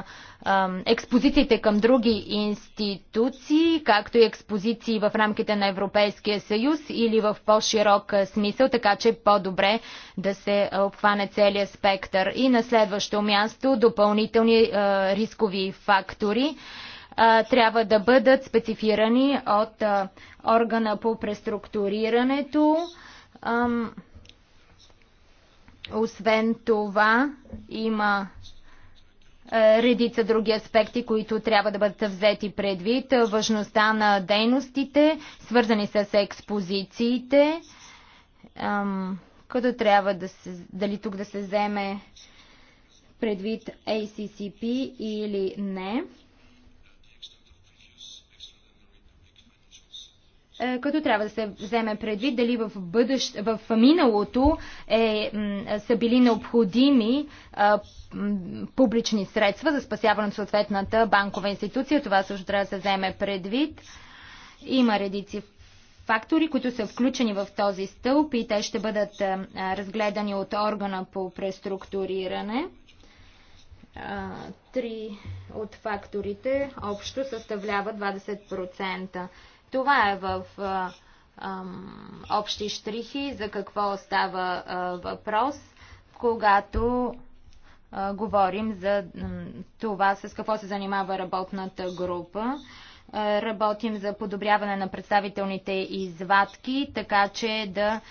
е, експозициите към други институции, както и експозиции в рамките на Европейския съюз или в по-широк е, смисъл, така че по-добре да се обхване целият спектър. И на следващо място допълнителни е, рискови фактори. Е, трябва да бъдат специфирани от а, органа по преструктурирането. Ам, освен това, има редица други аспекти, които трябва да бъдат взети предвид. Важността на дейностите, свързани с експозициите, като трябва да се, дали тук да се вземе предвид ACCP или не. Е, като трябва да се вземе предвид дали в, бъдещ, в миналото е, са били необходими е, публични средства за спасяване на съответната банкова институция. Това също трябва да се вземе предвид. Има редици фактори, които са включени в този стълб и те ще бъдат е, разгледани от органа по преструктуриране. Е, три от факторите общо съставляват 20%. Това е в а, ам, общи штрихи за какво става а, въпрос, когато а, говорим за това с какво се занимава работната група. Работим за подобряване на представителните извадки, така че да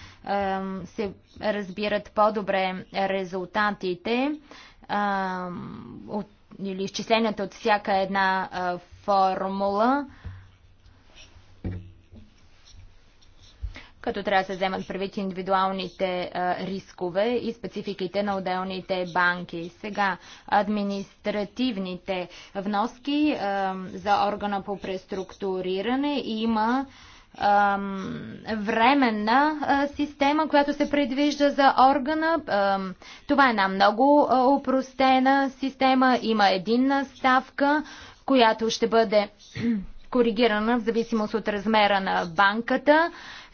се разбират по-добре резултатите от, или изчисленията от всяка една формула. като трябва да се вземат предвид индивидуалните а, рискове и спецификите на отделните банки. Сега, административните вноски а, за органа по преструктуриране има временна система, която се предвижда за органа. Това е една много упростена система. Има единна ставка, която ще бъде коригирана в зависимост от размера на банката.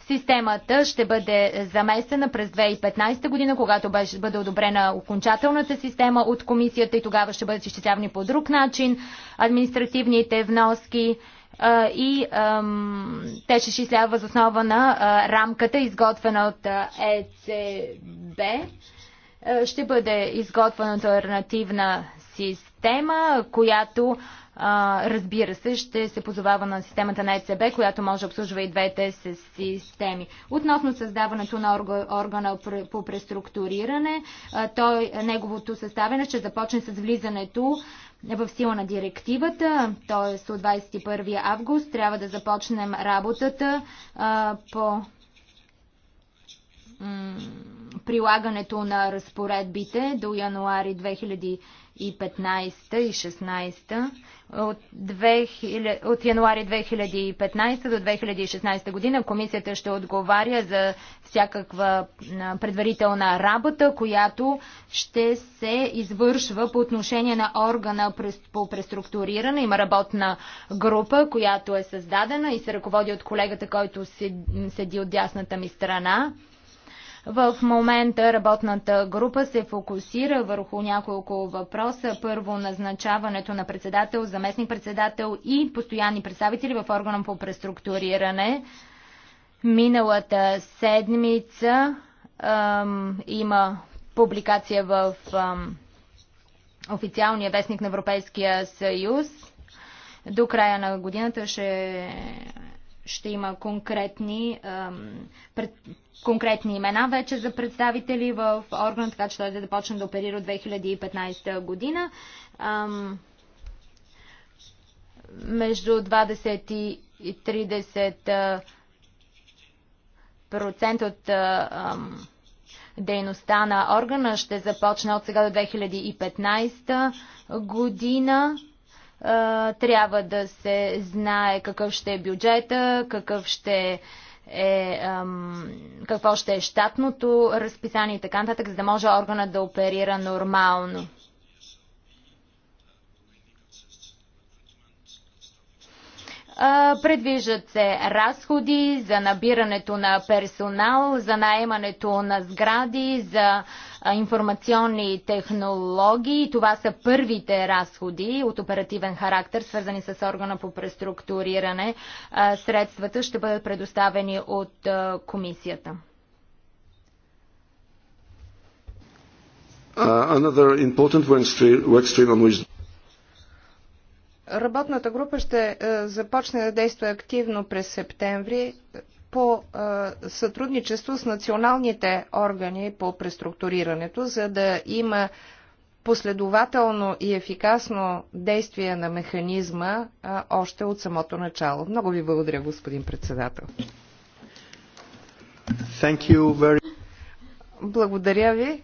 Системата ще бъде заместена през 2015 година, когато бъде одобрена окончателната система от комисията и тогава ще бъдат изчислявани по друг начин административните вноски и те ще изчисляват възоснова на рамката, изготвена от ЕЦБ. Ще бъде изготвена альтернативна система, която а, разбира се, ще се позовава на системата на ЕЦБ, която може да обслужва и двете системи. Относно създаването на органа по преструктуриране, той, неговото съставяне ще започне с влизането в сила на директивата, т.е. от 21 август трябва да започнем работата а, по прилагането на разпоредбите до януари 2000 и 15 и 16 от, 2000, от януари 2015 до 2016 година комисията ще отговаря за всякаква предварителна работа, която ще се извършва по отношение на органа по преструктуриране. Има работна група, която е създадена и се ръководи от колегата, който седи от дясната ми страна. В момента работната група се фокусира върху няколко въпроса. Първо назначаването на председател, заместник-председател и постоянни представители в органа по преструктуриране. Миналата седмица ем, има публикация в ем, официалния вестник на Европейския съюз. До края на годината ще ще има конкретни, ам, пред, конкретни имена вече за представители в органа, така че той да започне да оперира от 2015 година. Ам, между 20 и 30 процент от ам, дейността на органа ще започне от сега до 2015 година трябва да се знае какъв ще е бюджета, какъв ще е, какво ще е щатното разписание и така нататък, за да може органа да оперира нормално. Предвиждат се разходи за набирането на персонал, за найемането на сгради, за информационни технологии. Това са първите разходи от оперативен характер, свързани с органа по преструктуриране. Средствата ще бъдат предоставени от комисията. Uh, Работната група ще е, започне да действа активно през септември по сътрудничество с националните органи по преструктурирането, за да има последователно и ефикасно действие на механизма още от самото начало. Много ви благодаря, господин председател. Thank you very... Благодаря ви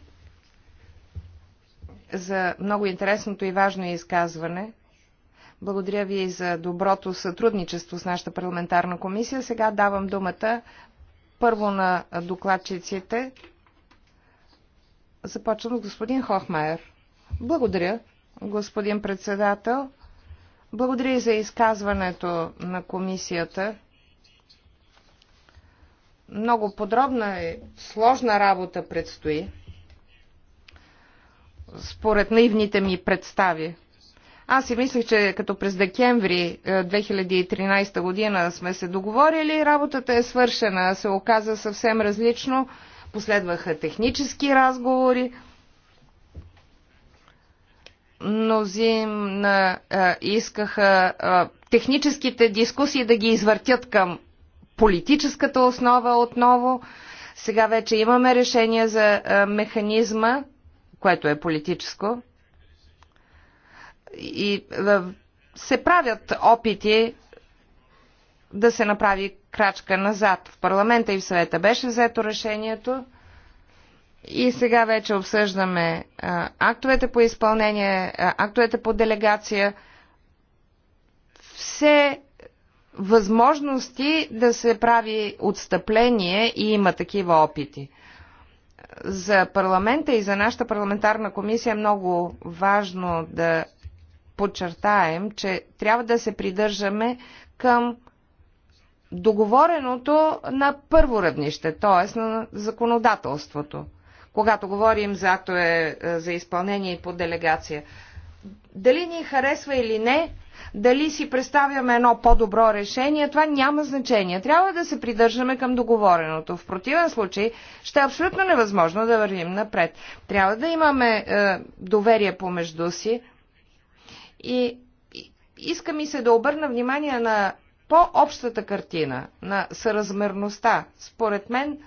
за много интересното и важно изказване. Благодаря ви за доброто сътрудничество с нашата парламентарна комисия. Сега давам думата първо на докладчиците. Започвам с господин Хохмайер. Благодаря, господин председател. Благодаря и за изказването на комисията. Много подробна и сложна работа предстои, според наивните ми представи. Аз си мислих, че като през декември 2013 е, година сме се договорили, работата е свършена. Се оказа съвсем различно. Последваха технически разговори. а, е, искаха а, е, техническите дискусии да ги извъртят към политическата основа отново. Сега вече имаме решение за а, механизма, което е политическо, и е, се правят опити да се направи крачка назад. В парламента и в съвета беше взето решението и сега вече обсъждаме е, актовете по изпълнение, е, актовете по делегация. Все възможности да се прави отстъпление и има такива опити. За парламента и за нашата парламентарна комисия е много важно да подчертаем, че трябва да се придържаме към договореното на първо равнище, т.е. на законодателството. Когато говорим за актове е, за изпълнение и по делегация, дали ни харесва или не, дали си представяме едно по-добро решение, това няма значение. Трябва да се придържаме към договореното. В противен случай ще е абсолютно невъзможно да вървим напред. Трябва да имаме е, доверие помежду си, и иска ми се да обърна внимание на по-общата картина, на съразмерността. Според мен,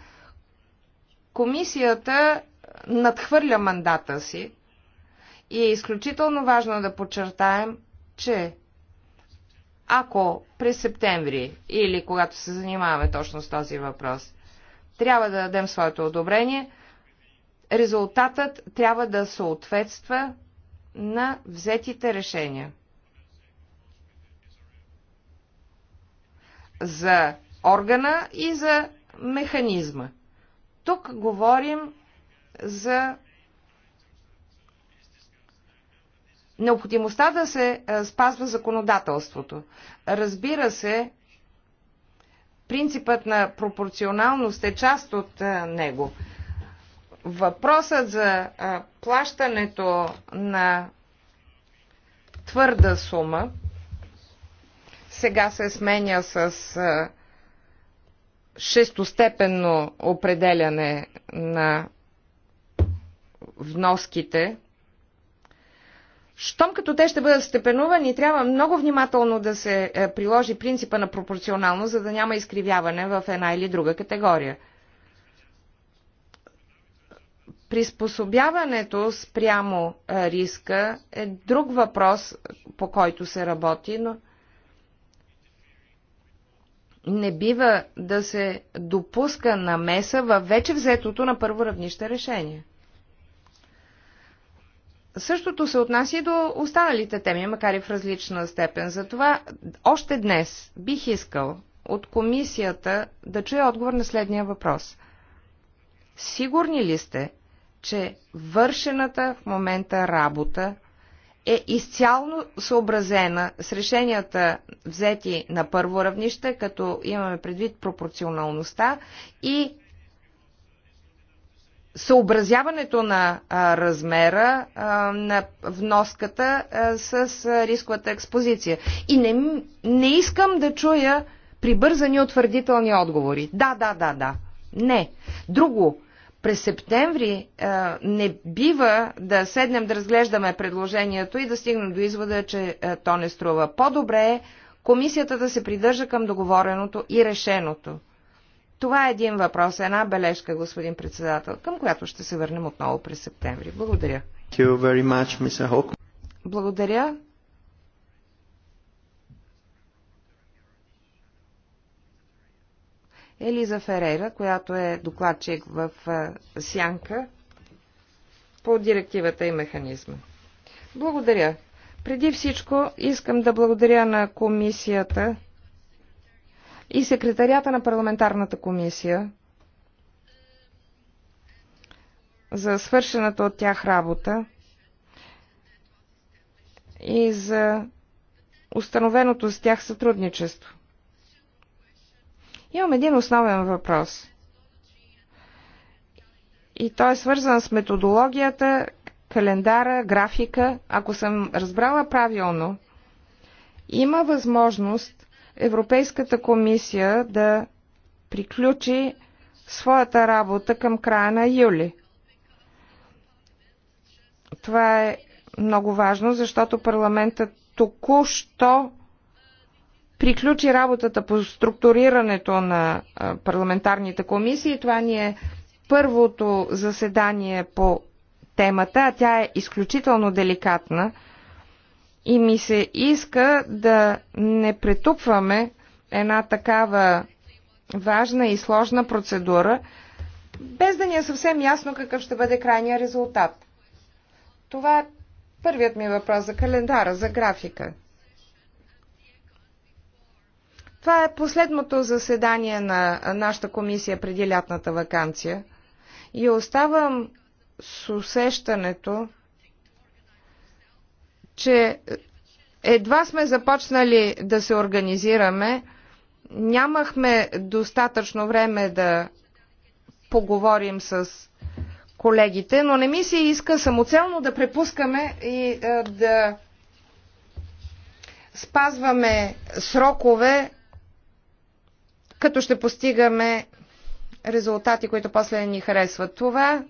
комисията надхвърля мандата си и е изключително важно да подчертаем, че ако през септември или когато се занимаваме точно с този въпрос, трябва да дадем своето одобрение, резултатът трябва да съответства на взетите решения. За органа и за механизма. Тук говорим за необходимостта да се спазва законодателството. Разбира се, принципът на пропорционалност е част от него. Въпросът за а, плащането на твърда сума сега се сменя с а, шестостепенно определяне на вноските. Щом като те ще бъдат степенувани, трябва много внимателно да се е, приложи принципа на пропорционалност, за да няма изкривяване в една или друга категория. Приспособяването спрямо е, риска е друг въпрос, по който се работи, но не бива да се допуска намеса във вече взетото на първо равнище решение. Същото се отнася и до останалите теми, макар и в различна степен. Затова още днес бих искал от комисията да чуя отговор на следния въпрос. Сигурни ли сте, че вършената в момента работа е изцяло съобразена с решенията взети на първо равнище, като имаме предвид пропорционалността и съобразяването на а, размера а, на вноската а, с а, рисковата експозиция. И не, не искам да чуя прибързани утвърдителни отговори. Да, да, да, да. Не. Друго през септември е, не бива да седнем да разглеждаме предложението и да стигнем до извода, че е, то не струва. По-добре е комисията да се придържа към договореното и решеното. Това е един въпрос, една бележка, господин председател, към която ще се върнем отново през септември. Благодаря. Благодаря. Елиза Ферера, която е докладчик в Сянка по директивата и механизма. Благодаря. Преди всичко искам да благодаря на комисията и секретарията на парламентарната комисия за свършената от тях работа и за установеното с тях сътрудничество. Имам един основен въпрос. И той е свързан с методологията, календара, графика. Ако съм разбрала правилно, има възможност Европейската комисия да приключи своята работа към края на юли. Това е много важно, защото парламентът току-що приключи работата по структурирането на парламентарните комисии. Това ни е първото заседание по темата, а тя е изключително деликатна и ми се иска да не претупваме една такава важна и сложна процедура, без да ни е съвсем ясно какъв ще бъде крайният резултат. Това е първият ми въпрос за календара, за графика. Това е последното заседание на нашата комисия преди лятната вакансия и оставам с усещането, че едва сме започнали да се организираме, нямахме достатъчно време да поговорим с колегите, но не ми се иска самоцелно да препускаме и да спазваме срокове, като ще постигаме резултати, които после ни харесват. Това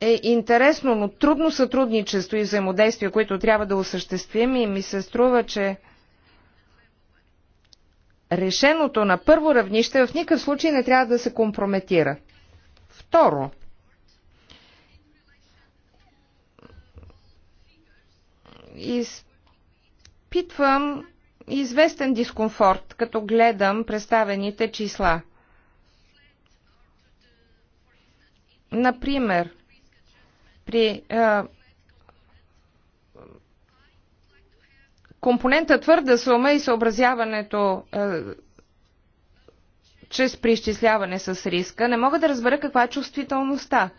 е интересно, но трудно сътрудничество и взаимодействие, които трябва да осъществим и ми се струва, че решеното на първо равнище в никакъв случай не трябва да се компрометира. Второ, и изпитвам известен дискомфорт, като гледам представените числа. Например, при е, компонента твърда сума и съобразяването е, чрез преизчисляване с риска, не мога да разбера каква е чувствителността.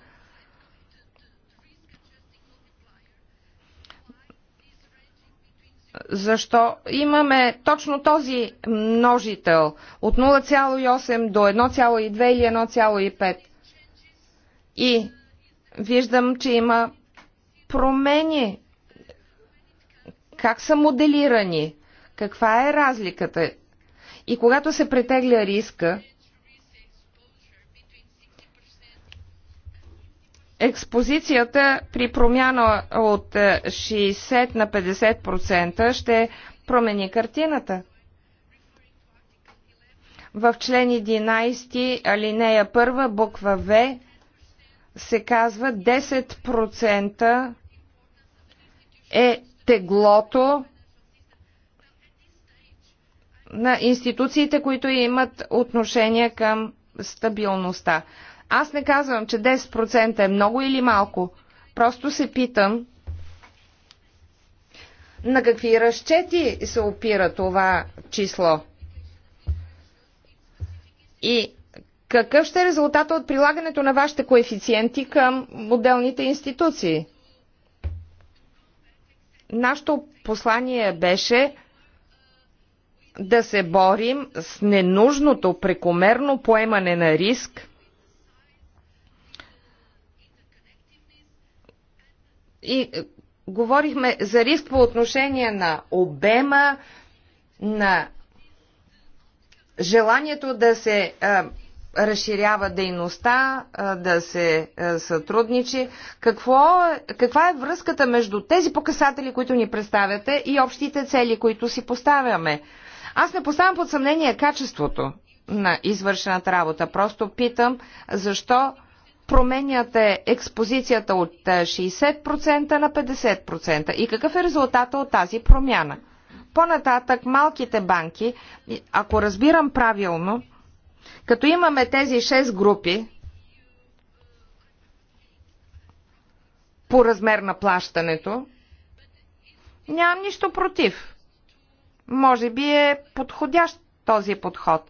защо имаме точно този множител от 0,8 до 1,2 или 1,5. И виждам, че има промени. Как са моделирани? Каква е разликата? И когато се претегля риска, експозицията при промяна от 60 е, на 50% ще промени картината. В член 11, алинея 1, буква В се казва 10% е теглото на институциите, които имат отношение към стабилността. Аз не казвам, че 10% е много или малко. Просто се питам на какви разчети се опира това число. И какъв ще е резултата от прилагането на вашите коефициенти към моделните институции? Нашето послание беше да се борим с ненужното прекомерно поемане на риск И е, говорихме за риск по отношение на обема, на желанието да се е, разширява дейността, е, да се е, сътрудничи. Какво, каква е връзката между тези показатели, които ни представяте и общите цели, които си поставяме? Аз не поставям под съмнение качеството на извършената работа. Просто питам защо променяте експозицията от 60% е, на 50%. И какъв е резултата от тази промяна? По-нататък малките банки, ако разбирам правилно, като имаме тези 6 групи по размер на плащането, нямам нищо против. Може би е подходящ този подход.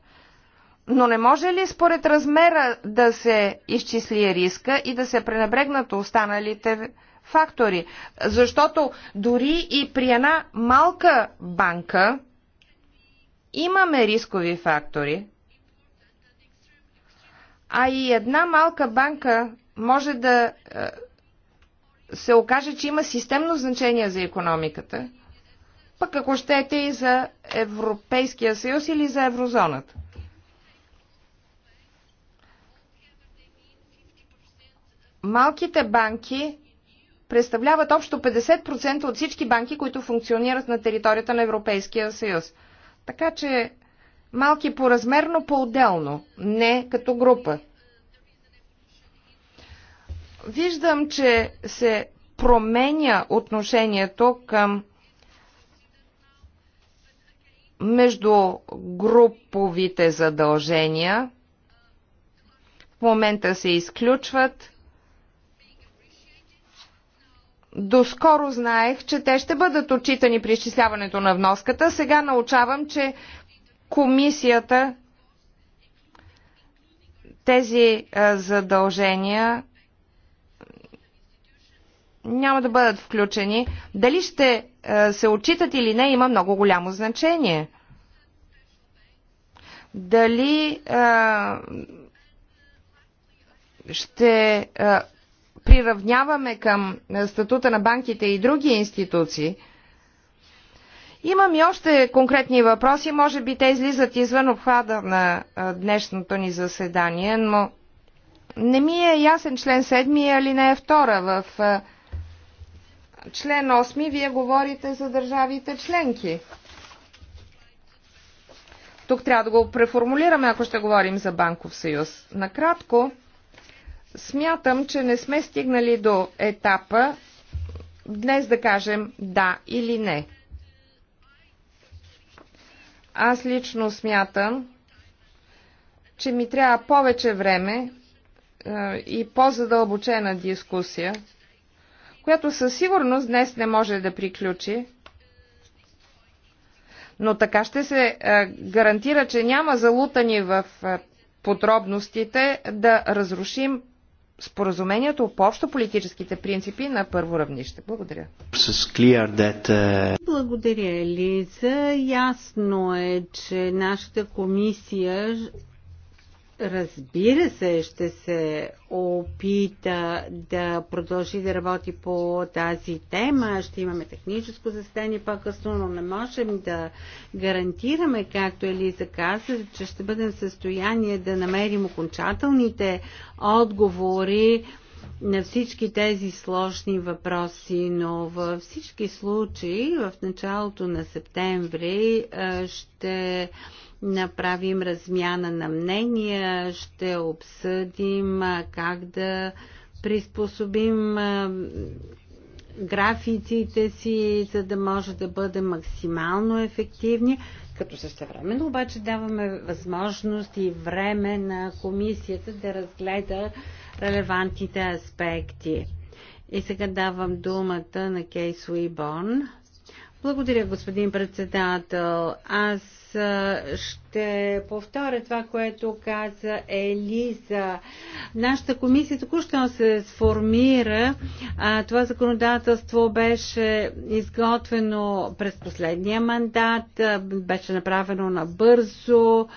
Но не може ли според размера да се изчисли риска и да се пренебрегнат останалите фактори? Защото дори и при една малка банка имаме рискови фактори, а и една малка банка може да е, се окаже, че има системно значение за економиката, пък ако щете и за Европейския съюз или за еврозоната. малките банки представляват общо 50% от всички банки, които функционират на територията на Европейския съюз. Така че малки поразмерно, по-отделно, не като група. Виждам, че се променя отношението към междугруповите задължения. В момента се изключват Доскоро знаех, че те ще бъдат отчитани при изчисляването на вноската. Сега научавам, че комисията тези е, задължения няма да бъдат включени. Дали ще е, се отчитат или не, има много голямо значение. Дали е, ще приравняваме към е, статута на банките и други институции. Имам и още конкретни въпроси, може би те излизат извън обхвата на е, днешното ни заседание, но не ми е ясен член 7 е не е 2 в член 8 вие говорите за държавите членки. Тук трябва да го преформулираме, ако ще говорим за банков съюз. Накратко, Смятам, че не сме стигнали до етапа днес да кажем да или не. Аз лично смятам, че ми трябва повече време е, и по-задълбочена дискусия, която със сигурност днес не може да приключи, но така ще се е, гарантира, че няма залутани в е, подробностите да разрушим споразумението по общо политическите принципи на първо равнище. Благодаря. Uh, Благодаря, Лиза. Ясно е, че нашата комисия разбира се, ще се опита да продължи да работи по тази тема. Ще имаме техническо заседание по-късно, но не можем да гарантираме, както Елиза каза, че ще бъдем в състояние да намерим окончателните отговори на всички тези сложни въпроси, но във всички случаи в началото на септември ще направим размяна на мнения, ще обсъдим как да приспособим графиците си, за да може да бъдем максимално ефективни, като същевременно обаче даваме възможност и време на комисията да разгледа релевантните аспекти. И сега давам думата на Кейс Уибон. Благодаря, господин председател. Аз ще повторя това, което каза Елиза. Нашата комисия току-що се сформира. Това законодателство беше изготвено през последния мандат, беше направено набързо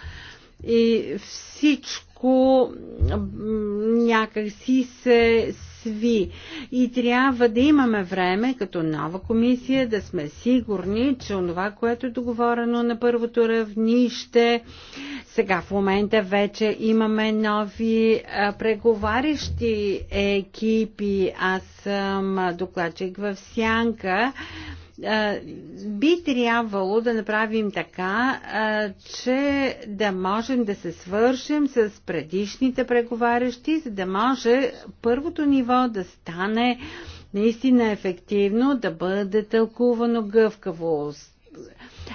и всичко някакси се сви. И трябва да имаме време, като нова комисия, да сме сигурни, че онова, което е договорено на първото равнище, сега в момента вече имаме нови преговарящи екипи. Аз съм докладчик в Сянка би трябвало да направим така, че да можем да се свършим с предишните преговарящи, за да може първото ниво да стане наистина ефективно, да бъде тълкувано гъвкаво.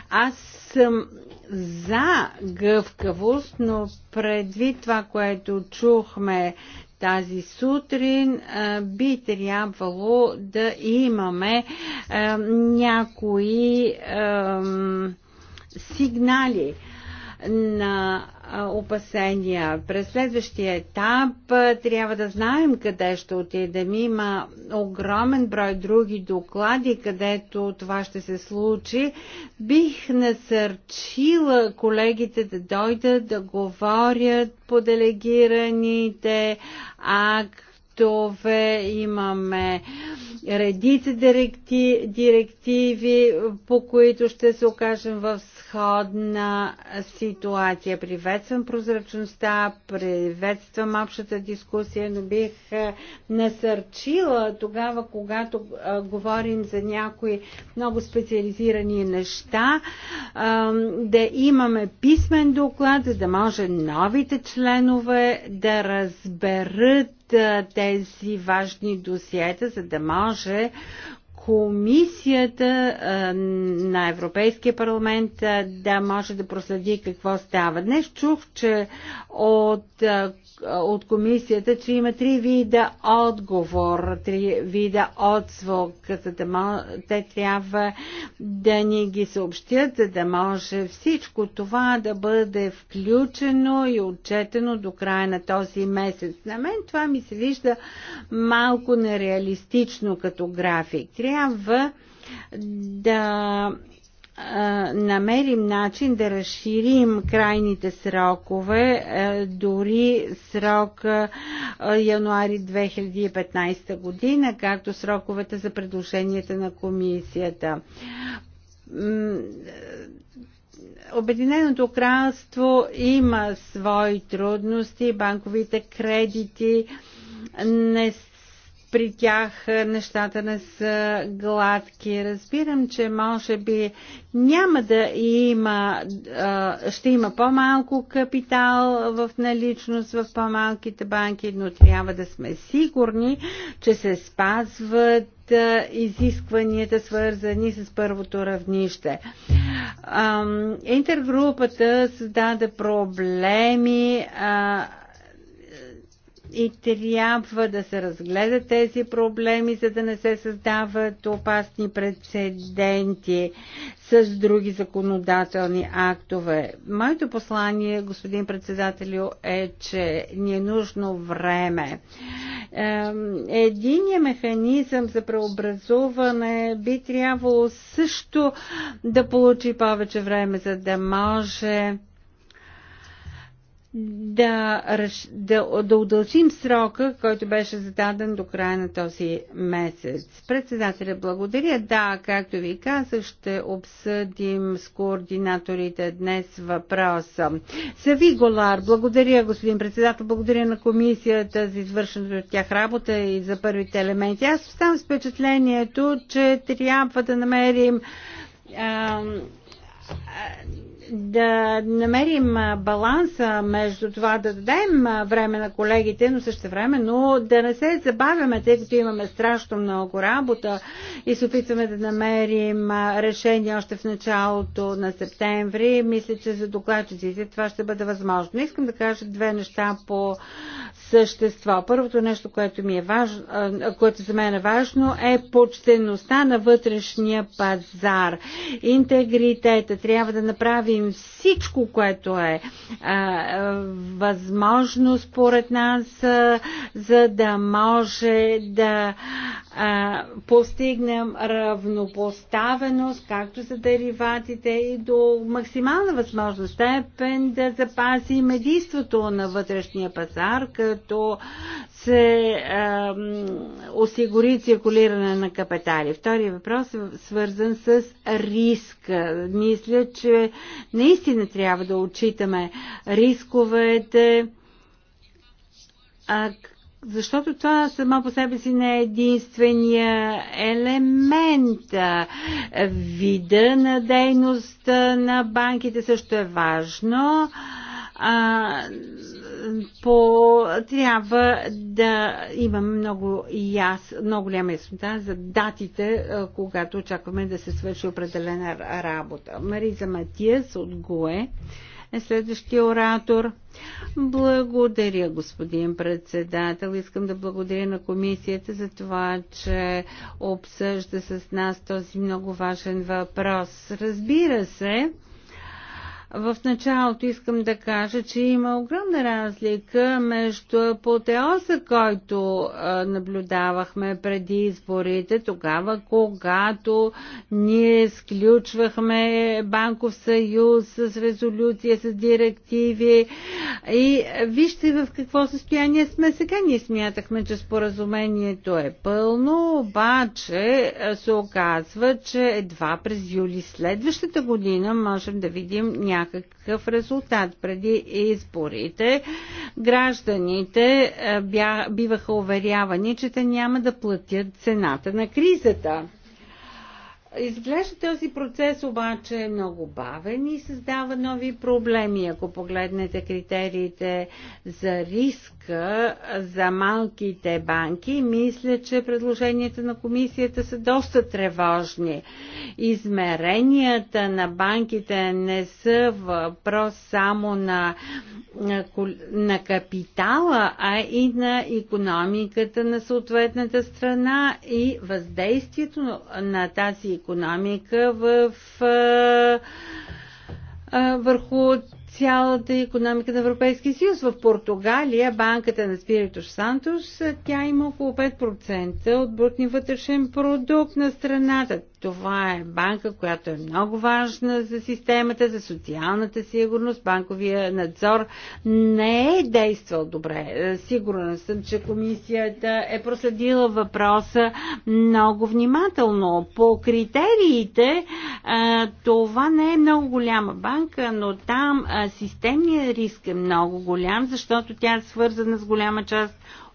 Аз съм за гъвкавост, но предвид това, което чухме тази сутрин би трябвало да имаме някои сигнали на опасения. През следващия етап трябва да знаем къде ще отидем. Има огромен брой други доклади, където това ще се случи. Бих насърчила колегите да дойдат да говорят по делегираните а актове, имаме редица директиви, по които ще се окажем в сходна ситуация. Приветствам прозрачността, приветствам общата дискусия, но бих е, насърчила тогава, когато е, говорим за някои много специализирани неща, е, да имаме писмен доклад, за да може новите членове да разберат тези важни досиета, за да може комисията на Европейския парламент да може да проследи какво става. Днес чух, че от, от комисията, че има три вида отговор, три вида отзвук, за да те трябва да ни ги съобщят, за да може всичко това да бъде включено и отчетено до края на този месец. На мен това ми се вижда малко нереалистично като график трябва да намерим начин да разширим крайните срокове, дори а, януари 2015 година, както сроковете за предложенията на комисията. Обединеното кралство има свои трудности, банковите кредити не са при тях нещата не са гладки. Разбирам, че може би няма да има, ще има по-малко капитал в наличност в по-малките банки, но трябва да сме сигурни, че се спазват изискванията, свързани с първото равнище. Интергрупата създаде проблеми и трябва да се разгледат тези проблеми, за да не се създават опасни прецеденти с други законодателни актове. Моето послание, господин председателю, е, че ни е нужно време. Единият механизъм за преобразуване би трябвало също да получи повече време, за да може да, да, да удължим срока, който беше зададен до края на този месец. Председателя, благодаря. Да, както ви казах, ще обсъдим с координаторите днес въпроса. Сави Голар, благодаря, господин председател, благодаря на комисията за извършеното от тях работа и за първите елементи. Аз оставам с впечатлението, че трябва да намерим а, а, да намерим баланса между това да дадем време на колегите, но също време, но да не се забавяме, тъй като имаме страшно много работа и се опитваме да намерим решение още в началото на септември. Мисля, че за докладчиците това ще бъде възможно. Искам да кажа две неща по същество. Първото нещо, което, ми е важно, което за мен е важно, е почтеността на вътрешния пазар. Интегритета. Трябва да направим всичко, което е а, възможно според нас, а, за да може да а, постигнем равнопоставеност, както за дериватите и до максимална възможност степен да запазим единството на вътрешния пазар, като като се е, осигури циркулиране на капитали. Втория въпрос е свързан с риска. Мисля, че наистина трябва да отчитаме рисковете, а, защото това само по себе си не е единствения елемент. Вида на дейност на банките също е важно. А, по, трябва да имам много, яс, много голяма яснота за датите, когато очакваме да се свърши определена работа. Мариза Матиас от ГОЕ е следващия оратор. Благодаря, господин председател. Искам да благодаря на комисията за това, че обсъжда с нас този много важен въпрос. Разбира се, в началото искам да кажа, че има огромна разлика между апотеоза, който наблюдавахме преди изборите, тогава когато ние сключвахме банков съюз с резолюция, с директиви и вижте в какво състояние сме сега. Ние смятахме, че споразумението е пълно, обаче се оказва, че едва през юли следващата година можем да видим някакъв някакъв резултат. Преди изборите гражданите е, бя, биваха уверявани, че те няма да платят цената на кризата. Изглежда този процес обаче е много бавен и създава нови проблеми. Ако погледнете критериите за риск рамка за малките банки, мисля, че предложенията на комисията са доста тревожни. Измеренията на банките не са въпрос само на, на, на капитала, а и на економиката на съответната страна и въздействието на тази економика в върху цялата економика на Европейския съюз. В Португалия банката на Спиритош Сантус тя има около 5% от брутния вътрешен продукт на страната. Това е банка, която е много важна за системата, за социалната сигурност. Банковия надзор не е действал добре. Е, сигурна съм, че комисията е проследила въпроса много внимателно. По критериите е, това не е много голяма банка, но там е, системният риск е много голям, защото тя е свързана с голяма част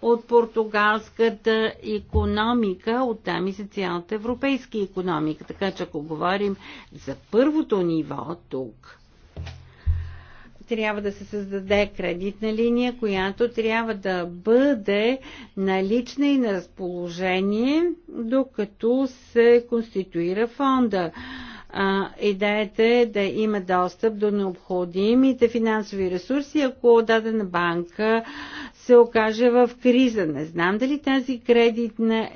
от португалската економика, оттам и за цялата европейска економика. Така че ако говорим за първото ниво тук, трябва да се създаде кредитна линия, която трябва да бъде налична и на разположение, докато се конституира фонда а, идеята е да има достъп до необходимите финансови ресурси, ако дадена банка се окаже в криза. Не знам дали тази кредитна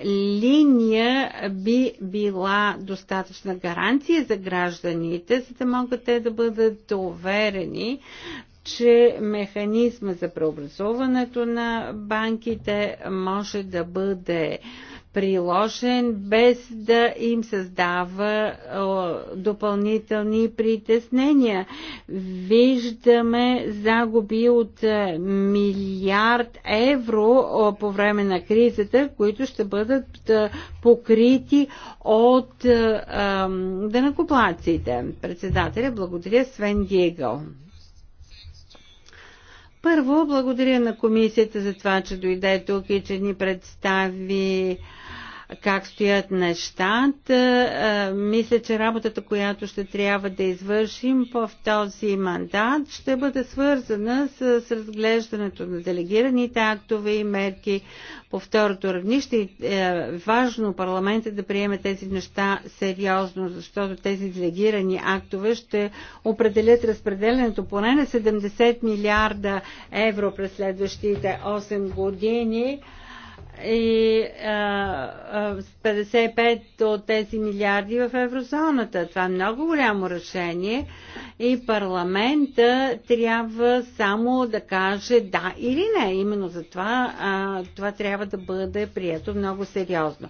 линия би била достатъчна гаранция за гражданите, за да могат те да бъдат уверени, че механизма за преобразуването на банките може да бъде а, приложен, без да им създава допълнителни притеснения. Виждаме загуби от е, милиард евро по време на кризата, които ще бъдат е, покрити от е, дънакоплаците. Председателя, благодаря Свен Дигъл. Първо, благодаря на комисията за това, че дойде тук и че ни представи как стоят нещата. Е, мисля, че работата, която ще трябва да извършим в този мандат, ще бъде свързана с разглеждането на делегираните актове и мерки по второто равнище. Е важно парламентът да приеме тези неща сериозно, защото тези делегирани актове ще определят разпределенето поне на 70 милиарда евро през следващите 8 години и а, 55 от тези милиарди в еврозоната. Това е много голямо решение и парламента трябва само да каже да или не. Именно за това а, това трябва да бъде прието много сериозно.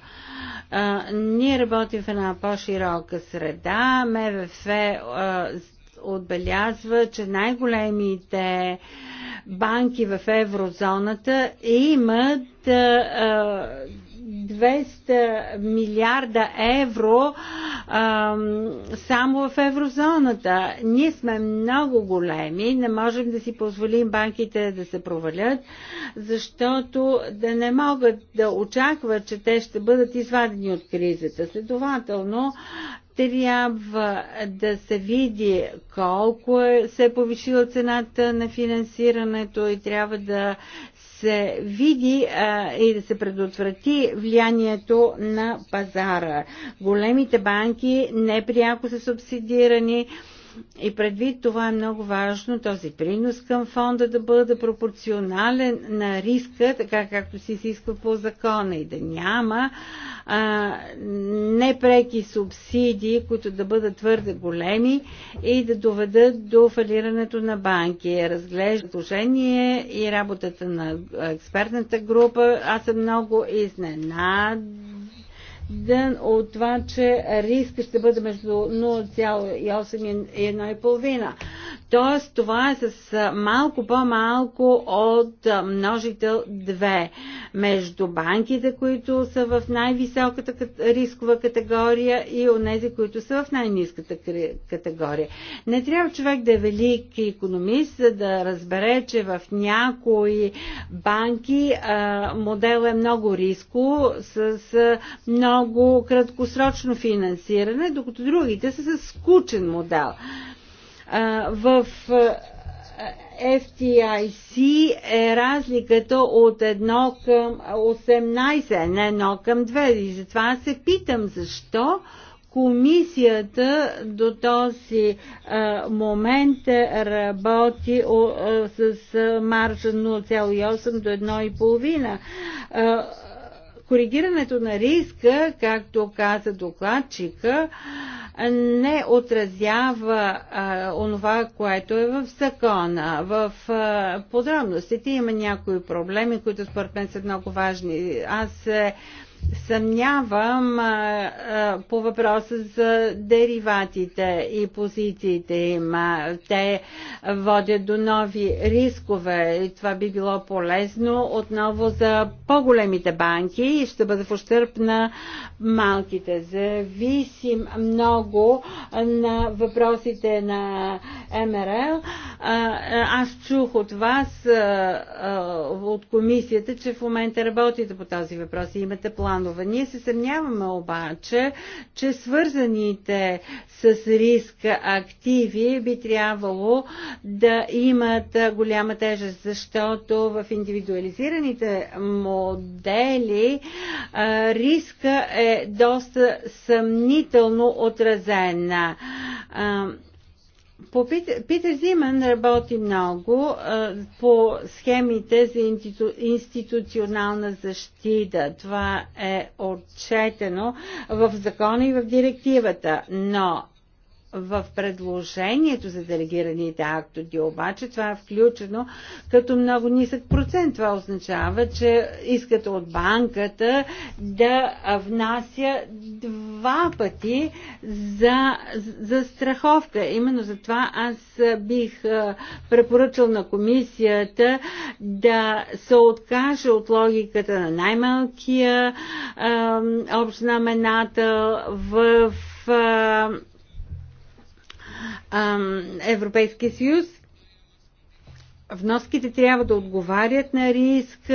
А, ние работим в една по-широка среда. МВФ а, отбелязва, че най-големите банки в еврозоната имат 200 милиарда евро само в еврозоната. Ние сме много големи, не можем да си позволим банките да се провалят, защото да не могат да очакват, че те ще бъдат извадени от кризата. Следователно, трябва да се види колко е, се е повишила цената на финансирането и трябва да се види а, и да се предотврати влиянието на пазара. Големите банки непряко са субсидирани. А, и предвид това е много важно този принос към фонда да бъде пропорционален на риска, така както си се изисква по закона и да няма а, непреки субсидии, които да бъдат твърде големи и да доведат до фалирането на банки. Разглежда служение и работата на експертната група. Аз съм много изненадан ден от това, че риска ще бъде между 0,8 и 1,5. Тоест, това е с малко по-малко от множител 2. Между банките, които са в най-високата рискова категория и онези, които са в най-низката категория. Не трябва човек да е велик економист, за да разбере, че в някои банки модел е много риско, с много краткосрочно финансиране, докато другите са с скучен модел. В FTIC е разликата от 1 към 18, не 1 към 2. И затова се питам защо комисията до този а, момент работи о, а, с маржа 0,8 до 1,5. А, коригирането на риска, както каза докладчика, а, не отразява а, онова, което е в закона. В а, подробностите има някои проблеми, които според мен са много важни. Аз а, е, съмнявам а, а, по въпроса за дериватите и позициите им. Те водят до нови рискове и това би било полезно отново за по-големите банки и ще бъде в ощърп на малките. Зависим много на въпросите на МРЛ. Аз чух от вас, от комисията, че в момента работите по този въпрос и имате планове. Ние се съмняваме обаче, че свързаните с риск активи би трябвало да имат голяма тежест, защото в индивидуализираните модели риска е доста съмнително отразена. По Питер, Питер Зиман работи много а, по схемите за институ, институционална защита. Това е отчетено в закона и в директивата. Но в предложението за делегираните актоди, обаче това е включено като много нисък процент. Това означава, че искат от банката да внася два пъти за, за страховка. Именно за това аз бих препоръчал на комисията да се откаже от логиката на най-малкия общ знаменател в Европейския съюз, вноските трябва да отговарят на риск,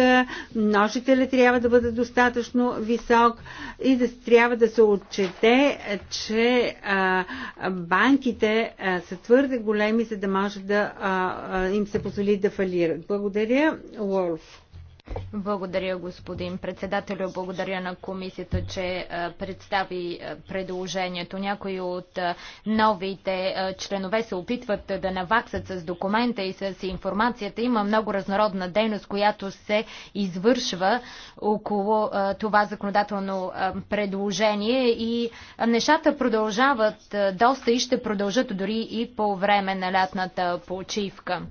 множителя трябва да бъде достатъчно висок и да трябва да се отчете, че банките са твърде големи, за да може да им се позволи да фалират. Благодаря, Уолф. Благодаря, господин председател, Благодаря на комисията, че е, представи е, предложението. Някои от е, новите членове се опитват да наваксат с документа и с информацията. Има много разнородна дейност, която се извършва около това законодателно предложение и нещата продължават доста и ще продължат дори и по време на лятната почивка.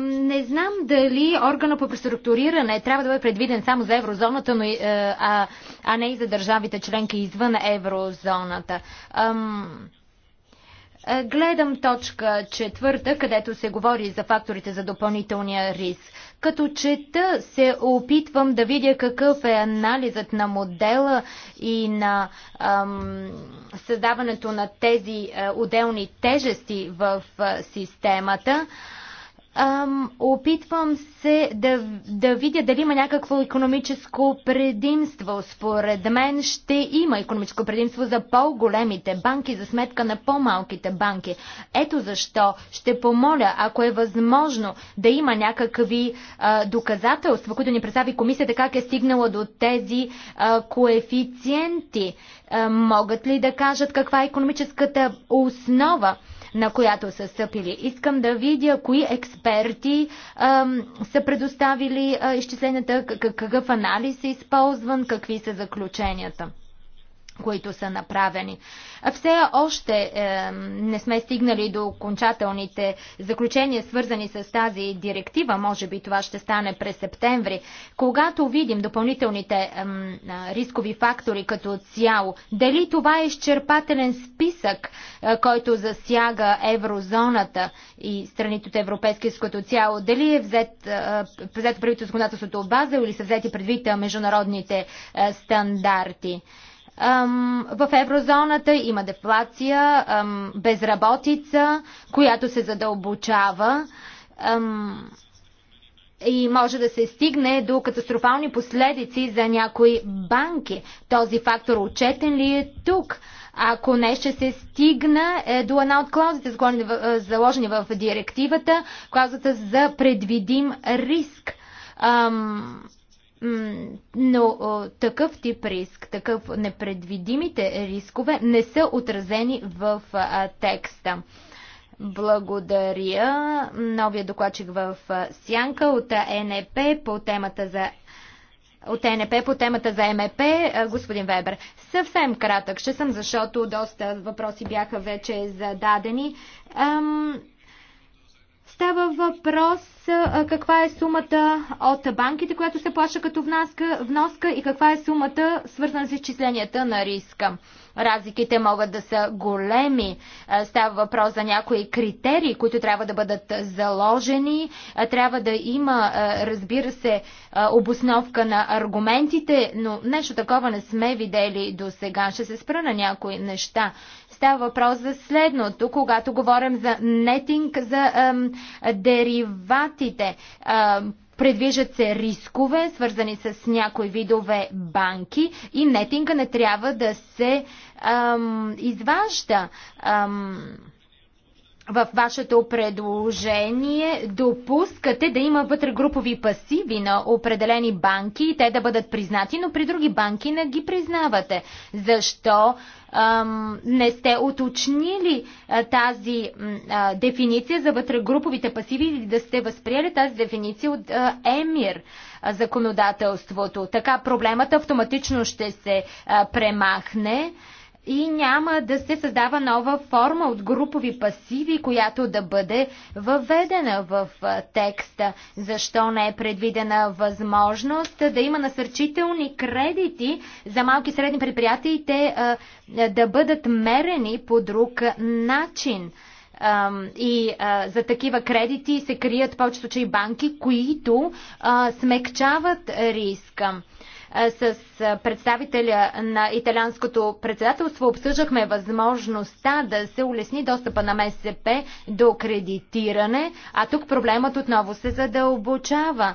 Не знам дали органа по преструктуриране трябва да бъде предвиден само за еврозоната, но, е, а, а не и за държавите членки извън еврозоната. Е, гледам точка четвърта, където се говори за факторите за допълнителния риск. Като чета се опитвам да видя какъв е анализът на модела и на ам, създаването на тези а, е, отделни тежести в а, системата. А, Ам, опитвам се да, да видя дали има някакво економическо предимство. Според мен ще има економическо предимство за по-големите банки, за сметка на по-малките банки. Ето защо ще помоля, ако е възможно, да има някакви а, доказателства, които ни представи комисията, как е стигнала до тези а, коефициенти. А, могат ли да кажат каква е економическата основа? на която са стъпили. Искам да видя кои експерти а, са предоставили а, изчисленията, какъв анализ е използван, какви са заключенията които са направени. Все още е, не сме стигнали до окончателните заключения, свързани с тази директива. Може би това ще стане през септември. Когато видим допълнителните е, рискови фактори като цяло, дали това е изчерпателен списък, е, който засяга еврозоната и страните от Европейския като цяло, дали е взет, е, взето правителството от база, или са взети предвид международните е, стандарти в еврозоната, има дефлация, безработица, която се задълбочава и може да се стигне до катастрофални последици за някои банки. Този фактор отчетен ли е тук? Ако не ще се стигна е, до една от клаузите, е, заложени в директивата, клаузата за предвидим риск. Но такъв тип риск, такъв непредвидимите рискове не са отразени в текста. Благодаря. Новия докладчик в Сянка от НП по темата за от ЕНП по темата за МЕП, господин Вебер. Съвсем кратък ще съм, защото доста въпроси бяха вече зададени. Ам, Става въпрос каква е сумата от банките, която се плаща като вноска, вноска и каква е сумата свързана с изчисленията на риска. Разликите могат да са големи. Става въпрос за някои критерии, които трябва да бъдат заложени. Трябва да има, разбира се, обосновка на аргументите, но нещо такова не сме видели до сега. Ще се спра на някои неща. Става въпрос за следното, когато говорим за нетинг, за ем, дериватите. Ем, Предвижат се рискове, свързани с някои видове банки и нетинга не трябва да се ам, изважда. Ам, в вашето предложение допускате да има вътрегрупови пасиви на определени банки и те да бъдат признати, но при други банки не ги признавате. Защо ам, не сте уточнили а, тази а, дефиниция за вътрегруповите пасиви или да сте възприели тази дефиниция от а, ЕМИР законодателството? Така проблемът автоматично ще се а, премахне. А, и няма да се създава нова форма от групови пасиви, която да бъде въведена в текста. Защо не е предвидена възможност да има насърчителни кредити за малки и средни предприятия и те да бъдат мерени по друг начин? и за такива кредити се крият повечето, че и банки, които смекчават риска с представителя на италянското председателство обсъждахме възможността да се улесни достъпа на МСП до кредитиране, а тук проблемът отново се задълбочава.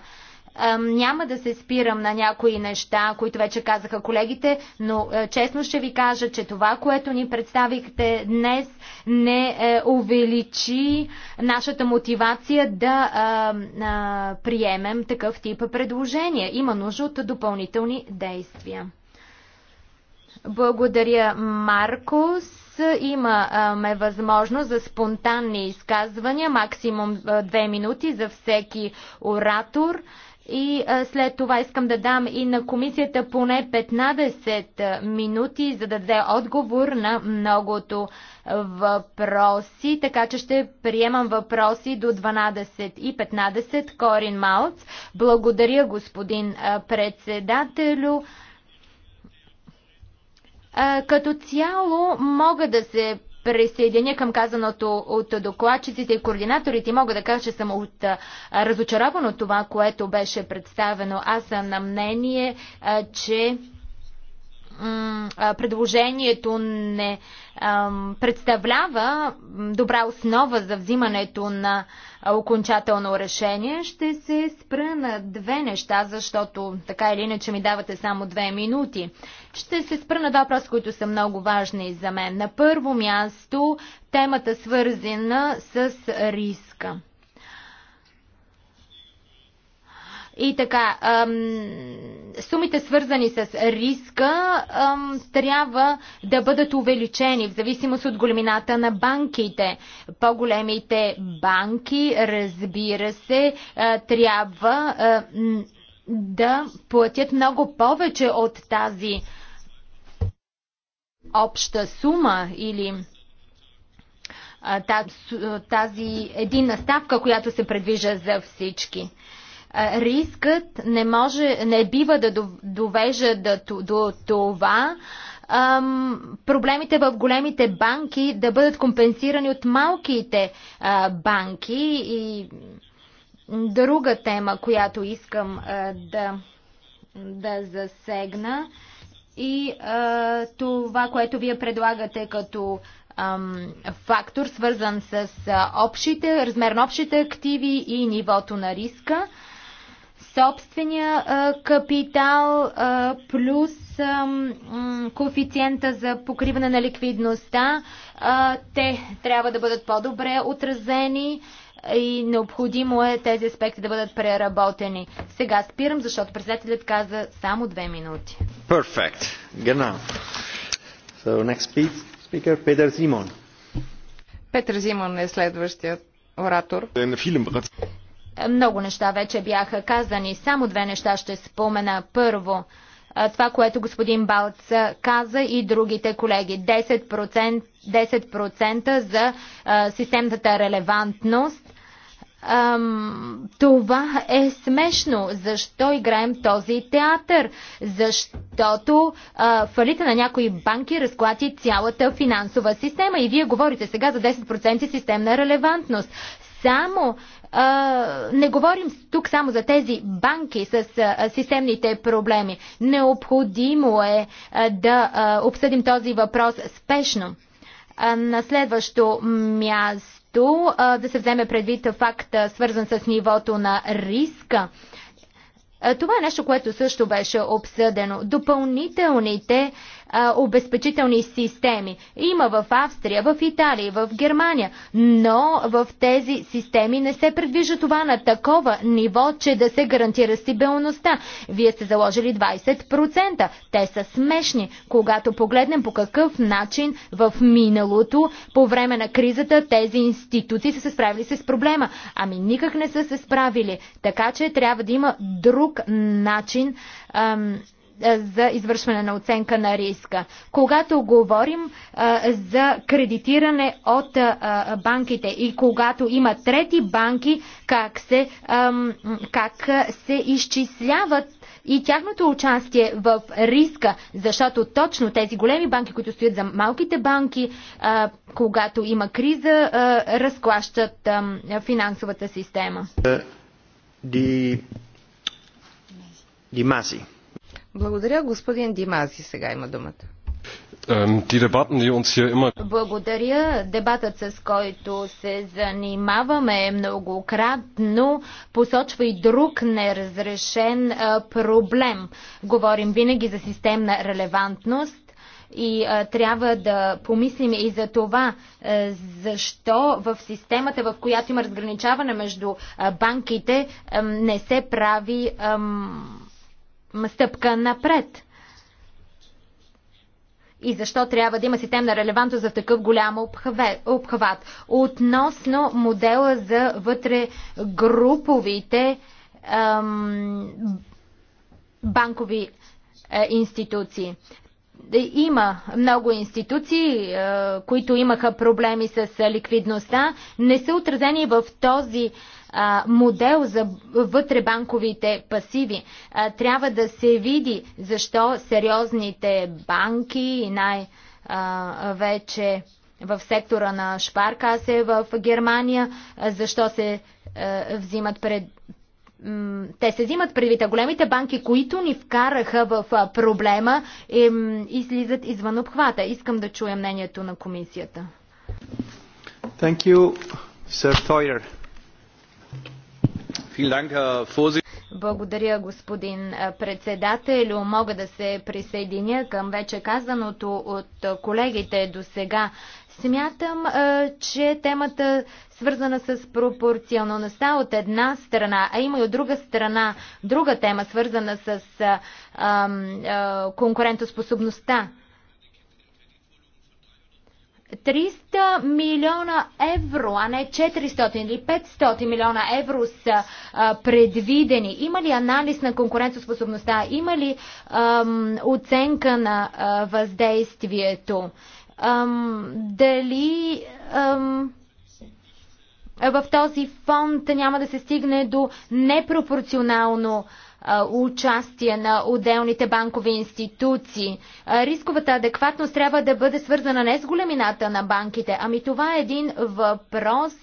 Няма да се спирам на някои неща, които вече казаха колегите, но е, честно ще ви кажа, че това, което ни представихте днес, не е, увеличи нашата мотивация да приемем такъв тип предложения. Има нужда от допълнителни действия. Благодаря, Маркос имаме възможност за спонтанни изказвания, максимум е, две минути за всеки оратор. И а, след това искам да дам и на комисията поне 15 минути, за да даде отговор на многото въпроси. Така че ще приемам въпроси до 12 и 15. Корин Малц. Благодаря, господин председателю. Като цяло мога да се присъединя към казаното от докладчиците и координаторите. Мога да кажа, че съм от разочарован от това, което беше представено. Аз съм на мнение, че предложението не представлява добра основа за взимането на окончателно решение. Ще се спра на две неща, защото така или иначе ми давате само две минути. Ще се спра на два въпроса, които са много важни за мен. На първо място темата свързана с риска. И така, сумите свързани с риска трябва да бъдат увеличени в зависимост от големината на банките. По-големите банки, разбира се, трябва да платят много повече от тази обща сума или тази единна ставка, която се предвижда за всички. Рискът не, може, не бива да довежда до, до това проблемите в големите банки да бъдат компенсирани от малките банки и друга тема, която искам да, да засегна и това, което вие предлагате като фактор, свързан с общите, размер на общите активи и нивото на риска собствения капитал плюс коефициента за покриване на ликвидността, те трябва да бъдат по-добре отразени и необходимо е тези аспекти да бъдат преработени. Сега спирам, защото председателят каза само две минути. Perfect. Genau. So next speaker, Peter Simon. Петър Зимон е следващият оратор. Много неща вече бяха казани. Само две неща ще спомена. Първо, това, което господин Балц каза и другите колеги. 10%, 10% за системната релевантност. Това е смешно. Защо играем този театър? Защото а, фалита на някои банки разклати цялата финансова система и вие говорите сега за 10% системна релевантност. Само не говорим тук само за тези банки с системните проблеми. Необходимо е да обсъдим този въпрос спешно. На следващо място да се вземе предвид факта, свързан с нивото на риска. Това е нещо, което също беше обсъдено. Допълнителните обезпечителни системи. Има в Австрия, в Италия, в Германия, но в тези системи не се предвижда това на такова ниво, че да се гарантира стабилността. Вие сте заложили 20%. Те са смешни. Когато погледнем по какъв начин в миналото, по време на кризата, тези институции са се справили с проблема. Ами никак не са се справили. Така че трябва да има друг начин ам, за извършване на оценка на риска. Когато говорим за кредитиране от банките и когато има трети банки, как се, как се изчисляват и тяхното участие в риска, защото точно тези големи банки, които стоят за малките банки, когато има криза, разклащат финансовата система. Ди, Ди благодаря. Господин Димази сега има думата. Благодаря. Дебатът, с който се занимаваме е многократно, посочва и друг неразрешен проблем. Говорим винаги за системна релевантност и а, трябва да помислим и за това, а, защо в системата, в която има разграничаване между а, банките, а, не се прави. А, стъпка напред. И защо трябва да има системна релевантност за такъв голям обхват? Относно модела за вътре ам, банкови е, институции. Е, има много институции, е, които имаха проблеми с е, ликвидността, не са отразени в този модел за вътребанковите пасиви. Трябва да се види защо сериозните банки и най-вече в сектора на Шпаркасе в Германия, защо се взимат пред те се взимат предвид, а големите банки, които ни вкараха в проблема, им, излизат извън обхвата. Искам да чуя мнението на комисията. Thank you, Sir Toyer. Благодаря, господин председател. Мога да се присъединя към вече казаното от колегите до сега. Смятам, че темата свързана с пропорционалността от една страна, а има и от друга страна друга тема, свързана с конкурентоспособността 300 милиона евро, а не 400 или 500 милиона евро са а, предвидени. Има ли анализ на конкурентоспособността? Има ли оценка на а, въздействието? ам, дали ам, е, в този фонд няма да се стигне до непропорционално участие на отделните банкови институции. Рисковата адекватност трябва да бъде свързана не с големината на банките, ами това е един въпрос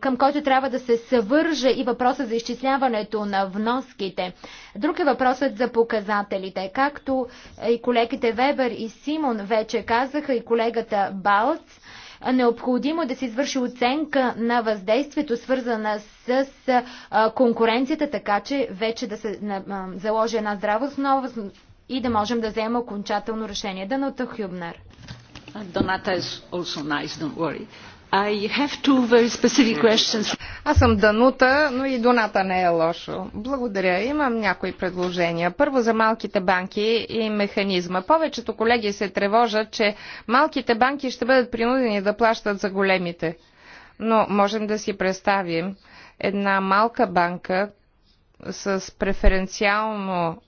към който трябва да се съвърже и въпроса за изчисляването на вноските. Друг е въпросът за показателите. Както и колегите Вебер и Симон вече казаха, и колегата Балц, необходимо е да се извърши оценка на въздействието, свързана с конкуренцията, така че вече да се заложи една здрава основа и да можем да вземем окончателно решение. Даната Хюбнер. Доната е don't worry. Аз съм Данута, но и Доната не е лошо. Благодаря. Имам някои предложения. Първо за малките банки и механизма. Повечето колеги се тревожат, че малките банки ще бъдат принудени да плащат за големите. Но можем да си представим една малка банка с преференциално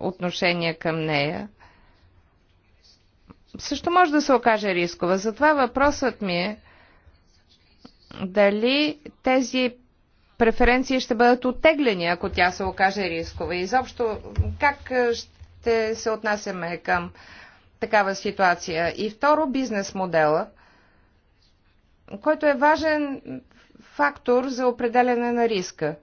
отношение към нея. Също може да се окаже рискова. Затова въпросът ми е дали тези преференции ще бъдат оттеглени, ако тя се окаже рискова. Изобщо, как е, ще се отнасяме към такава ситуация? И второ, бизнес модела, който е важен фактор за определяне на риска.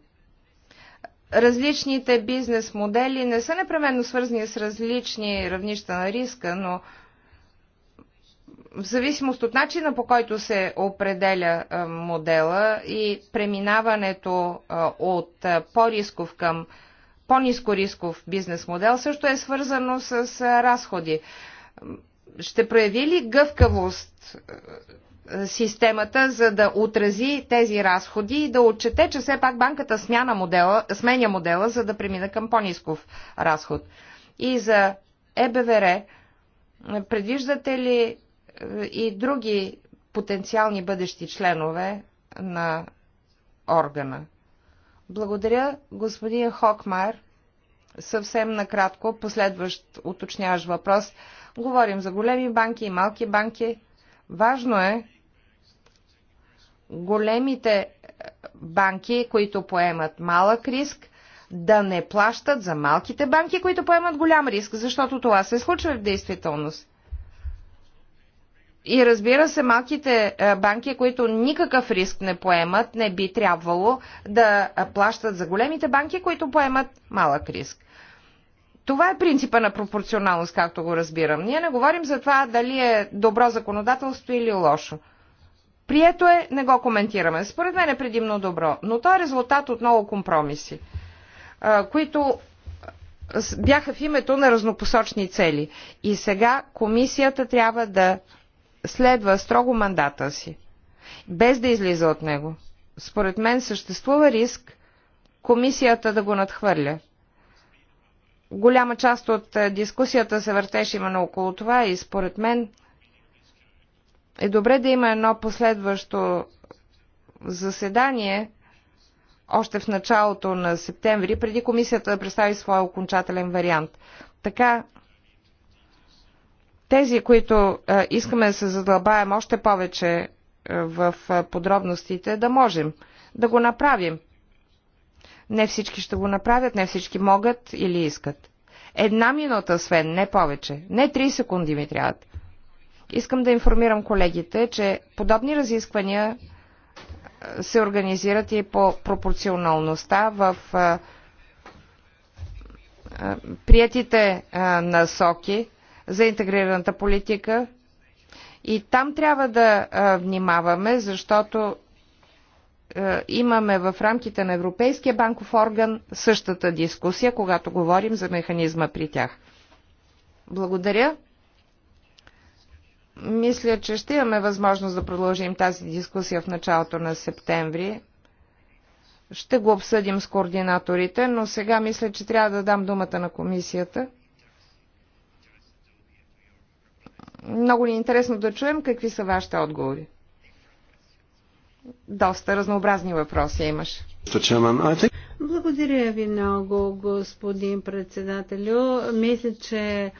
Различните бизнес модели не са непременно свързани с различни равнища на риска, но в зависимост от начина по който се определя модела и преминаването от по-рисков към по-низко рисков бизнес модел също е свързано с разходи. Ще прояви ли гъвкавост системата, за да отрази тези разходи и да отчете, че все пак банката смяна модела, сменя модела, за да премина към по-низков разход? И за ЕБВР, предвиждате ли и други потенциални бъдещи членове на органа. Благодаря, господин Хокмайер. Съвсем накратко, последващ уточняваш въпрос. Говорим за големи банки и малки банки. Важно е големите е, банки, които поемат малък риск, да не плащат за малките банки, които поемат голям риск, защото това се случва в действителност. И разбира се, малките е, банки, които никакъв риск не поемат, не би трябвало да е, плащат за големите банки, които поемат малък риск. Това е принципа на пропорционалност, както го разбирам. Ние не говорим за това дали е добро законодателство или лошо. Прието е, не го коментираме. Според мен е предимно добро, но то е резултат от много компромиси, е, които бяха в името на разнопосочни цели. И сега комисията трябва да следва строго мандата си, без да излиза от него. Според мен съществува риск комисията да го надхвърля. Голяма част от е, дискусията се въртеше именно около това и според мен е добре да има едно последващо заседание още в началото на септември, преди комисията да представи своя окончателен вариант. Така тези, които е, искаме да се задълбаем още повече е, в е, подробностите, да можем да го направим. Не всички ще го направят, не всички могат или искат. Една минута, Свен, не повече. Не три секунди ми трябват. Искам да информирам колегите, че подобни разисквания се организират и по пропорционалността в приятите насоки за интегрираната политика. И там трябва да внимаваме, защото имаме в рамките на Европейския банков орган същата дискусия, когато говорим за механизма при тях. Благодаря. Мисля, че ще имаме възможност да продължим тази дискусия в началото на септември. Ще го обсъдим с координаторите, но сега мисля, че трябва да дам думата на комисията. Много ни е интересно да чуем какви са вашите отговори. Доста разнообразни въпроси имаш. Благодаря ви много, господин председателю. Мисля, че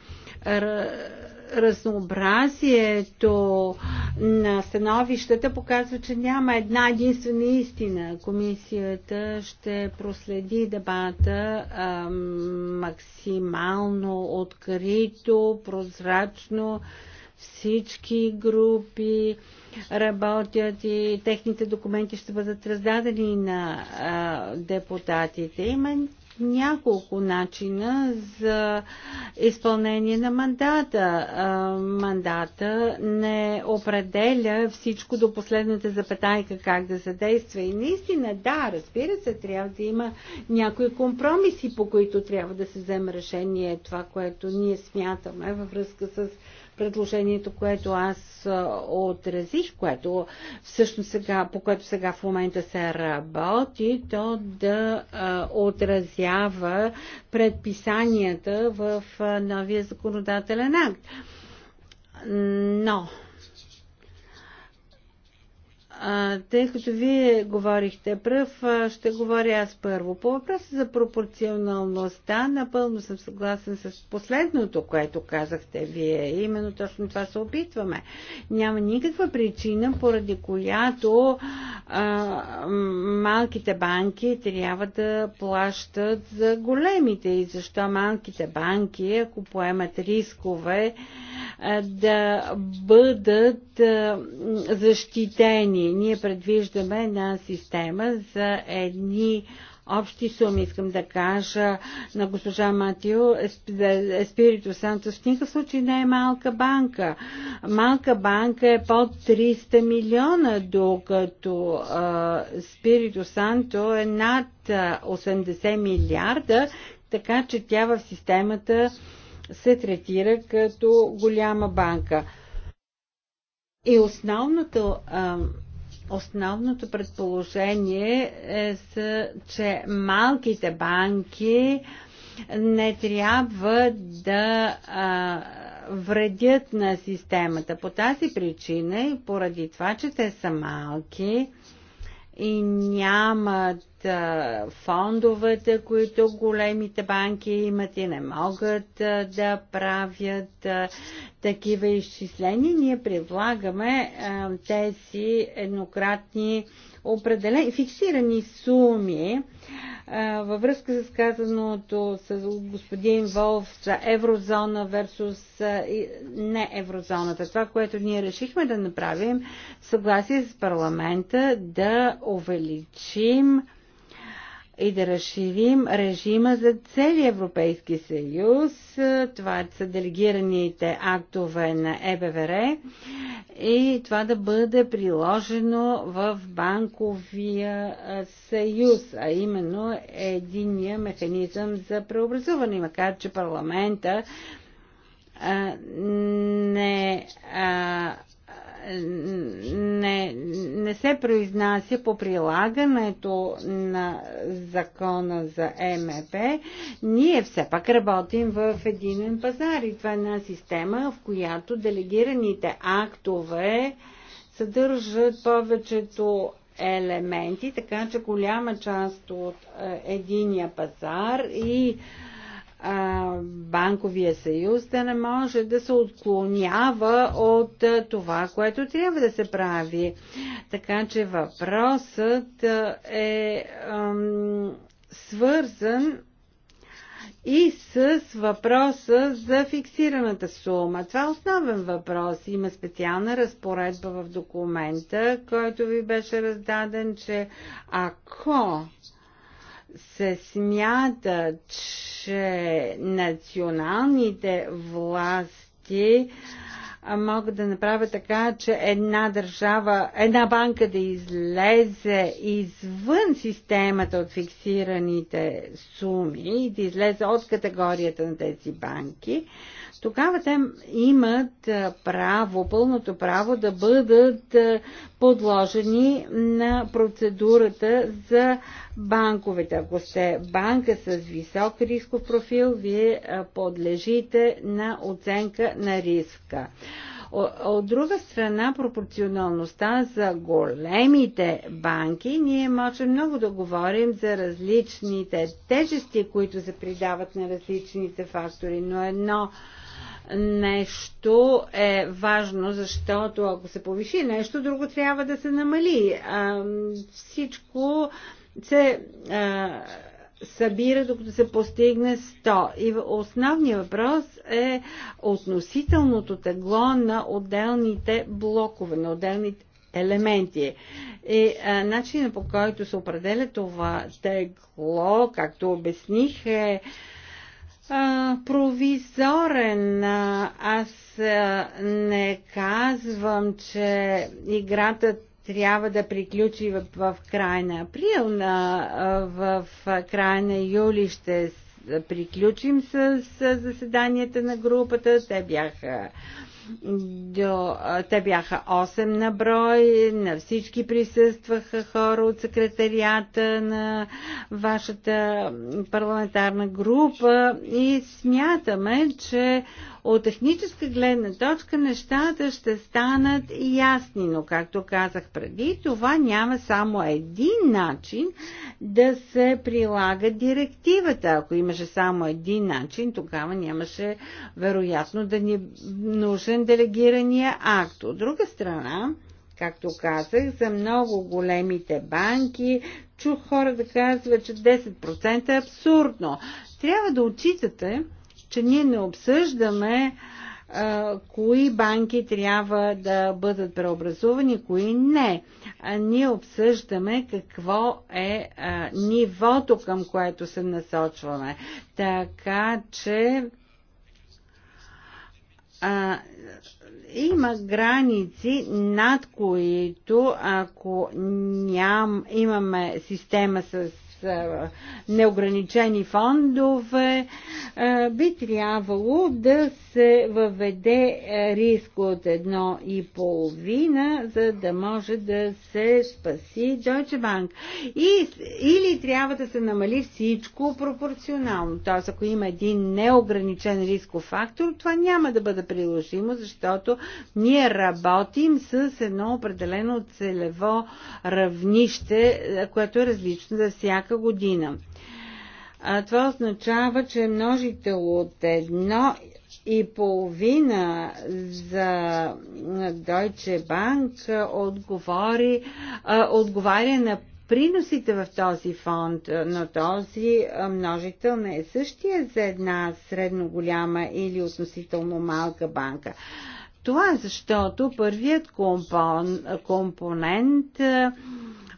разнообразието на становищата показва, че няма една единствена истина. Комисията ще проследи дебата максимално открито, прозрачно всички групи работят и техните документи ще бъдат раздадени на а, депутатите. Има няколко начина за изпълнение на мандата. Мандата не определя всичко до последната запетайка как да се действа. И наистина, да, разбира се, трябва да има някои компромиси, по които трябва да се вземе решение това, което ние смятаме във връзка с предложението, което аз отразих, което всъщност сега, по което сега в момента се работи, то да отразява предписанията в новия законодателен акт. Но а, тъй като вие говорихте пръв, ще говоря аз първо. По въпроса за пропорционалността, напълно съм съгласен с последното, което казахте вие. Именно точно това се опитваме. Няма никаква причина, поради която а, малките банки трябва да плащат за големите и защо малките банки, ако поемат рискове, да бъдат защитени ние предвиждаме една система за едни общи суми, искам да кажа на госпожа Матио, Спирито Санто в никакъв случай не е малка банка. Малка банка е под 300 милиона, докато Спирито Санто е над 80 милиарда, така че тя в системата се третира като голяма банка. И основното Основното предположение е, че малките банки не трябва да а, вредят на системата. По тази причина и поради това, че те са малки, и нямат а, фондовете, които големите банки имат и не могат а, да правят а, такива изчисления, ние предлагаме тези еднократни а, определени, фиксирани суми а, във връзка с казаното с господин Волф за еврозона versus а, не еврозоната. Това, което ние решихме да направим, съгласие с парламента да увеличим и да разширим режима за целия Европейски съюз. Това са делегираните актове на ЕБВР и това да бъде приложено в банковия съюз, а именно единия механизъм за преобразуване, макар че парламента не а, не, не се произнася по прилагането на закона за МП, е ние все пак работим в единен пазар и това е една система, в която делегираните актове съдържат повечето елементи, така че голяма част от е, единия пазар и банковия съюз да не може да се отклонява от това, което трябва да се прави. Така че въпросът е свързан и с въпроса за фиксираната сума. Това е основен въпрос. Има специална разпоредба в документа, който ви беше раздаден, че ако се смята, че националните власти могат да направят така, че една държава, една банка да излезе извън системата от фиксираните суми и да излезе от категорията на тези банки, тогава те имат право, пълното право да бъдат подложени на процедурата за банковете. Ако сте банка с висок рисков профил, вие подлежите на оценка на риска. От друга страна, пропорционалността за големите банки, ние можем много да говорим за различните тежести, които се придават на различните фактори, но едно нещо е важно, защото ако се повиши нещо, друго трябва да се намали. А, всичко се а, събира, докато се постигне 100. И основният въпрос е относителното тегло на отделните блокове, на отделните елементи. И а, начинът по който се определя това тегло, както обясних, е а, провизорен. Аз не казвам, че играта трябва да приключи в, в края на април, на, в, в края на юли ще приключим с, с заседанията на групата. Те бяха до, те бяха 8 на брой, на всички присъстваха хора от секретарията на вашата парламентарна група и смятаме, че от техническа гледна точка нещата ще станат ясни, но както казах преди, това няма само един начин да се прилага директивата. Ако имаше само един начин, тогава нямаше вероятно да ни нужен делегирания акт. От друга страна, както казах, за много големите банки. Чух хора да казват, че 10% е абсурдно. Трябва да отчитате, че ние не обсъждаме а, кои банки трябва да бъдат преобразувани, кои не. А ние обсъждаме какво е а, нивото, към което се насочваме. Така че а, има граници, над които ако ням, имаме система с е, неограничени фондове, е, би трябвало да се въведе е, риск от едно и половина, за да може да се спаси Deutsche Bank. И, или трябва да се намали всичко пропорционално. Т.е. ако има един неограничен рисков фактор, това няма да бъде приложимо, защото ние работим с едно определено целево равнище, което е различно за всяка всяка година. А това означава, че множител от едно и половина за Deutsche Bank отговори, а, отговаря на приносите в този фонд, но този множител не е същия за една средно голяма или относително малка банка. Това е защото първият компон, компонент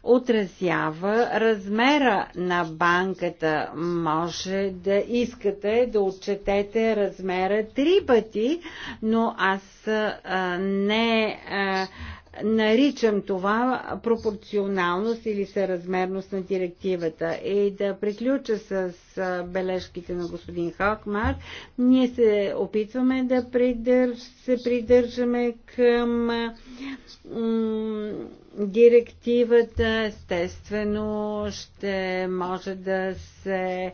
отразява размера на банката. Може да искате да отчетете размера три пъти, но аз а, не а, наричам това пропорционалност или съразмерност на директивата. И да приключа с бележките на господин Хакмар, ние се опитваме да придърж, се придържаме към директивата. Естествено, ще може да се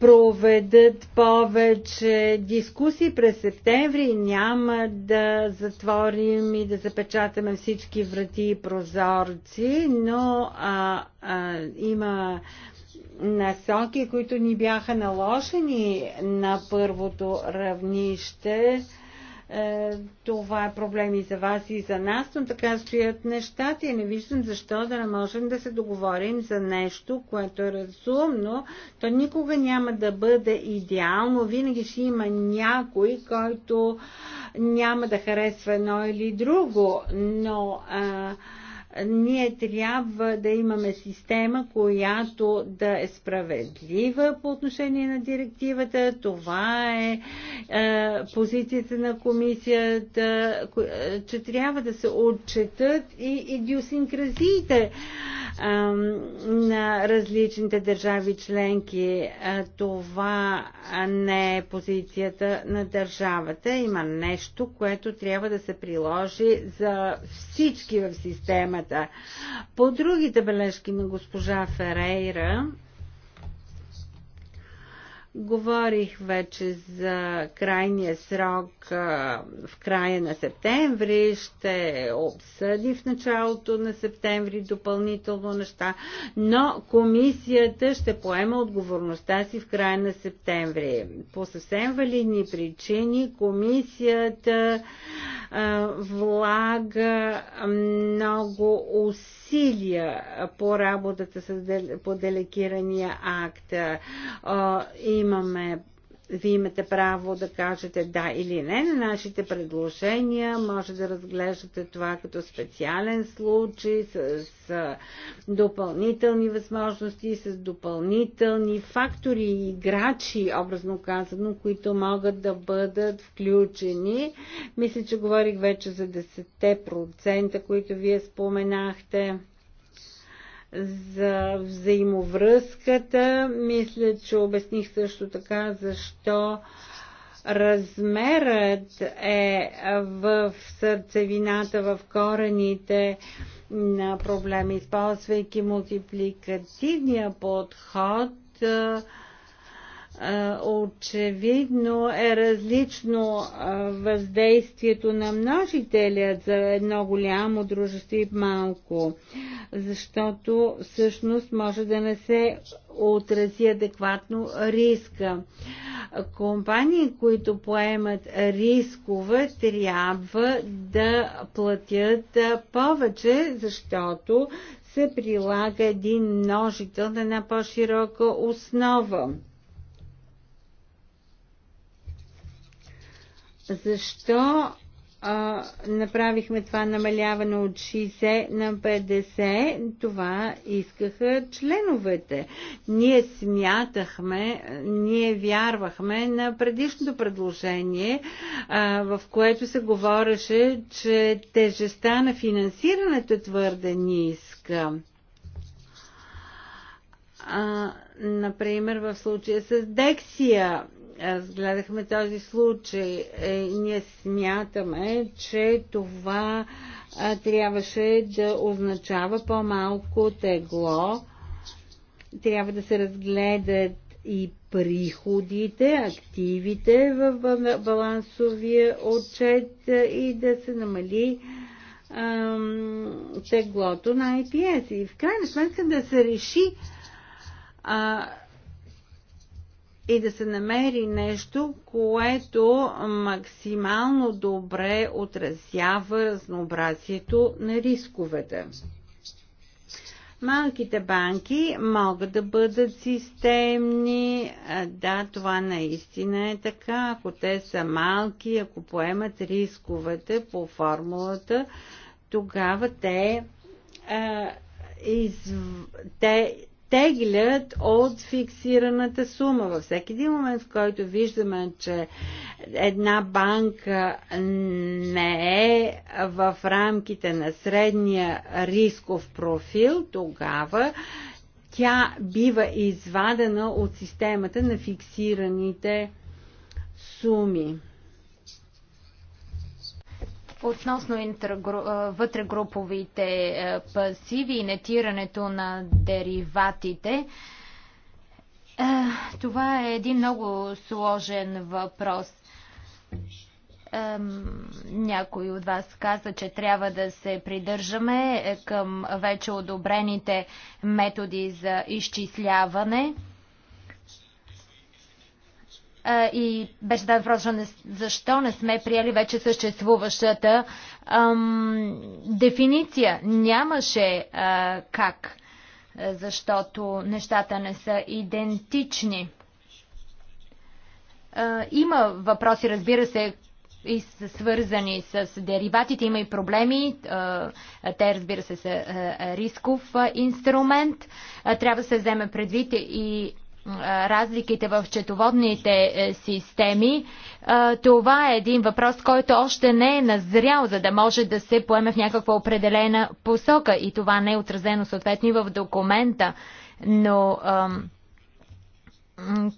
проведат повече дискусии през септември. Няма да затворим и да запечатаме всички врати и прозорци, но а, а, има насоки, които ни бяха наложени на първото равнище е, това е проблем и за вас и за нас, но така стоят нещата и не виждам защо да не можем да се договорим за нещо, което е разумно. То никога няма да бъде идеално, винаги ще има някой, който няма да харесва едно или друго, но а, ние трябва да имаме система, която да е справедлива по отношение на директивата. Това е, е позицията на комисията, е, че трябва да се отчетат и идиосинкразиите на различните държави членки. Това не е позицията на държавата. Има нещо, което трябва да се приложи за всички в системата. По другите бележки на госпожа Ферейра, Говорих вече за крайния срок в края на септември. Ще обсъди в началото на септември допълнително неща, но комисията ще поема отговорността си в края на септември. По съвсем валидни причини комисията влага много усилия усилия по работата с, дел по делегирания акт. Имаме вие имате право да кажете да или не на нашите предложения, може да разглеждате това като специален случай с, с допълнителни възможности, с допълнителни фактори и играчи, образно казано, които могат да бъдат включени. Мисля, че говорих вече за 10%, които вие споменахте за взаимовръзката. Мисля, че обясних също така защо размерът е в сърцевината, в корените на проблеми, Използвайки мултипликативния подход, е, очевидно е различно е, въздействието на множителят за едно голямо дружество и малко, защото всъщност може да не се отрази адекватно риска. Компании, които поемат рискове, трябва да платят е, повече, защото се прилага един множител на една по-широка основа. Защо а, направихме това намаляване от 60 на 50, това искаха членовете. Ние смятахме, ние вярвахме на предишното предложение, а, в което се говореше, че тежестта на финансирането е твърде ниска. А, например, в случая с Дексия разгледахме този случай. Е, ние смятаме, че това трябваше да означава по-малко тегло. Трябва да се разгледат и приходите, активите в балансовия отчет и да се намали теглото на IPS. И в крайна сметка да се реши а, и да се намери нещо, което максимално добре отразява разнообразието на рисковете. Малките банки могат да бъдат системни. Да, това наистина е така. Ако те са малки, ако поемат рисковете по формулата, тогава те, е, из, те теглят от фиксираната сума. Във всеки един момент, в който виждаме, че една банка не е в рамките на средния рисков профил, тогава тя бива извадена от системата на фиксираните суми. Относно вътрегруповите пасиви и нетирането на дериватите, това е един много сложен въпрос. Някой от вас каза, че трябва да се придържаме към вече одобрените методи за изчисляване и беше тази въпроса защо не сме приели вече съществуващата ам, дефиниция. Нямаше а, как, защото нещата не са идентични. А, има въпроси, разбира се, и са свързани с дериватите. Има и проблеми. Те, разбира се, са рисков инструмент. Трябва да се вземе предвид и разликите в четоводните е, системи. Това е един въпрос, който още не е назрял, за да може да се поеме в някаква определена посока и това не е отразено съответно и в документа. Но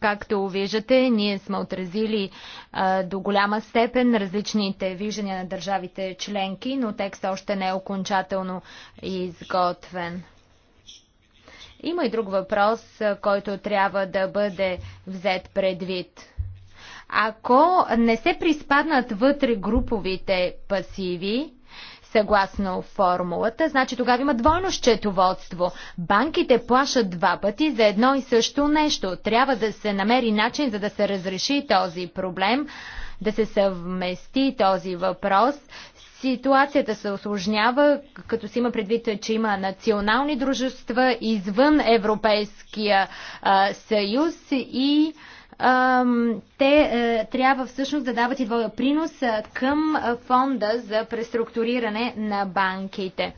както виждате, ние сме отразили до голяма степен различните виждания на държавите членки, но текст още не е окончателно изготвен. Има и друг въпрос, който трябва да бъде взет предвид. Ако не се приспаднат вътре груповите пасиви, съгласно формулата, значи тогава има двойно счетоводство. Банките плашат два пъти за едно и също нещо. Трябва да се намери начин, за да се разреши този проблем, да се съвмести този въпрос Ситуацията се осложнява, като си има предвид, че има национални дружества извън Европейския а, съюз и а, те а, е, трябва всъщност да дават и двоя принос към фонда за преструктуриране на банките.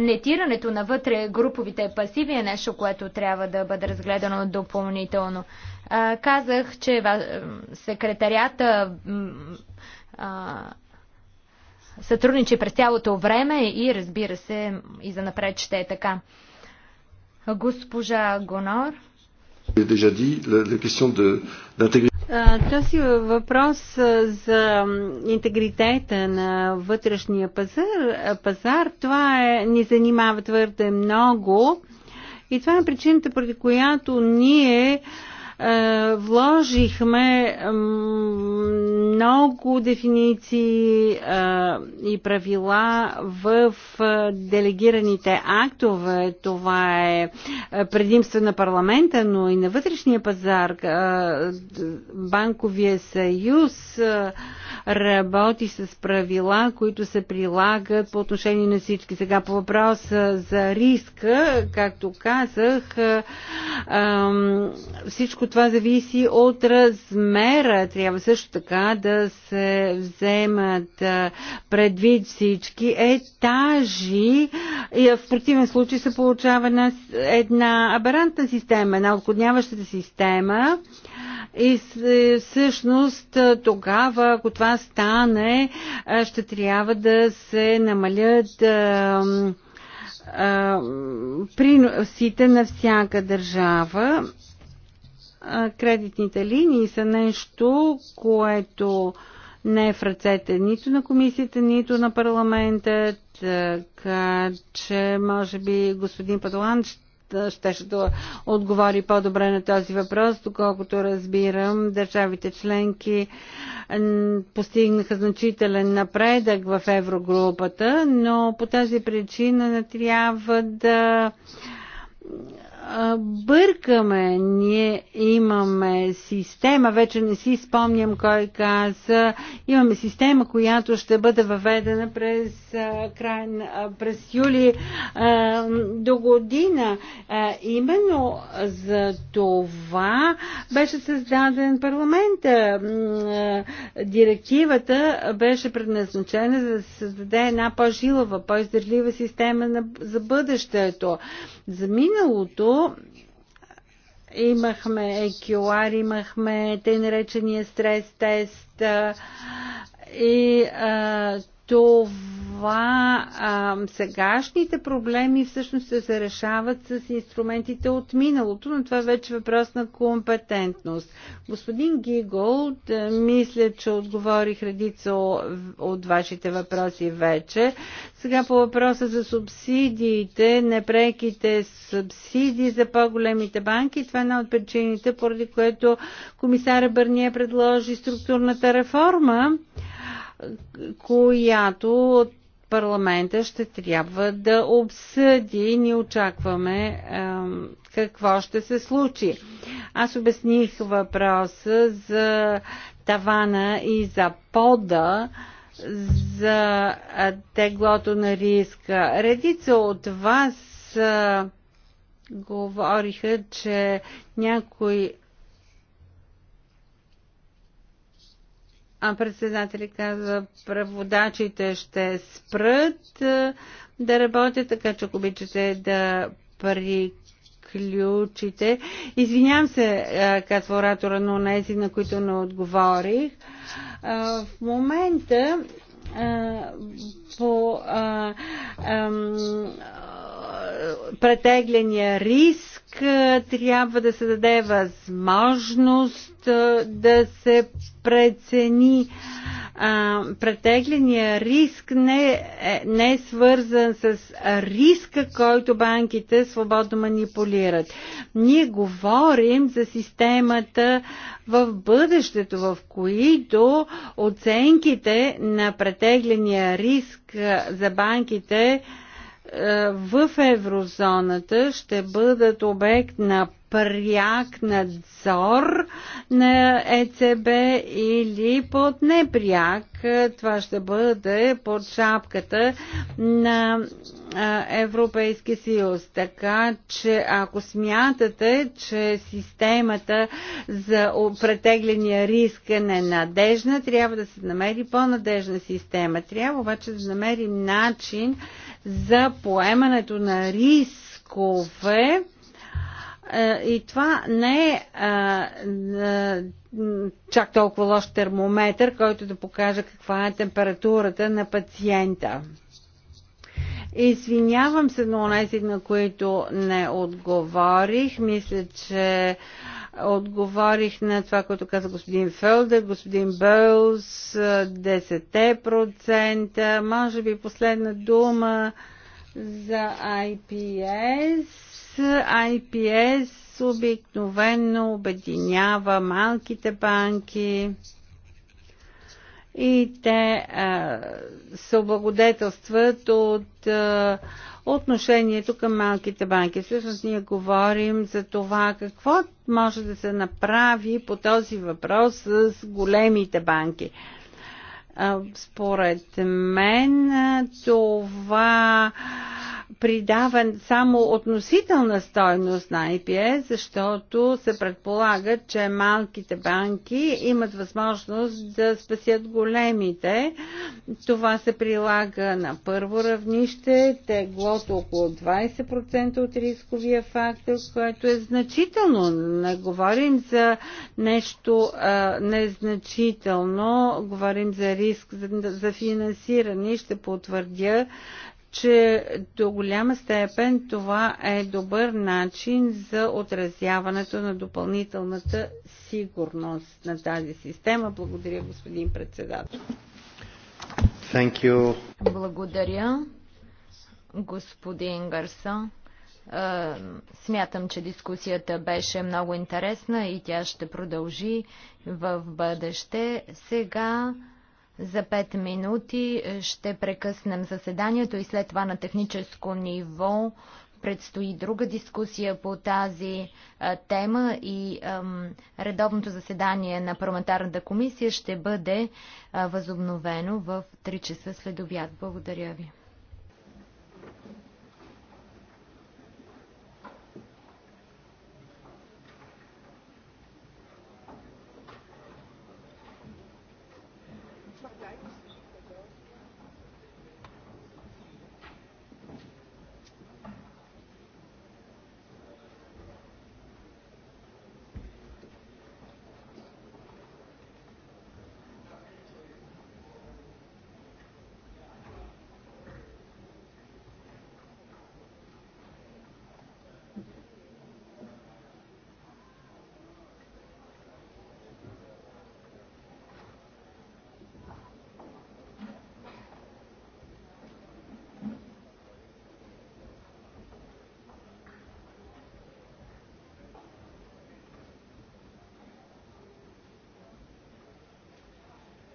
Нетирането навътре груповите пасиви е нещо, което трябва да бъде разгледано допълнително. Казах, че секретарията сътрудничи през цялото време и разбира се и за напред ще е така. Госпожа Гонор. Този въпрос за интегритета на вътрешния пазар, пазар това е, ни занимава твърде много. И това е причината, преди която ние е, вложихме много дефиниции е, и правила в е, делегираните актове. Това е предимство на парламента, но и на вътрешния пазар. Банковия съюз работи с правила, които се прилагат по отношение на всички. Сега по въпроса за риска, както казах, всичко това зависи от размера. Трябва също така да се вземат предвид всички етажи. И в противен случай се получава една, абарантна аберантна система, една отходняващата система. И всъщност тогава, ако това стане, ще трябва да се намалят приносите на всяка държава. Кредитните линии са нещо, което не е в ръцете нито на комисията, нито на парламента, така че може би господин Падолан ще щеше да отговори по-добре на този въпрос. Доколкото разбирам, държавите членки постигнаха значителен напредък в еврогрупата, но по тази причина не трябва да бъркаме. Ние имаме система, вече не си спомням кой каза, имаме система, която ще бъде въведена през, край, през юли до година. Именно за това беше създаден парламент. Директивата беше предназначена за да се създаде една по-жилова, по-издържлива система за бъдещето. За миналото имахме EQR, имахме тъй наречения стрес тест и а, това а, сегашните проблеми всъщност се решават с инструментите от миналото, но това е вече въпрос на компетентност. Господин Гигол, да, е, мисля, че отговорих редица от вашите въпроси вече. Сега по въпроса за субсидиите, непреките субсидии за по-големите банки, това е една от причините, поради което комисаря Бърния предложи структурната реформа която от парламента ще трябва да обсъди. Ни очакваме е, какво ще се случи. Аз обясних въпроса за тавана и за пода за теглото на риска. Редица от вас е, говориха, че някои а председатели казва, преводачите ще спрат да работят, така че ако обичате да приключите. Извинявам се, казва оратора на онези, на които не отговорих. В момента по претегления риск трябва да се даде възможност да се прецени претегления риск не, е, не е свързан с риска, който банките свободно манипулират. Ние говорим за системата в бъдещето, в които оценките на претегления риск за банките а, е, в еврозоната ще бъдат обект на пряк надзор на ЕЦБ или под непряк. Това ще бъде под шапката на е, Европейския съюз. Така че ако смятате, че системата за претегления риск е ненадежна, трябва да се намери по-надежна система. Трябва обаче да намерим начин за поемането на рискове. Е, и това не е чак толкова лош термометър, който да покаже каква е температурата на пациента. Извинявам се на онези, на които не отговорих. Мисля, че а, Отговорих на това, което каза господин Фелдер, господин Бълс, 10%. Може би последна дума за IPS. IPS обикновено обединява малките банки и те а, се облагодетелстват от а, отношението към малките банки. Всъщност ние говорим за това какво може да се направи по този въпрос с големите банки. Според мен това придава само относителна стойност на IPA, защото се предполага, че малките банки имат възможност да спасят големите. Това се прилага на първо равнище, теглото около 20% от рисковия фактор, което е значително. Не говорим за нещо а, незначително, говорим за риск за, за финансиране. Ще потвърдя, че до голяма степен това е добър начин за отразяването на допълнителната сигурност на тази система. Благодаря, господин председател. Thank you. Благодаря, господин Гарсон. Е, смятам, че дискусията беше много интересна и тя ще продължи в бъдеще. Сега за 5 минути е, ще прекъснем заседанието и след това на техническо ниво предстои друга дискусия по тази е, тема и редовното заседание на парламентарната комисия ще бъде е, възобновено в 3 часа след Благодаря ви.